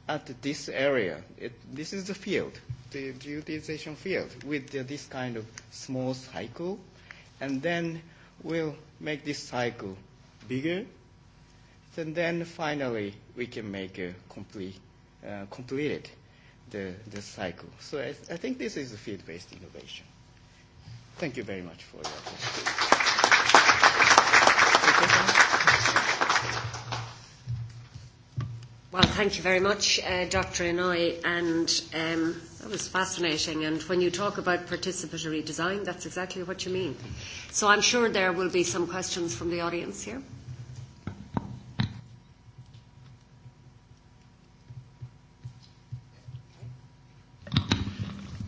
at this area. It, this is the field the utilization field with the, this kind of small cycle, and then we'll make this cycle bigger, and then finally we can make a complete, uh, completed the, the cycle. So I, I think this is a field-based innovation. Thank you very much for your attention. Well, thank you very much, uh, Dr. Inouye, and um, That was fascinating. And when you talk about participatory design, that's exactly what you mean. So I'm sure there will be some questions from the audience here.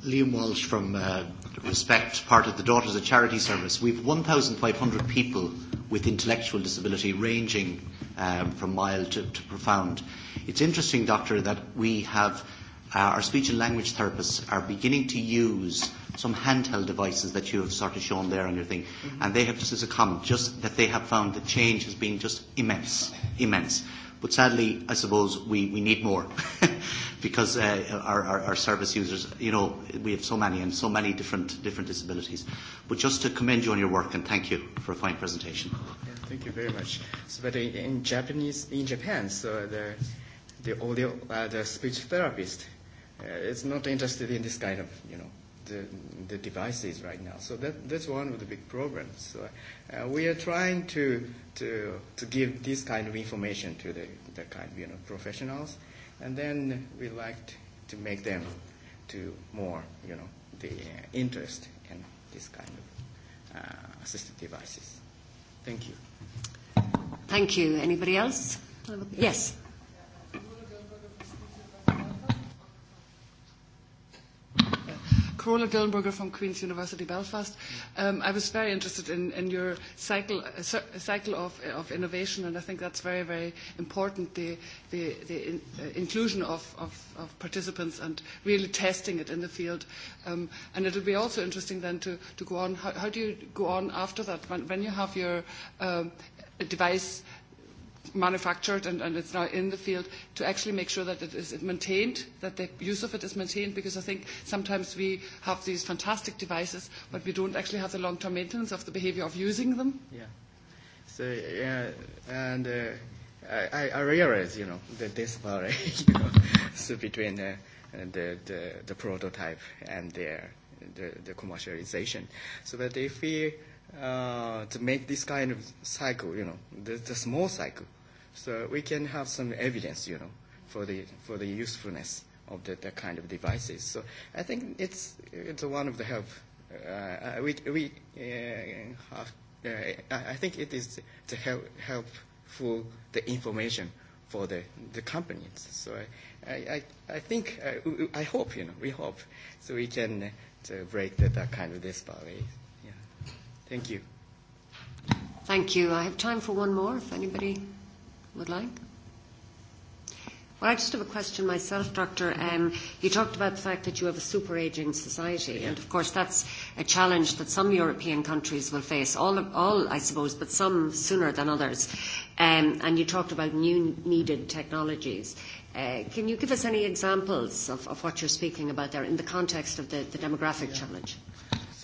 Liam Walsh from uh, Respect, part of the Daughters of Charity Service. We have 1,500 people with intellectual disability ranging um, from mild to, to profound. It's interesting, Doctor, that we have uh, our speech and language therapists are beginning to use some handheld devices that you have sort of shown there on your thing. Mm-hmm. And they have just as a comment, just that they have found the change has been just immense, immense. But sadly, I suppose we, we need more because uh, our, our, our service users, you know, we have so many and so many different, different disabilities. But just to commend you on your work and thank you for a fine presentation. Yeah, thank you very much. So, but in, in Japanese, in Japan, so the, the audio, uh, the speech therapist is not interested in this kind of, you know, the, the devices right now. So that, that's one of the big problems. So uh, we are trying to, to, to give this kind of information to the, the kind of, you know, professionals, and then we like to make them to more, you know, the uh, interest in this kind of uh, assistive devices. Thank you. Thank you. Anybody else? Yes. Carola Dillenberger from Queen's University Belfast. Um, I was very interested in, in your cycle, uh, cycle of, of innovation, and I think that's very, very important, the, the, the in, uh, inclusion of, of, of participants and really testing it in the field. Um, and it'll be also interesting then to, to go on. How, how do you go on after that? When, when you have your um, device manufactured and, and it's now in the field to actually make sure that it is maintained, that the use of it is maintained because I think sometimes we have these fantastic devices but we don't actually have the long-term maintenance of the behavior of using them. Yeah. So, yeah, and uh, I, I realize, you know, the disparity you know, so between uh, the, the, the prototype and their the, the commercialization. So that if we uh, to make this kind of cycle, you know, the, the small cycle. So we can have some evidence, you know, for the for the usefulness of the, the kind of devices. So I think it's it's one of the help. Uh, we we uh, have. Uh, I think it is to help helpful the information for the, the companies. So I, I, I think, uh, I hope, you know, we hope, so we can uh, to break that, that kind of disparity. Thank you. Thank you. I have time for one more if anybody would like. Well, I just have a question myself, Doctor. Um, you talked about the fact that you have a super aging society, and of course that's a challenge that some European countries will face, all, all I suppose, but some sooner than others. Um, and you talked about new needed technologies. Uh, can you give us any examples of, of what you're speaking about there in the context of the, the demographic challenge?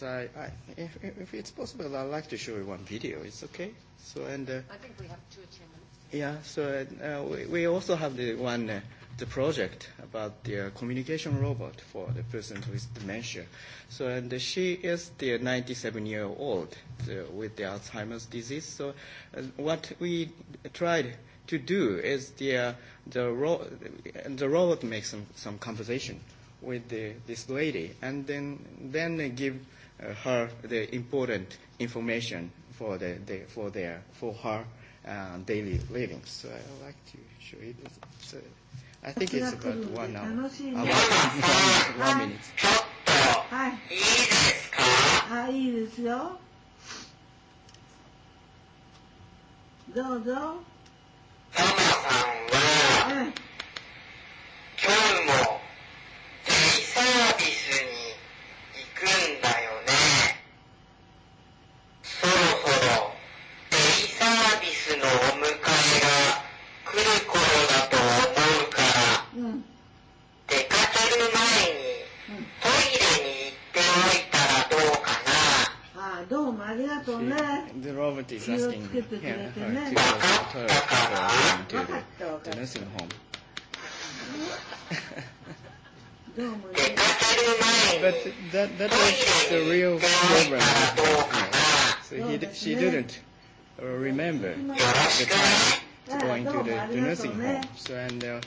Yes, I, I, if, if it's possible, I'd like to show you one video. It's okay. So and. Uh, I think we have two or three minutes. Yeah. So uh, we, we also have the one. Uh, the project about the uh communication robot for the person with dementia. So and she is the 97 year old uh, with the Alzheimer's disease. So uh, what we tried to do is the uh, the, ro- the robot makes some, some conversation with the, this lady and then then give uh, her the important information for the, the for their for her uh, daily living. So I like to show you this so I think it's about one hour. Uh, one, one, one minute. はい。いいですかあ、いいですよ。どうぞ。ママさん should remember the time going to the, the nursing home. So and uh,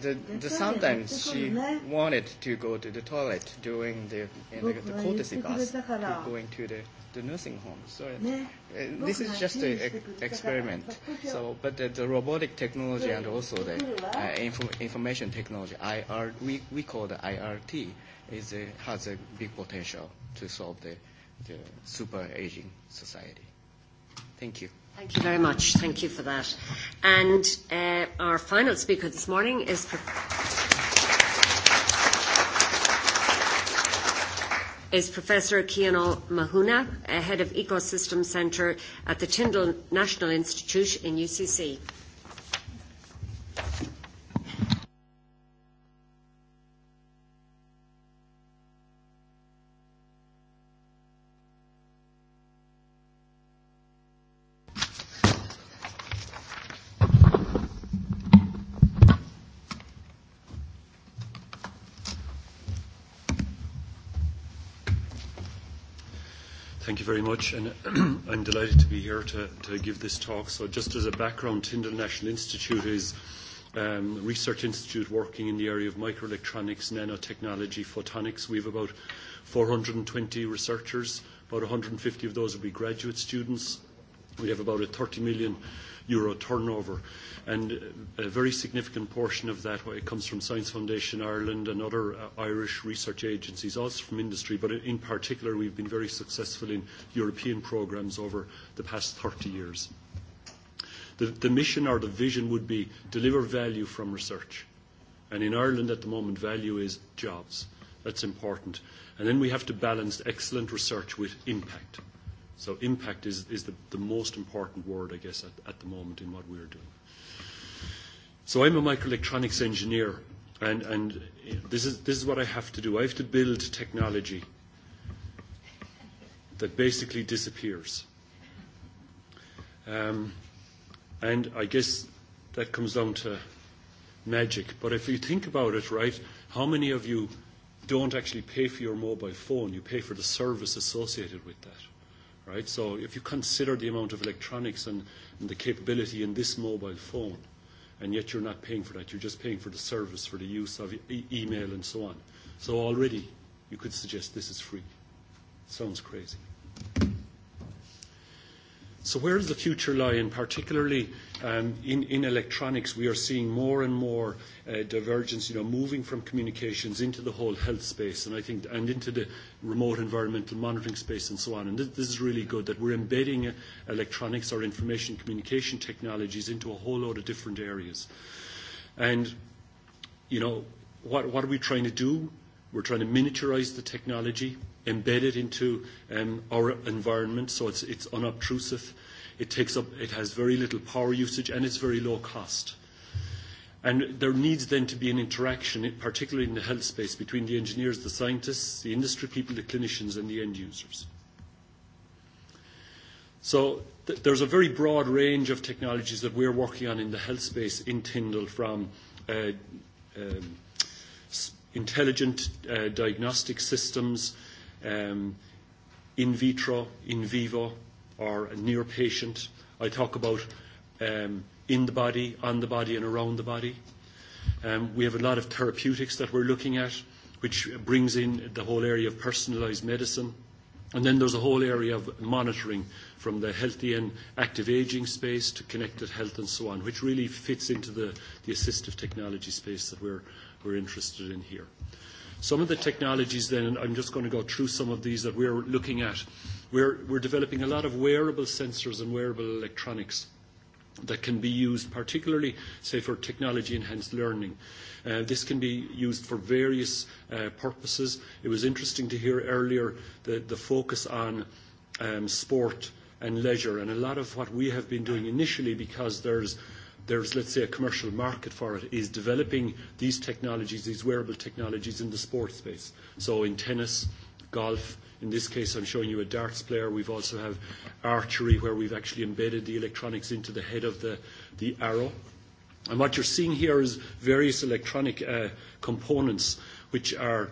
the, the sometimes she wanted to go to the toilet during the in the, the courtesy bus to going to the, the nursing home. So uh, this is just an experiment. So, but the, the robotic technology and also the uh, info information technology, IR, we, we call the IRT, is a, has a big potential to solve the, the super aging society. Thank you. Thank you very much. Thank you for that. And uh, our final speaker this morning is. is Professor Kiano Mahuna, head of Ecosystem Centre at the Tyndall National Institute in UCC. very much, and I'm delighted to be here to, to give this talk. So just as a background, Tyndall National Institute is um, a research institute working in the area of microelectronics, nanotechnology, photonics. We have about 420 researchers. About 150 of those will be graduate students, We have about a 30 million euro turnover, and a very significant portion of that it comes from Science Foundation Ireland and other Irish research agencies, also from industry, but in particular, we've been very successful in European programs over the past 30 years. The mission or the vision would be deliver value from research. And in Ireland at the moment, value is jobs. That's important. And then we have to balance excellent research with impact. So impact is, is the, the most important word, I guess, at, at the moment in what we're doing. So I'm a microelectronics engineer, and, and this, is, this is what I have to do. I have to build technology that basically disappears. Um, and I guess that comes down to magic. But if you think about it, right, how many of you don't actually pay for your mobile phone? You pay for the service associated with that right? So if you consider the amount of electronics and, and the capability in this mobile phone, and yet you're not paying for that, you're just paying for the service, for the use of e- email and so on. So already you could suggest this is free. Sounds crazy. So where does the future lie? And particularly um, in, in electronics, we are seeing more and more uh, divergence, you know, moving from communications into the whole health space, and I think, and into the remote environmental monitoring space, and so on. And this, this is really good that we're embedding electronics or information communication technologies into a whole load of different areas. And you know, what what are we trying to do? We're trying to miniaturize the technology embedded into um, our environment, so it's, it's unobtrusive. It takes up, it has very little power usage, and it's very low cost. And there needs then to be an interaction, particularly in the health space, between the engineers, the scientists, the industry people, the clinicians, and the end users. So th- there's a very broad range of technologies that we're working on in the health space in Tyndall from uh, um, intelligent uh, diagnostic systems um, in vitro, in vivo, or near patient. I talk about um, in the body, on the body, and around the body. Um, we have a lot of therapeutics that we're looking at, which brings in the whole area of personalized medicine. And then there's a whole area of monitoring from the healthy and active aging space to connected health and so on, which really fits into the, the assistive technology space that we're, we're interested in here. Some of the technologies then, and I'm just going to go through some of these that we're looking at. We're, we're developing a lot of wearable sensors and wearable electronics that can be used particularly, say, for technology-enhanced learning. Uh, this can be used for various uh, purposes. It was interesting to hear earlier the, the focus on um, sport and leisure, and a lot of what we have been doing initially because there's there's, let's say, a commercial market for it, is developing these technologies, these wearable technologies in the sports space. So in tennis, golf, in this case, I'm showing you a darts player. We've also have archery, where we've actually embedded the electronics into the head of the, the arrow. And what you're seeing here is various electronic uh, components, which are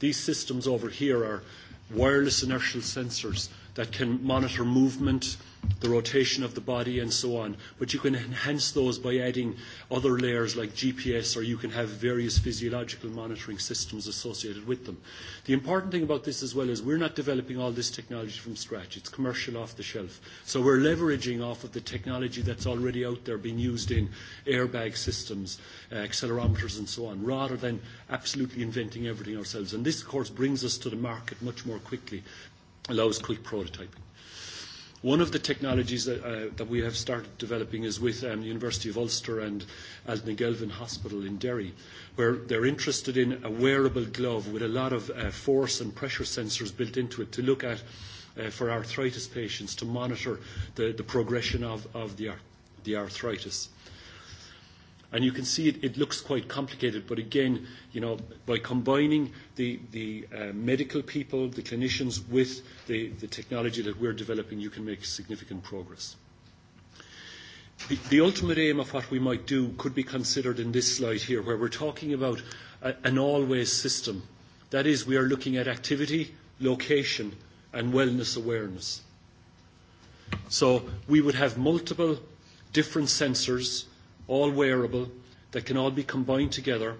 these systems over here are wireless inertial sensors that can monitor movement, the rotation of the body and so on. But you can enhance those by adding other layers like GPS or you can have various physiological monitoring systems associated with them. The important thing about this as well is we're not developing all this technology from scratch. It's commercial off the shelf. So we're leveraging off of the technology that's already out there being used in airbag systems, uh, accelerometers and so on, rather than absolutely inventing everything ourselves. And this of course brings us to the market much more quickly, allows quick prototyping. One of the technologies that, uh, that we have started developing is with um, the University of Ulster and Aldnagelvin Hospital in Derry, where they're interested in a wearable glove with a lot of uh, force and pressure sensors built into it to look at uh, for arthritis patients to monitor the, the progression of, of the, the arthritis. And you can see it, it looks quite complicated, but again, you know, by combining the, the uh, medical people, the clinicians, with the, the technology that we're developing, you can make significant progress. The, the ultimate aim of what we might do could be considered in this slide here, where we're talking about a, an always system. That is, we are looking at activity, location, and wellness awareness. So we would have multiple different sensors all wearable, that can all be combined together.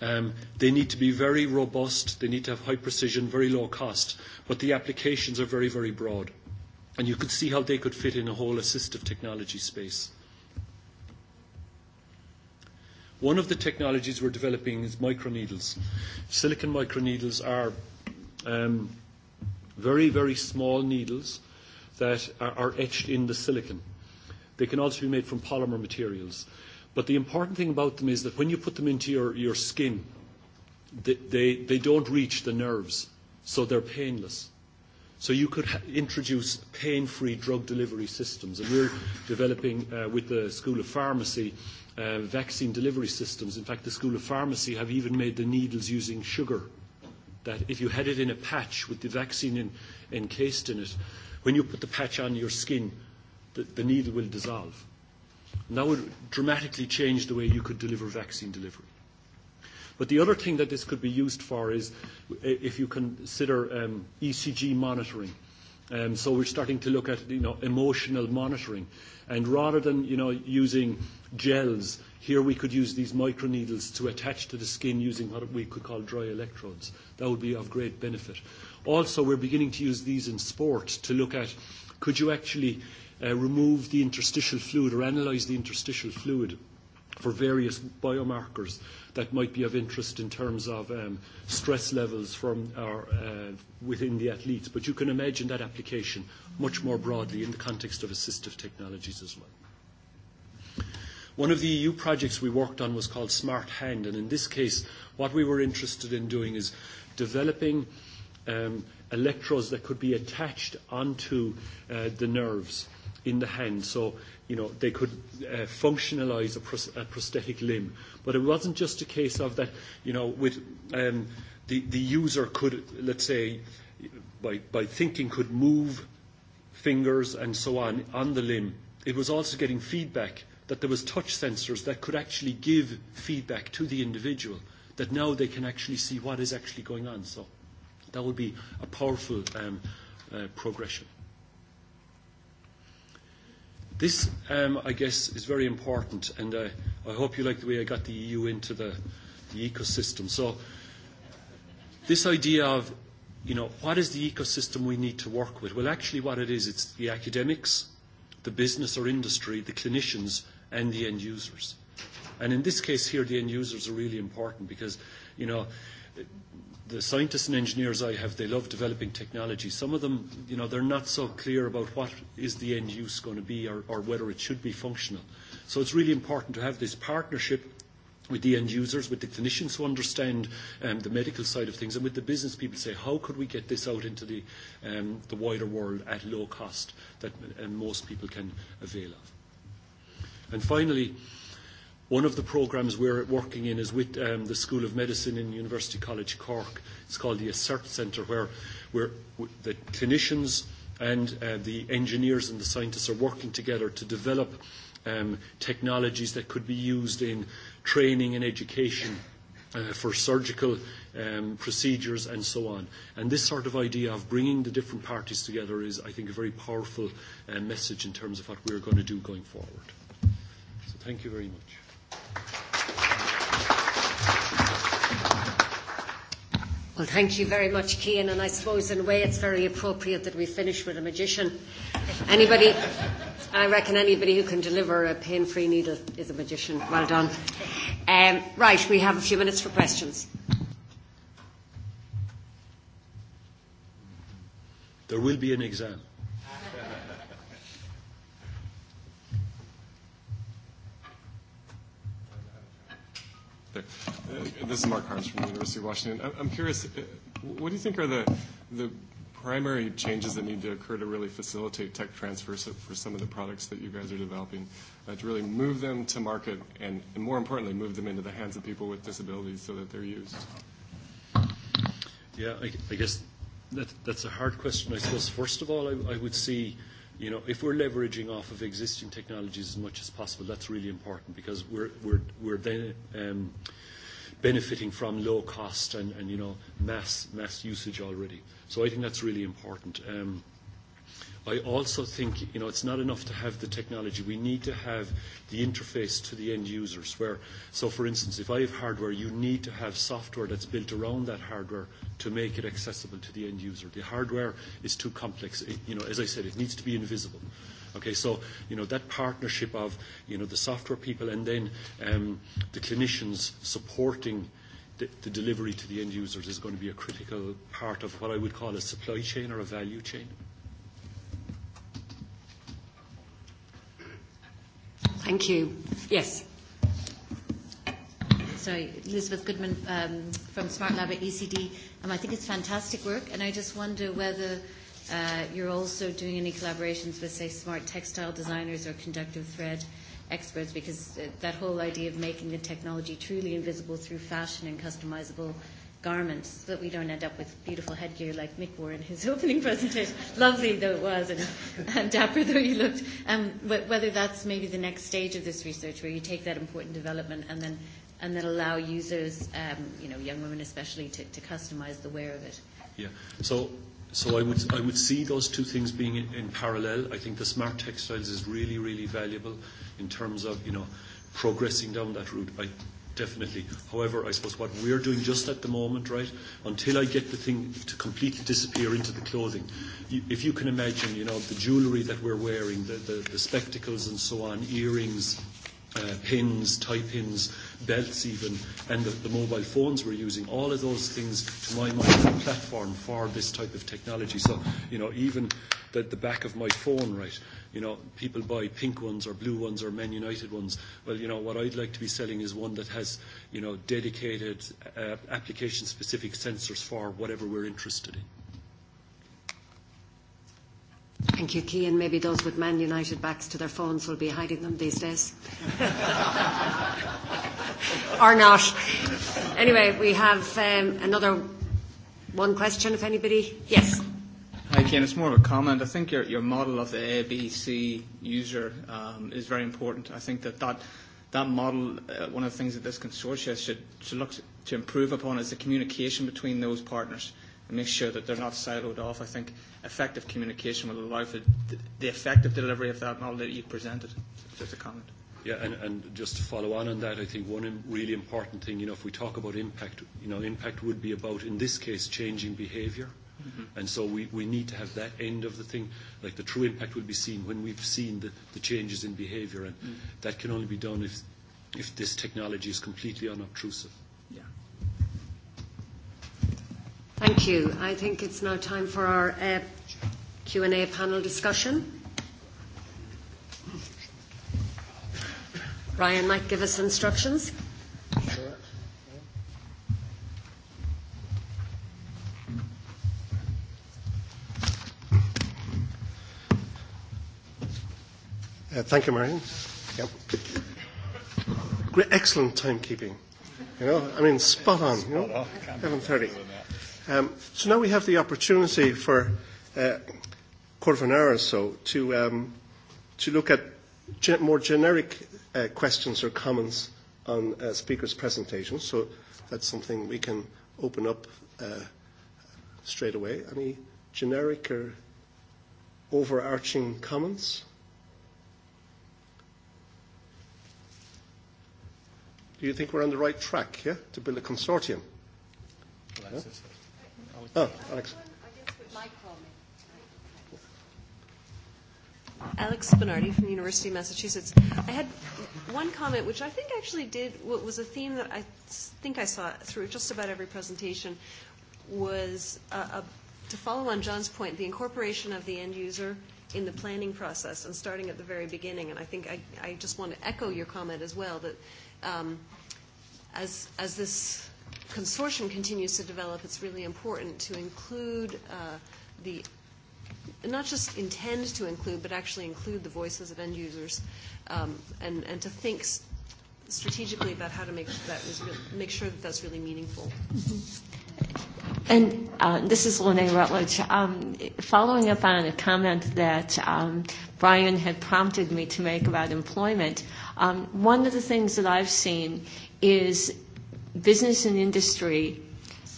Um, they need to be very robust, they need to have high precision, very low cost, but the applications are very, very broad. And you could see how they could fit in a whole assistive technology space. One of the technologies we're developing is microneedles. Silicon microneedles are um, very, very small needles that are, are etched in the silicon. They can also be made from polymer materials. But the important thing about them is that when you put them into your, your skin, they, they, they don't reach the nerves, so they're painless. So you could ha- introduce pain-free drug delivery systems. And we're developing uh, with the School of Pharmacy uh, vaccine delivery systems. In fact, the School of Pharmacy have even made the needles using sugar. That if you had it in a patch with the vaccine in, encased in it, when you put the patch on your skin, the, the needle will dissolve. And that would dramatically change the way you could deliver vaccine delivery. But the other thing that this could be used for is if you consider um, ECG monitoring. Um, so we're starting to look at you know, emotional monitoring. And rather than you know, using gels, here we could use these microneedles to attach to the skin using what we could call dry electrodes. That would be of great benefit. Also, we're beginning to use these in sport to look at could you actually uh, remove the interstitial fluid or analyse the interstitial fluid for various biomarkers that might be of interest in terms of um, stress levels from our, uh, within the athletes. But you can imagine that application much more broadly in the context of assistive technologies as well. One of the EU projects we worked on was called Smart Hand, and in this case, what we were interested in doing is developing um, electrodes that could be attached onto uh, the nerves in the hand. So, you know, they could uh, functionalize a, pros- a prosthetic limb. But it wasn't just a case of that, you know, with um, the, the user could, let's say, by, by thinking, could move fingers and so on on the limb. It was also getting feedback that there was touch sensors that could actually give feedback to the individual that now they can actually see what is actually going on. So that would be a powerful um, uh, progression. This, um, I guess, is very important, and uh, I hope you like the way I got the EU into the, the ecosystem. So, this idea of, you know, what is the ecosystem we need to work with? Well, actually, what it is, it's the academics, the business or industry, the clinicians, and the end users. And in this case here, the end users are really important because, you know, the scientists and engineers I have, they love developing technology. Some of them, you know, they're not so clear about what is the end use going to be or, or whether it should be functional. So it's really important to have this partnership with the end users, with the clinicians who understand um, the medical side of things, and with the business people say, how could we get this out into the, um, the wider world at low cost that um, most people can avail of? And finally, One of the programs we're working in is with um, the School of Medicine in University College Cork. It's called the ASSERT Centre, where, where the clinicians and uh, the engineers and the scientists are working together to develop um, technologies that could be used in training and education uh, for surgical um, procedures and so on. And this sort of idea of bringing the different parties together is, I think, a very powerful uh, message in terms of what we're going to do going forward. So thank you very much. Well, thank you very much, Kean, and I suppose in a way it's very appropriate that we finish with a magician. Anybody, I reckon anybody who can deliver a pain-free needle is a magician. Well done. Um, right, we have a few minutes for questions. There will be an exam. there. This is Mark Harms from the University of Washington. I'm curious, what do you think are the, the primary changes that need to occur to really facilitate tech transfer for some of the products that you guys are developing, uh, to really move them to market and, and more importantly, move them into the hands of people with disabilities so that they're used? Yeah, I, I guess that, that's a hard question. I suppose, first of all, I, I would see you know, if we're leveraging off of existing technologies as much as possible, that's really important because we're, we're, we're then um, benefiting from low cost and, and you know, mass, mass usage already. So I think that's really important. Um, I also think you know it's not enough to have the technology. We need to have the interface to the end users. Where so, for instance, if I have hardware, you need to have software that's built around that hardware to make it accessible to the end user. The hardware is too complex. It, you know, as I said, it needs to be invisible. Okay, so you know that partnership of you know the software people and then um, the clinicians supporting the, the delivery to the end users is going to be a critical part of what I would call a supply chain or a value chain. Thank you. Yes. Sorry, Elizabeth Goodman um, from Smart Lab at ECD. Um, I think it's fantastic work, and I just wonder whether uh, you're also doing any collaborations with, say, smart textile designers or conductive thread experts, because uh that whole idea of making the technology truly invisible through fashion and customizable garments so that we don't end up with beautiful headgear like Mick wore in his opening presentation, lovely though it was and, and dapper though you looked, um, whether that's maybe the next stage of this research where you take that important development and then, and then allow users, um, you know, young women especially, to, to customize the wear of it. Yeah. So So I would, I would see those two things being in, in parallel. I think the smart textiles is really, really valuable in terms of, you know, progressing down that route. I, definitely. However, I suppose what we're doing just at the moment, right, until I get the thing to completely disappear into the clothing, you, if you can imagine, you know, the jewellery that we're wearing, the, the, the spectacles and so on, earrings, uh, pins, tie pins, belts even, and the, the mobile phones we're using, all of those things, to my mind, are a platform for this type of technology. So, you know, even the, the back of my phone, right, you know, people buy pink ones or blue ones or Man United ones. Well, you know, what I'd like to be selling is one that has, you know, dedicated uh, application-specific sensors for whatever we're interested in. Thank you, Kean. Maybe those with Man United backs to their phones will be hiding them these days. or not. Anyway, we have um, another one question, if anybody. Yes you. It's more of a comment. I think your, your model of the ABC user um, is very important. I think that that, that model, uh, one of the things that this consortia should, should look to improve upon is the communication between those partners and make sure that they're not siloed off. I think effective communication will allow for the effective delivery of that model that you presented. Just a comment. Yeah, and, and just to follow on on that, I think one really important thing, you know, if we talk about impact, you know, impact would be about, in this case, changing behaviour And so we, we need to have that end of the thing. Like the true impact will be seen when we've seen the, the changes in behaviour, and mm. that can only be done if, if this technology is completely unobtrusive. Yeah. Thank you. I think it's now time for our uh, Q&A panel discussion. Ryan might give us instructions. Sure. Uh, thank you, Marion. Yep. Great, excellent timekeeping. You know, I mean, spot on. You know, thirty. Um, so now we have the opportunity for a quarter of an hour or so to um, to look at ge- more generic uh, questions or comments on uh, speakers' presentation. So that's something we can open up uh, straight away. Any generic or overarching comments? do you think we're on the right track, yeah, to build a consortium? Alexis. Oh, Alex. Alex Spinardi from the University of Massachusetts. I had one comment, which I think actually did what was a theme that I think I saw through just about every presentation, was uh, a, to follow on John's point, the incorporation of the end user in the planning process and starting at the very beginning. And I think I, I just want to echo your comment as well that um, as, as this consortium continues to develop, it's really important to include uh, the not just intend to include, but actually include the voices of end users, um, and, and to think strategically about how to make that is re- make sure that that's really meaningful. And uh, this is Lene Rutledge. Um, following up on a comment that um, Brian had prompted me to make about employment, Um, one of the things that I've seen is business and industry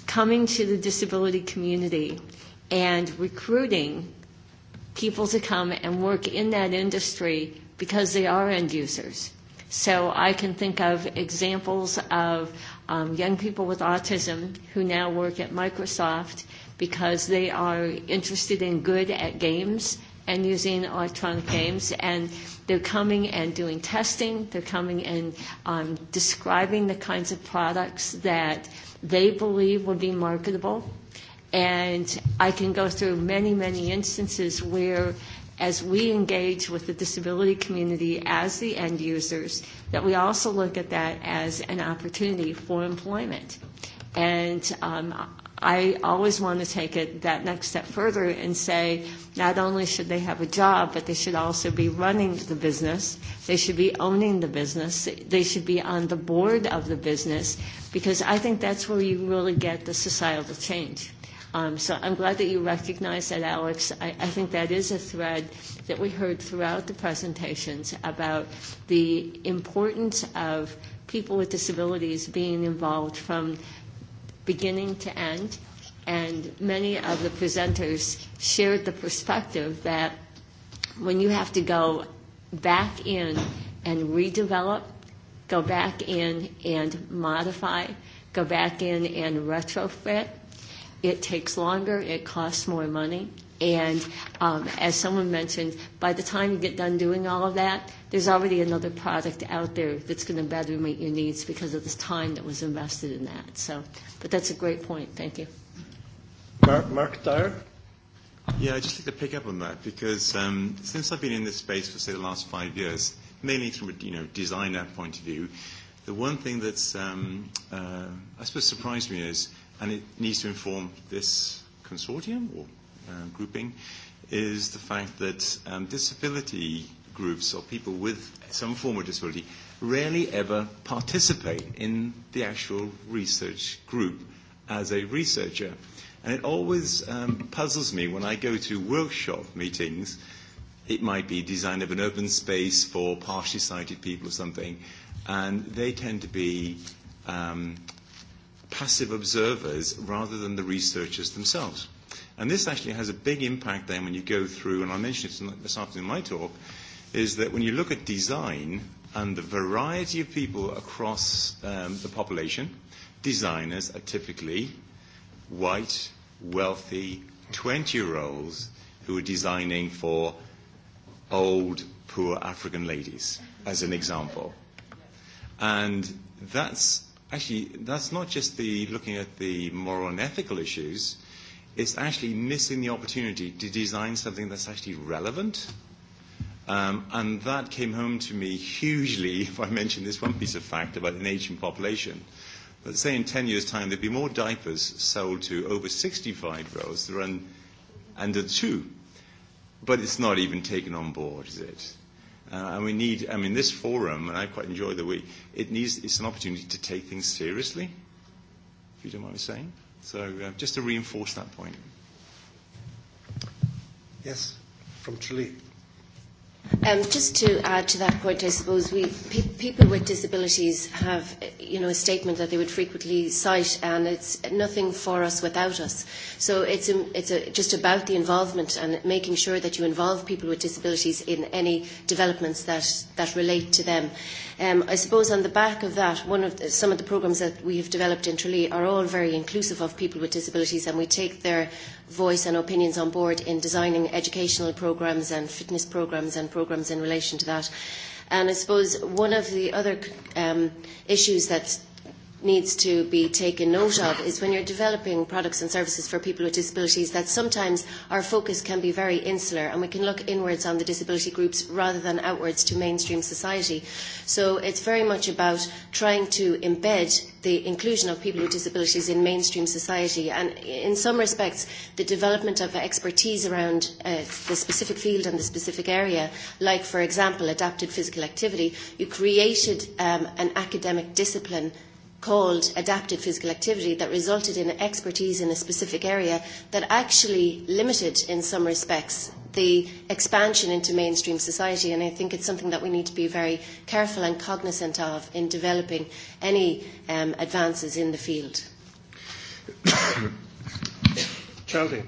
coming to the disability community and recruiting people to come and work in that industry because they are end users. So I can think of examples of um, young people with autism who now work at Microsoft because they are interested and good at games and using electronic games. And they're coming and doing testing. They're coming and um, describing the kinds of products that they believe would be marketable. And I can go through many, many instances where as we engage with the disability community as the end users, that we also look at that as an opportunity for employment And um, I always want to take it that next step further and say not only should they have a job, but they should also be running the business. They should be owning the business. They should be on the board of the business because I think that's where you really get the societal change. Um, so I'm glad that you recognize that, Alex. I, I think that is a thread that we heard throughout the presentations about the importance of people with disabilities being involved from beginning to end, and many of the presenters shared the perspective that when you have to go back in and redevelop, go back in and modify, go back in and retrofit, it takes longer, it costs more money, And um, as someone mentioned, by the time you get done doing all of that, there's already another product out there that's going to better meet your needs because of the time that was invested in that. So, but that's a great point. Thank you. Mark, Mark Dyer. Yeah, I'd just like to pick up on that because um, since I've been in this space for say the last five years, mainly from a you know designer point of view, the one thing that's um, uh, I suppose surprised me is, and it needs to inform this consortium or uh, grouping is the fact that um, disability groups or people with some form of disability rarely ever participate in the actual research group as a researcher. And it always um, puzzles me when I go to workshop meetings. It might be design of an open space for partially sighted people or something, and they tend to be um, passive observers rather than the researchers themselves. And this actually has a big impact then when you go through, and I mentioned it this afternoon in my talk, is that when you look at design and the variety of people across um, the population, designers are typically white, wealthy, 20 year olds who are designing for old, poor African ladies, as an example. And that's actually, that's not just the looking at the moral and ethical issues, is actually missing the opportunity to design something that's actually relevant. Um, and that came home to me hugely, if I mention this one piece of fact about an aging population. But say in 10 years' time, there'd be more diapers sold to over 65 year olds than under two. But it's not even taken on board, is it? Uh, and we need, I mean, this forum, and I quite enjoy the week, it needs, it's an opportunity to take things seriously, if you don't mind me saying. So uh, just to reinforce that point. Yes, from Chile. Um, just to add to that point, I suppose we pe- people with disabilities have, you know, a statement that they would frequently cite, and it's nothing for us without us. So it's a, it's a, just about the involvement and making sure that you involve people with disabilities in any developments that that relate to them. Um, I suppose on the back of that, one of the, some of the programmes that we have developed in Tralee are all very inclusive of people with disabilities, and we take their voice and opinions on board in designing educational programmes and fitness programmes and programmes in relation to that. And I suppose one of the other um, issues that's needs to be taken note of is when you're developing products and services for people with disabilities that sometimes our focus can be very insular and we can look inwards on the disability groups rather than outwards to mainstream society. So it's very much about trying to embed the inclusion of people with disabilities in mainstream society and in some respects the development of expertise around uh, the specific field and the specific area like for example adapted physical activity you created um, an academic discipline called adaptive physical activity that resulted in expertise in a specific area that actually limited, in some respects, the expansion into mainstream society. And I think it's something that we need to be very careful and cognizant of in developing any um, advances in the field. Charlie.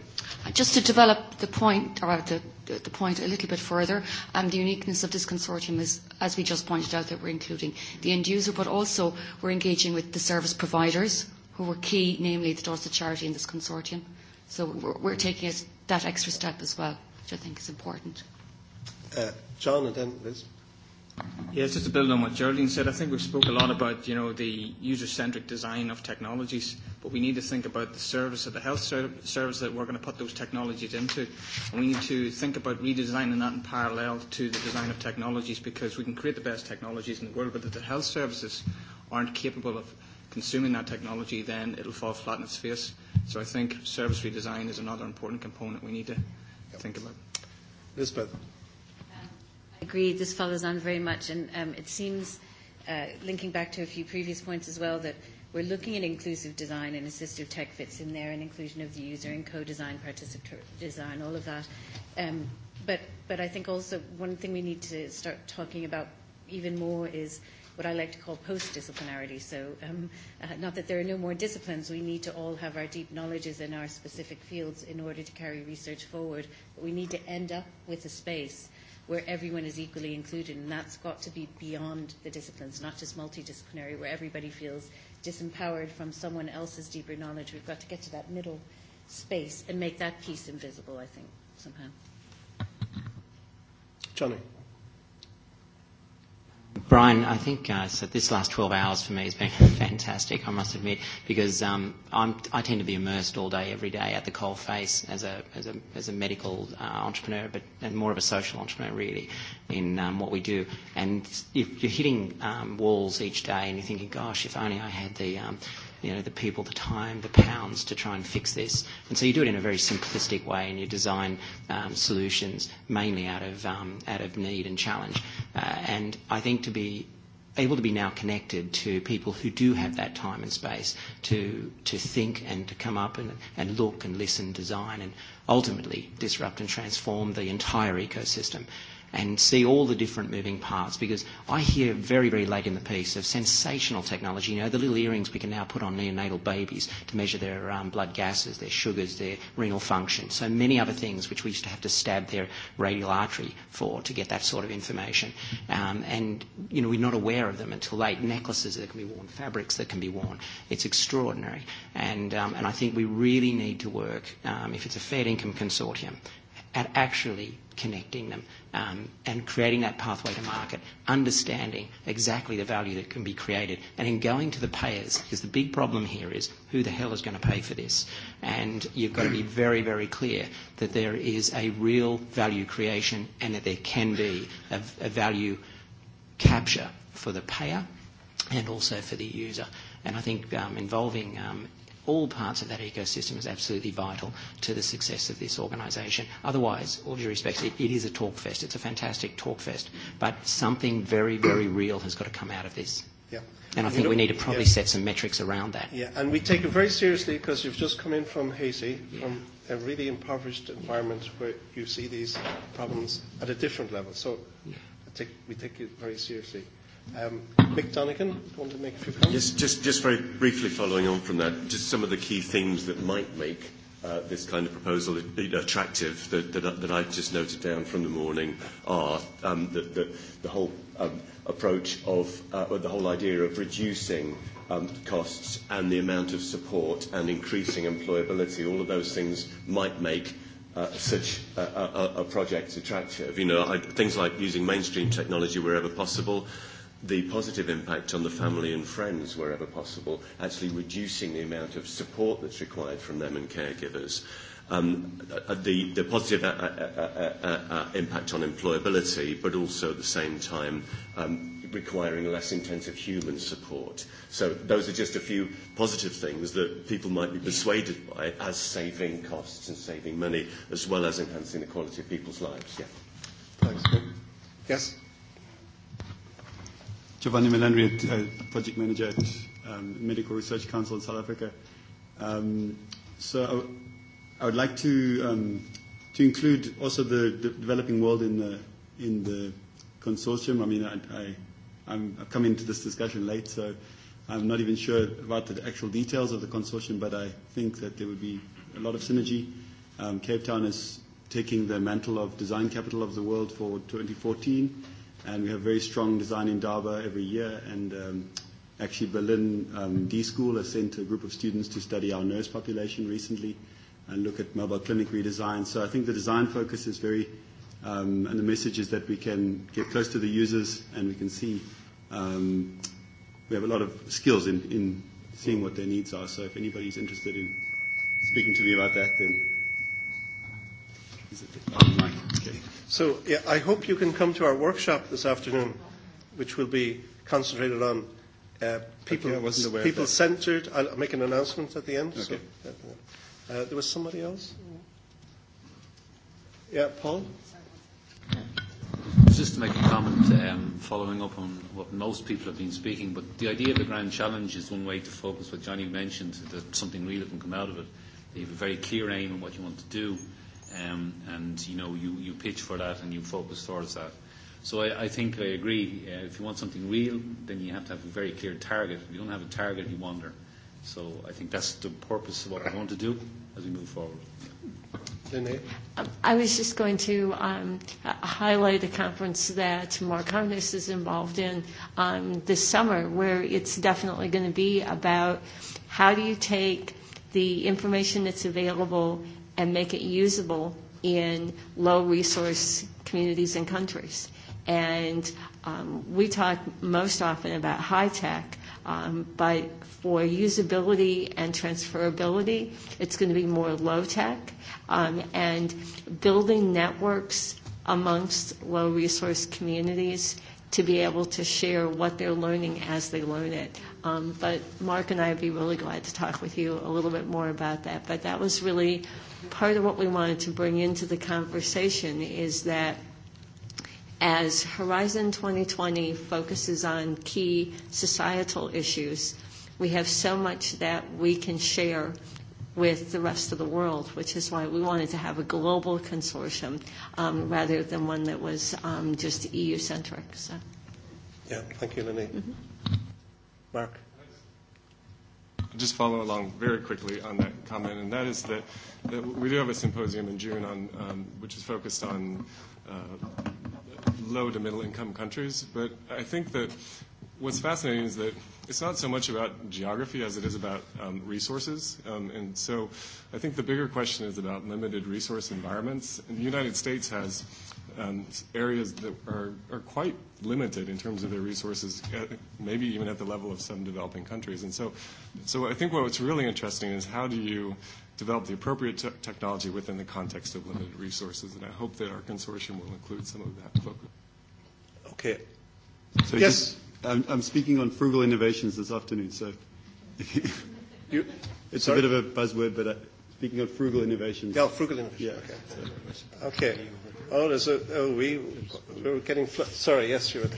Just to develop the point, or the the point a little bit further. Um, the uniqueness of this consortium is, as we just pointed out, that we're including the end user, but also we're engaging with the service providers who were key, namely the Dorset Charity in this consortium. So we're, we're taking it that extra step as well, which I think is important. Uh, John and then Liz. Yeah, just to build on what Geraldine said, I think we spoke a lot about you know the user-centric design of technologies but we need to think about the service of the health ser- service that we're going to put those technologies into. And we need to think about redesigning that in parallel to the design of technologies because we can create the best technologies in the world, but if the health services aren't capable of consuming that technology, then it'll fall flat in its face. So I think service redesign is another important component we need to think about. Elizabeth. I agree. This follows on very much, and um, it seems, uh, linking back to a few previous points as well, that – We're looking at inclusive design and assistive tech fits in there and inclusion of the user and co-design, participatory design, all of that. Um, but, but I think also one thing we need to start talking about even more is what I like to call post-disciplinarity. So um, uh, not that there are no more disciplines, we need to all have our deep knowledges in our specific fields in order to carry research forward, but we need to end up with a space where everyone is equally included, and that's got to be beyond the disciplines, not just multidisciplinary, where everybody feels – disempowered from someone else's deeper knowledge. We've got to get to that middle space and make that piece invisible, I think, somehow. Johnny. Brian, I think uh, so this last 12 hours for me has been fantastic, I must admit, because um, I'm, I tend to be immersed all day, every day at the coal face as a, as a, as a medical uh, entrepreneur, but and more of a social entrepreneur, really, in um, what we do. And if you're hitting um, walls each day and you're thinking, gosh, if only I had the, um, you know, the people, the time, the pounds to try and fix this. And so you do it in a very simplistic way, and you design um, solutions mainly out of um, out of need and challenge. Uh, and I think to be able to be now connected to people who do have that time and space to to think and to come up and, and look and listen, design and ultimately disrupt and transform the entire ecosystem and see all the different moving parts because I hear very, very late in the piece of sensational technology, you know, the little earrings we can now put on neonatal babies to measure their um, blood gases, their sugars, their renal function, so many other things which we used to have to stab their radial artery for to get that sort of information. Um, and, you know, we're not aware of them until late. Necklaces that can be worn, fabrics that can be worn. It's extraordinary. And, um, and I think we really need to work, um, if it's a Fair Income Consortium, at actually connecting them um, and creating that pathway to market, understanding exactly the value that can be created, and in going to the payers, because the big problem here is who the hell is going to pay for this? And you've got to be very, very clear that there is a real value creation and that there can be a, a value capture for the payer and also for the user. And I think um, involving um, all parts of that ecosystem is absolutely vital to the success of this organisation. Otherwise, all due respect, it, it is a talk fest. It's a fantastic talk fest. But something very, very real has got to come out of this. Yeah. And I think we need to probably yeah. set some metrics around that. Yeah, and we take it very seriously because you've just come in from Haiti, from a really impoverished environment where you see these problems at a different level. So I take, we take it very seriously. Um, Mick Donegan, want to make a few comments? Yes, just, just very briefly following on from that, just some of the key themes that might make uh, this kind of proposal attractive that, that, that I've just noted down from the morning are um, the, the, the whole um, approach of, uh, the whole idea of reducing um, costs and the amount of support and increasing employability, all of those things might make uh, such a, a, a project attractive. You know, I, things like using mainstream technology wherever possible, the positive impact on the family and friends wherever possible, actually reducing the amount of support that's required from them and caregivers. Um, the, the positive uh, uh, uh, uh, impact on employability, but also at the same time um, requiring less intensive human support. So those are just a few positive things that people might be persuaded by as saving costs and saving money, as well as enhancing the quality of people's lives. Yeah. Thanks. Yes. Giovanni uh project manager at um, Medical Research Council in South Africa. Um, so I, I would like to um, to include also the de- developing world in the in the consortium. I mean, I, I I'm, I've come into this discussion late, so I'm not even sure about the actual details of the consortium, but I think that there would be a lot of synergy. Um, Cape Town is taking the mantle of design capital of the world for 2014 and we have very strong design in Daba every year. And um, actually, Berlin um, D School has sent a group of students to study our nurse population recently and look at mobile clinic redesign. So I think the design focus is very, um, and the message is that we can get close to the users and we can see um, we have a lot of skills in, in seeing what their needs are. So if anybody's interested in speaking to me about that, then is it on mic? Okay. So yeah, I hope you can come to our workshop this afternoon, which will be concentrated on uh, people, okay, people centred. I'll make an announcement at the end. Okay. So, uh, there was somebody else? Yeah, Paul? Just to make a comment um, following up on what most people have been speaking, but the idea of the grand challenge is one way to focus what Johnny mentioned, that something real can come out of it. You have a very clear aim on what you want to do um, and you know you, you pitch for that and you focus towards that. So I, I think I agree. Uh, if you want something real, then you have to have a very clear target. If you don't have a target, you wander. So I think that's the purpose of what I want to do as we move forward. I was just going to um, highlight a conference that Mark Harness is involved in um, this summer, where it's definitely going to be about how do you take the information that's available and make it usable in low resource communities and countries. And um, we talk most often about high tech, um, but for usability and transferability, it's going to be more low tech. Um, and building networks amongst low resource communities to be able to share what they're learning as they learn it. Um, but Mark and I would be really glad to talk with you a little bit more about that. But that was really part of what we wanted to bring into the conversation is that as Horizon 2020 focuses on key societal issues, we have so much that we can share with the rest of the world, which is why we wanted to have a global consortium um, rather than one that was um, just EU centric. So. Yeah, thank you, Lenny Mm-hmm. Mark. I'll just follow along very quickly on that comment, and that is that, that we do have a symposium in June on, um, which is focused on uh, low to middle income countries, but I think that what's fascinating is that it's not so much about geography as it is about um, resources. Um, and so I think the bigger question is about limited resource environments. And the United States has um, areas that are, are quite limited in terms of their resources, maybe even at the level of some developing countries. And so, so I think what's really interesting is how do you develop the appropriate t technology within the context of limited resources? And I hope that our consortium will include some of that focus. Okay. So yes. Just, I'm, I'm speaking on frugal innovations this afternoon, so you, it's a bit of a buzzword, but I, speaking on frugal innovations. Yeah, frugal innovations. Yeah. Okay. okay. Oh, there's a, oh we, were getting, fl- sorry, yes, you were.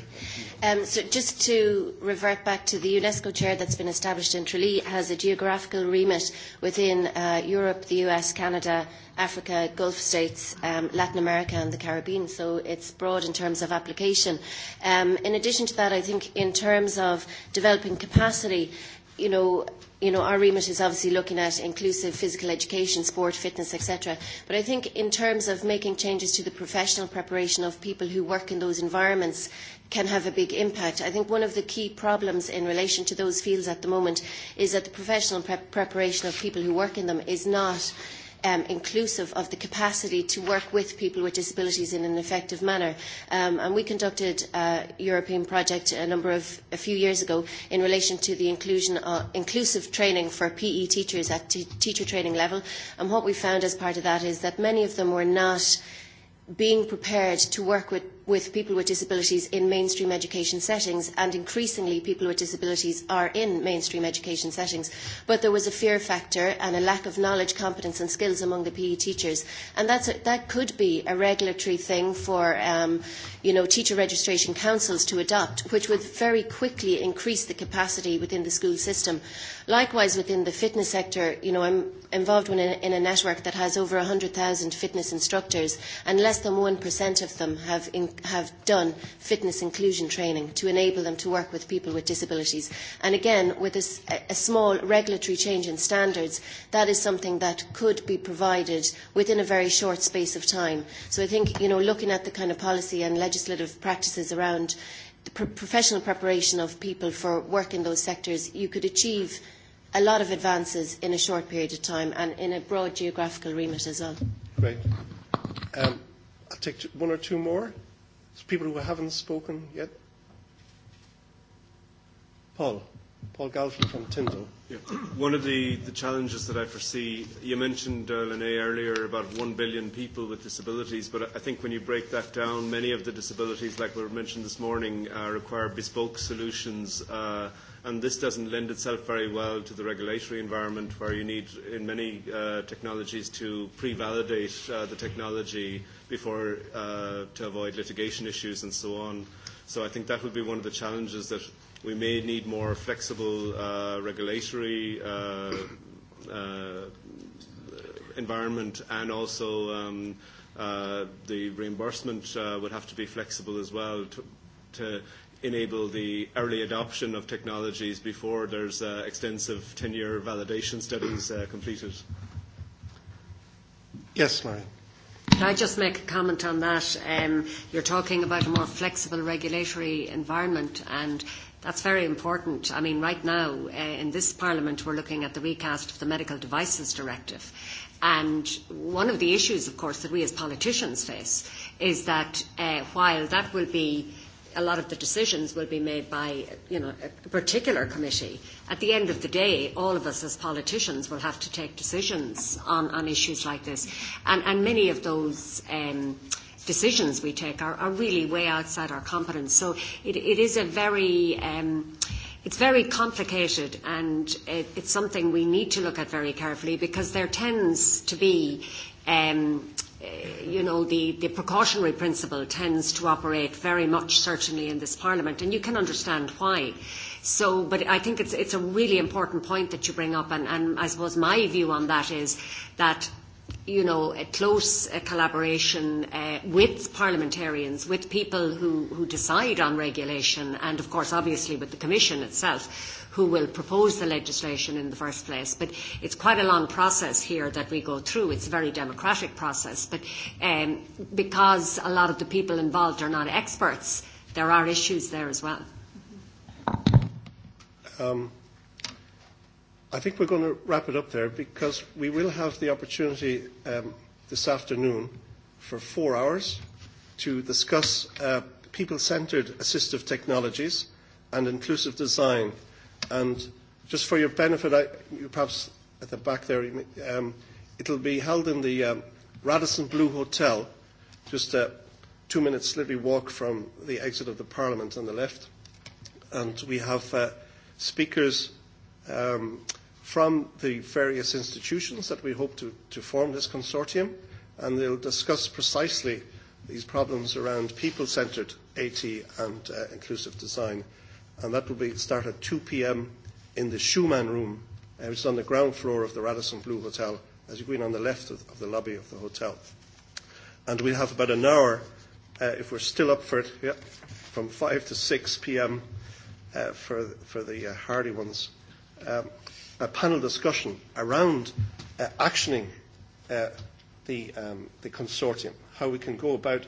Um, so just to revert back to the UNESCO chair that's been established in Tralee has a geographical remit within uh, Europe, the US, Canada, Africa, Gulf states, um, Latin America and the Caribbean, so it's broad in terms of application. Um, in addition to that, I think in terms of developing capacity, you know, you know, our remit is obviously looking at inclusive physical education, sport, fitness, etc. But I think in terms of making changes to the professional preparation of people who work in those environments can have a big impact. I think one of the key problems in relation to those fields at the moment is that the professional preparation of people who work in them is not um, inclusive of the capacity to work with people with disabilities in an effective manner. Um, and we conducted a European project a number of a few years ago in relation to the inclusion of inclusive training for PE teachers at t- teacher training level. And what we found as part of that is that many of them were not being prepared to work with with people with disabilities in mainstream education settings, and increasingly people with disabilities are in mainstream education settings. But there was a fear factor and a lack of knowledge, competence, and skills among the PE teachers, and that's a, that could be a regulatory thing for um, you know teacher registration councils to adopt, which would very quickly increase the capacity within the school system. Likewise, within the fitness sector, you know, I'm involved in a, in a network that has over 100,000 fitness instructors, and less than 1% of them have in have done fitness inclusion training to enable them to work with people with disabilities. And again, with a, a small regulatory change in standards, that is something that could be provided within a very short space of time. So I think, you know, looking at the kind of policy and legislative practices around the pro professional preparation of people for work in those sectors, you could achieve a lot of advances in a short period of time and in a broad geographical remit as well. Great. Um, I'll take one or two more. There's people who haven't spoken yet. Paul. Paul Galton from Tyndall. Yeah. One of the, the challenges that I foresee, you mentioned, uh, Lene, earlier about one billion people with disabilities, but I think when you break that down, many of the disabilities, like we mentioned this morning, uh, require bespoke solutions, uh, and this doesn't lend itself very well to the regulatory environment where you need, in many uh, technologies, to pre-validate uh, the technology before uh, to avoid litigation issues and so on. So I think that would be one of the challenges that we may need more flexible uh, regulatory uh, uh, environment and also um, uh, the reimbursement uh, would have to be flexible as well to, to enable the early adoption of technologies before there's uh, extensive 10-year validation studies uh, completed. Yes, Marion. Can I just make a comment on that? Um, you're talking about a more flexible regulatory environment and That's very important. I mean, right now, uh, in this Parliament, we're looking at the recast of the Medical Devices Directive. And one of the issues, of course, that we as politicians face is that uh, while that will be a lot of the decisions will be made by you know, a particular committee. At the end of the day, all of us as politicians will have to take decisions on, on issues like this. And, and many of those um, decisions we take are, are really way outside our competence. So it, it is a very... Um, it's very complicated and it, it's something we need to look at very carefully because there tends to be um, you know, the, the precautionary principle tends to operate very much, certainly in this Parliament, and you can understand why. So, but I think it's, it's a really important point that you bring up, and, and I suppose my view on that is that you know, a close uh, collaboration uh, with parliamentarians, with people who, who decide on regulation, and of course, obviously, with the Commission itself, who will propose the legislation in the first place. But it's quite a long process here that we go through. It's a very democratic process, but um, because a lot of the people involved are not experts, there are issues there as well. Um I think we're going to wrap it up there because we will have the opportunity um, this afternoon for four hours to discuss uh, people-centered assistive technologies and inclusive design. And just for your benefit, I, you perhaps at the back there, um, it'll be held in the um, Radisson Blue Hotel, just a two-minute slippery walk from the exit of the Parliament on the left. And we have uh, speakers um, – from the various institutions that we hope to, to form this consortium, and they'll discuss precisely these problems around people-centred AT and uh, inclusive design. And that will be start at 2 p.m. in the Schumann Room, uh, which is on the ground floor of the Radisson Blue Hotel, as you go in on the left of, of the lobby of the hotel. And we'll have about an hour, uh, if we're still up for it, yeah, from 5 to 6 p.m. Uh, for, for the uh, hardy ones. Um, a panel discussion around uh, actioning uh, the, um, the consortium, how we can go about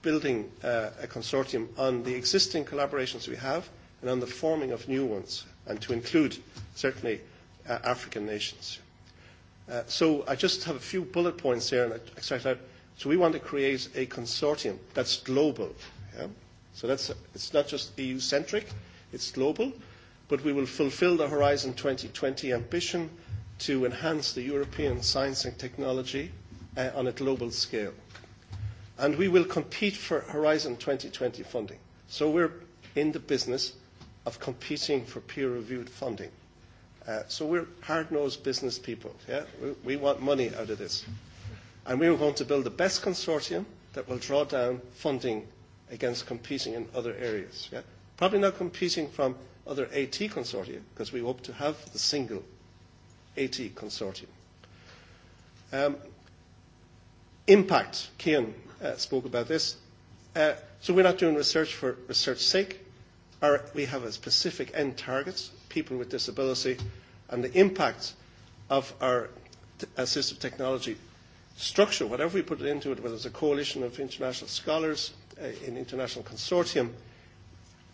building uh, a consortium on the existing collaborations we have and on the forming of new ones, and to include certainly uh, African nations. Uh, so I just have a few bullet points here, and I start out. So we want to create a consortium that's global. Yeah? So that's, it's not just EU-centric, it's global but we will fulfil the Horizon 2020 ambition to enhance the European science and technology uh, on a global scale. And we will compete for Horizon 2020 funding. So we're in the business of competing for peer-reviewed funding. Uh, so we're hard-nosed business people. Yeah? We, we want money out of this. And we are going to build the best consortium that will draw down funding against competing in other areas. Yeah? Probably not competing from other AT consortia, because we hope to have the single AT consortium. Um, impact, Kian uh, spoke about this. Uh, so we're not doing research for research's sake. Our, we have a specific end target, people with disability, and the impact of our t- assistive technology structure, whatever we put it into it, whether it's a coalition of international scholars, uh, an international consortium,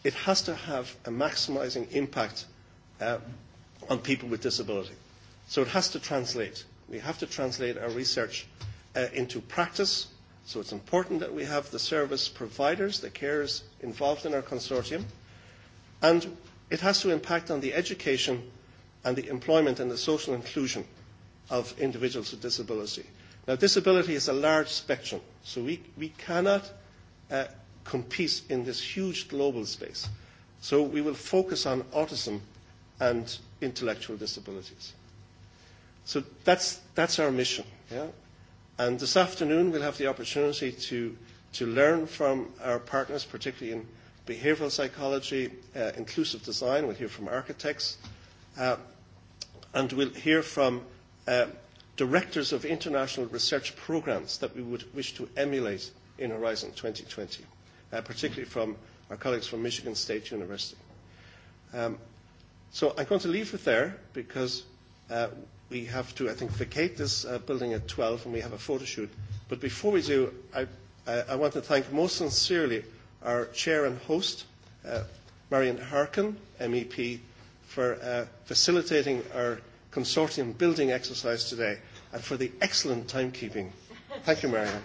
it has to have a maximising impact uh, on people with disability. So it has to translate. We have to translate our research uh, into practice. So it's important that we have the service providers, the carers involved in our consortium. And it has to impact on the education and the employment and the social inclusion of individuals with disability. Now, disability is a large spectrum, so we, we cannot uh, compete in this huge global space. So we will focus on autism and intellectual disabilities. So that's, that's our mission. Yeah? And this afternoon we'll have the opportunity to, to learn from our partners, particularly in behavioral psychology, uh, inclusive design. We'll hear from architects. Uh, and we'll hear from uh, directors of international research programs that we would wish to emulate in Horizon 2020 uh, particularly from our colleagues from Michigan State University. Um, so I'm going to leave it there because uh, we have to, I think, vacate this uh, building at 12 and we have a photo shoot. But before we do, I, I, I want to thank most sincerely our chair and host, uh, Marion Harkin, MEP, for uh, facilitating our consortium building exercise today and for the excellent timekeeping. Thank you, Marion.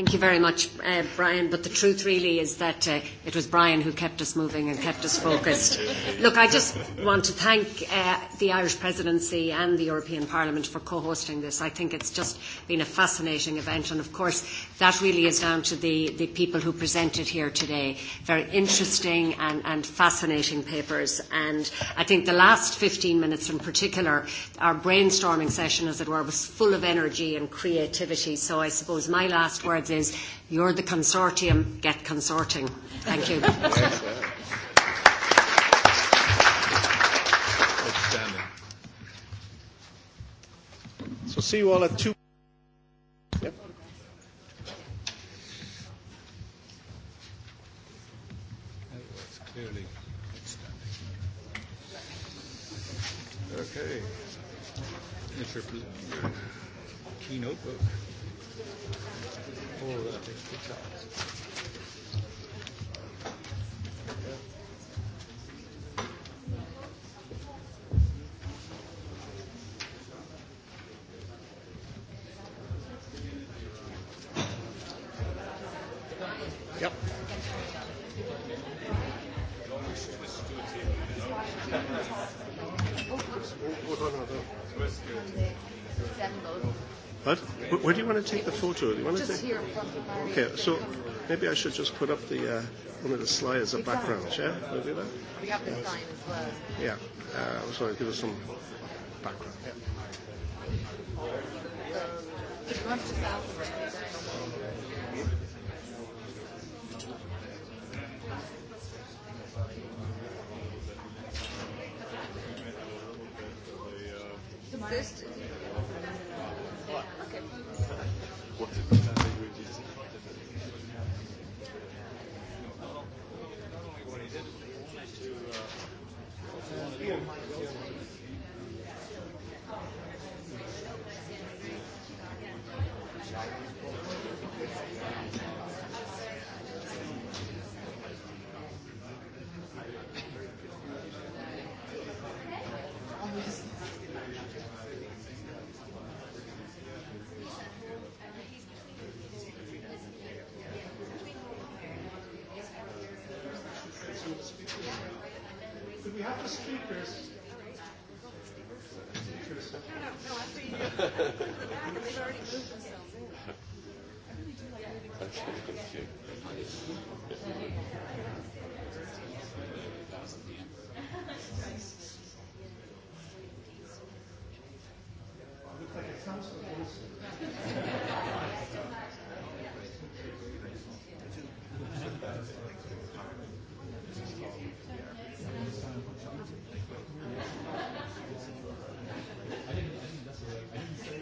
Thank you very much, uh, Brian. But the truth really is that uh, it was Brian who kept us moving and kept us focused. Look, I just want to thank uh, the Irish Presidency and the European Parliament for co-hosting this. I think it's just been a fascinating event, and of course, that really is down to the, the people who presented here today. Very interesting and, and fascinating papers. And I think the last 15 minutes in particular, our brainstorming session, as it were, was full of energy and creativity. So I suppose my last words is you're the consortium, get consorting. Thank you. Outstanding. So see you all at two. Okay. It's your keynote book. All that is the time. What? Where do you want to take the photo? Do you want to just take? here. Okay, so maybe I should just put up the uh, one of the slides as a background. Yeah, we'll do that. We have the sign as well. Yeah, uh, I was give us some background. Yeah. This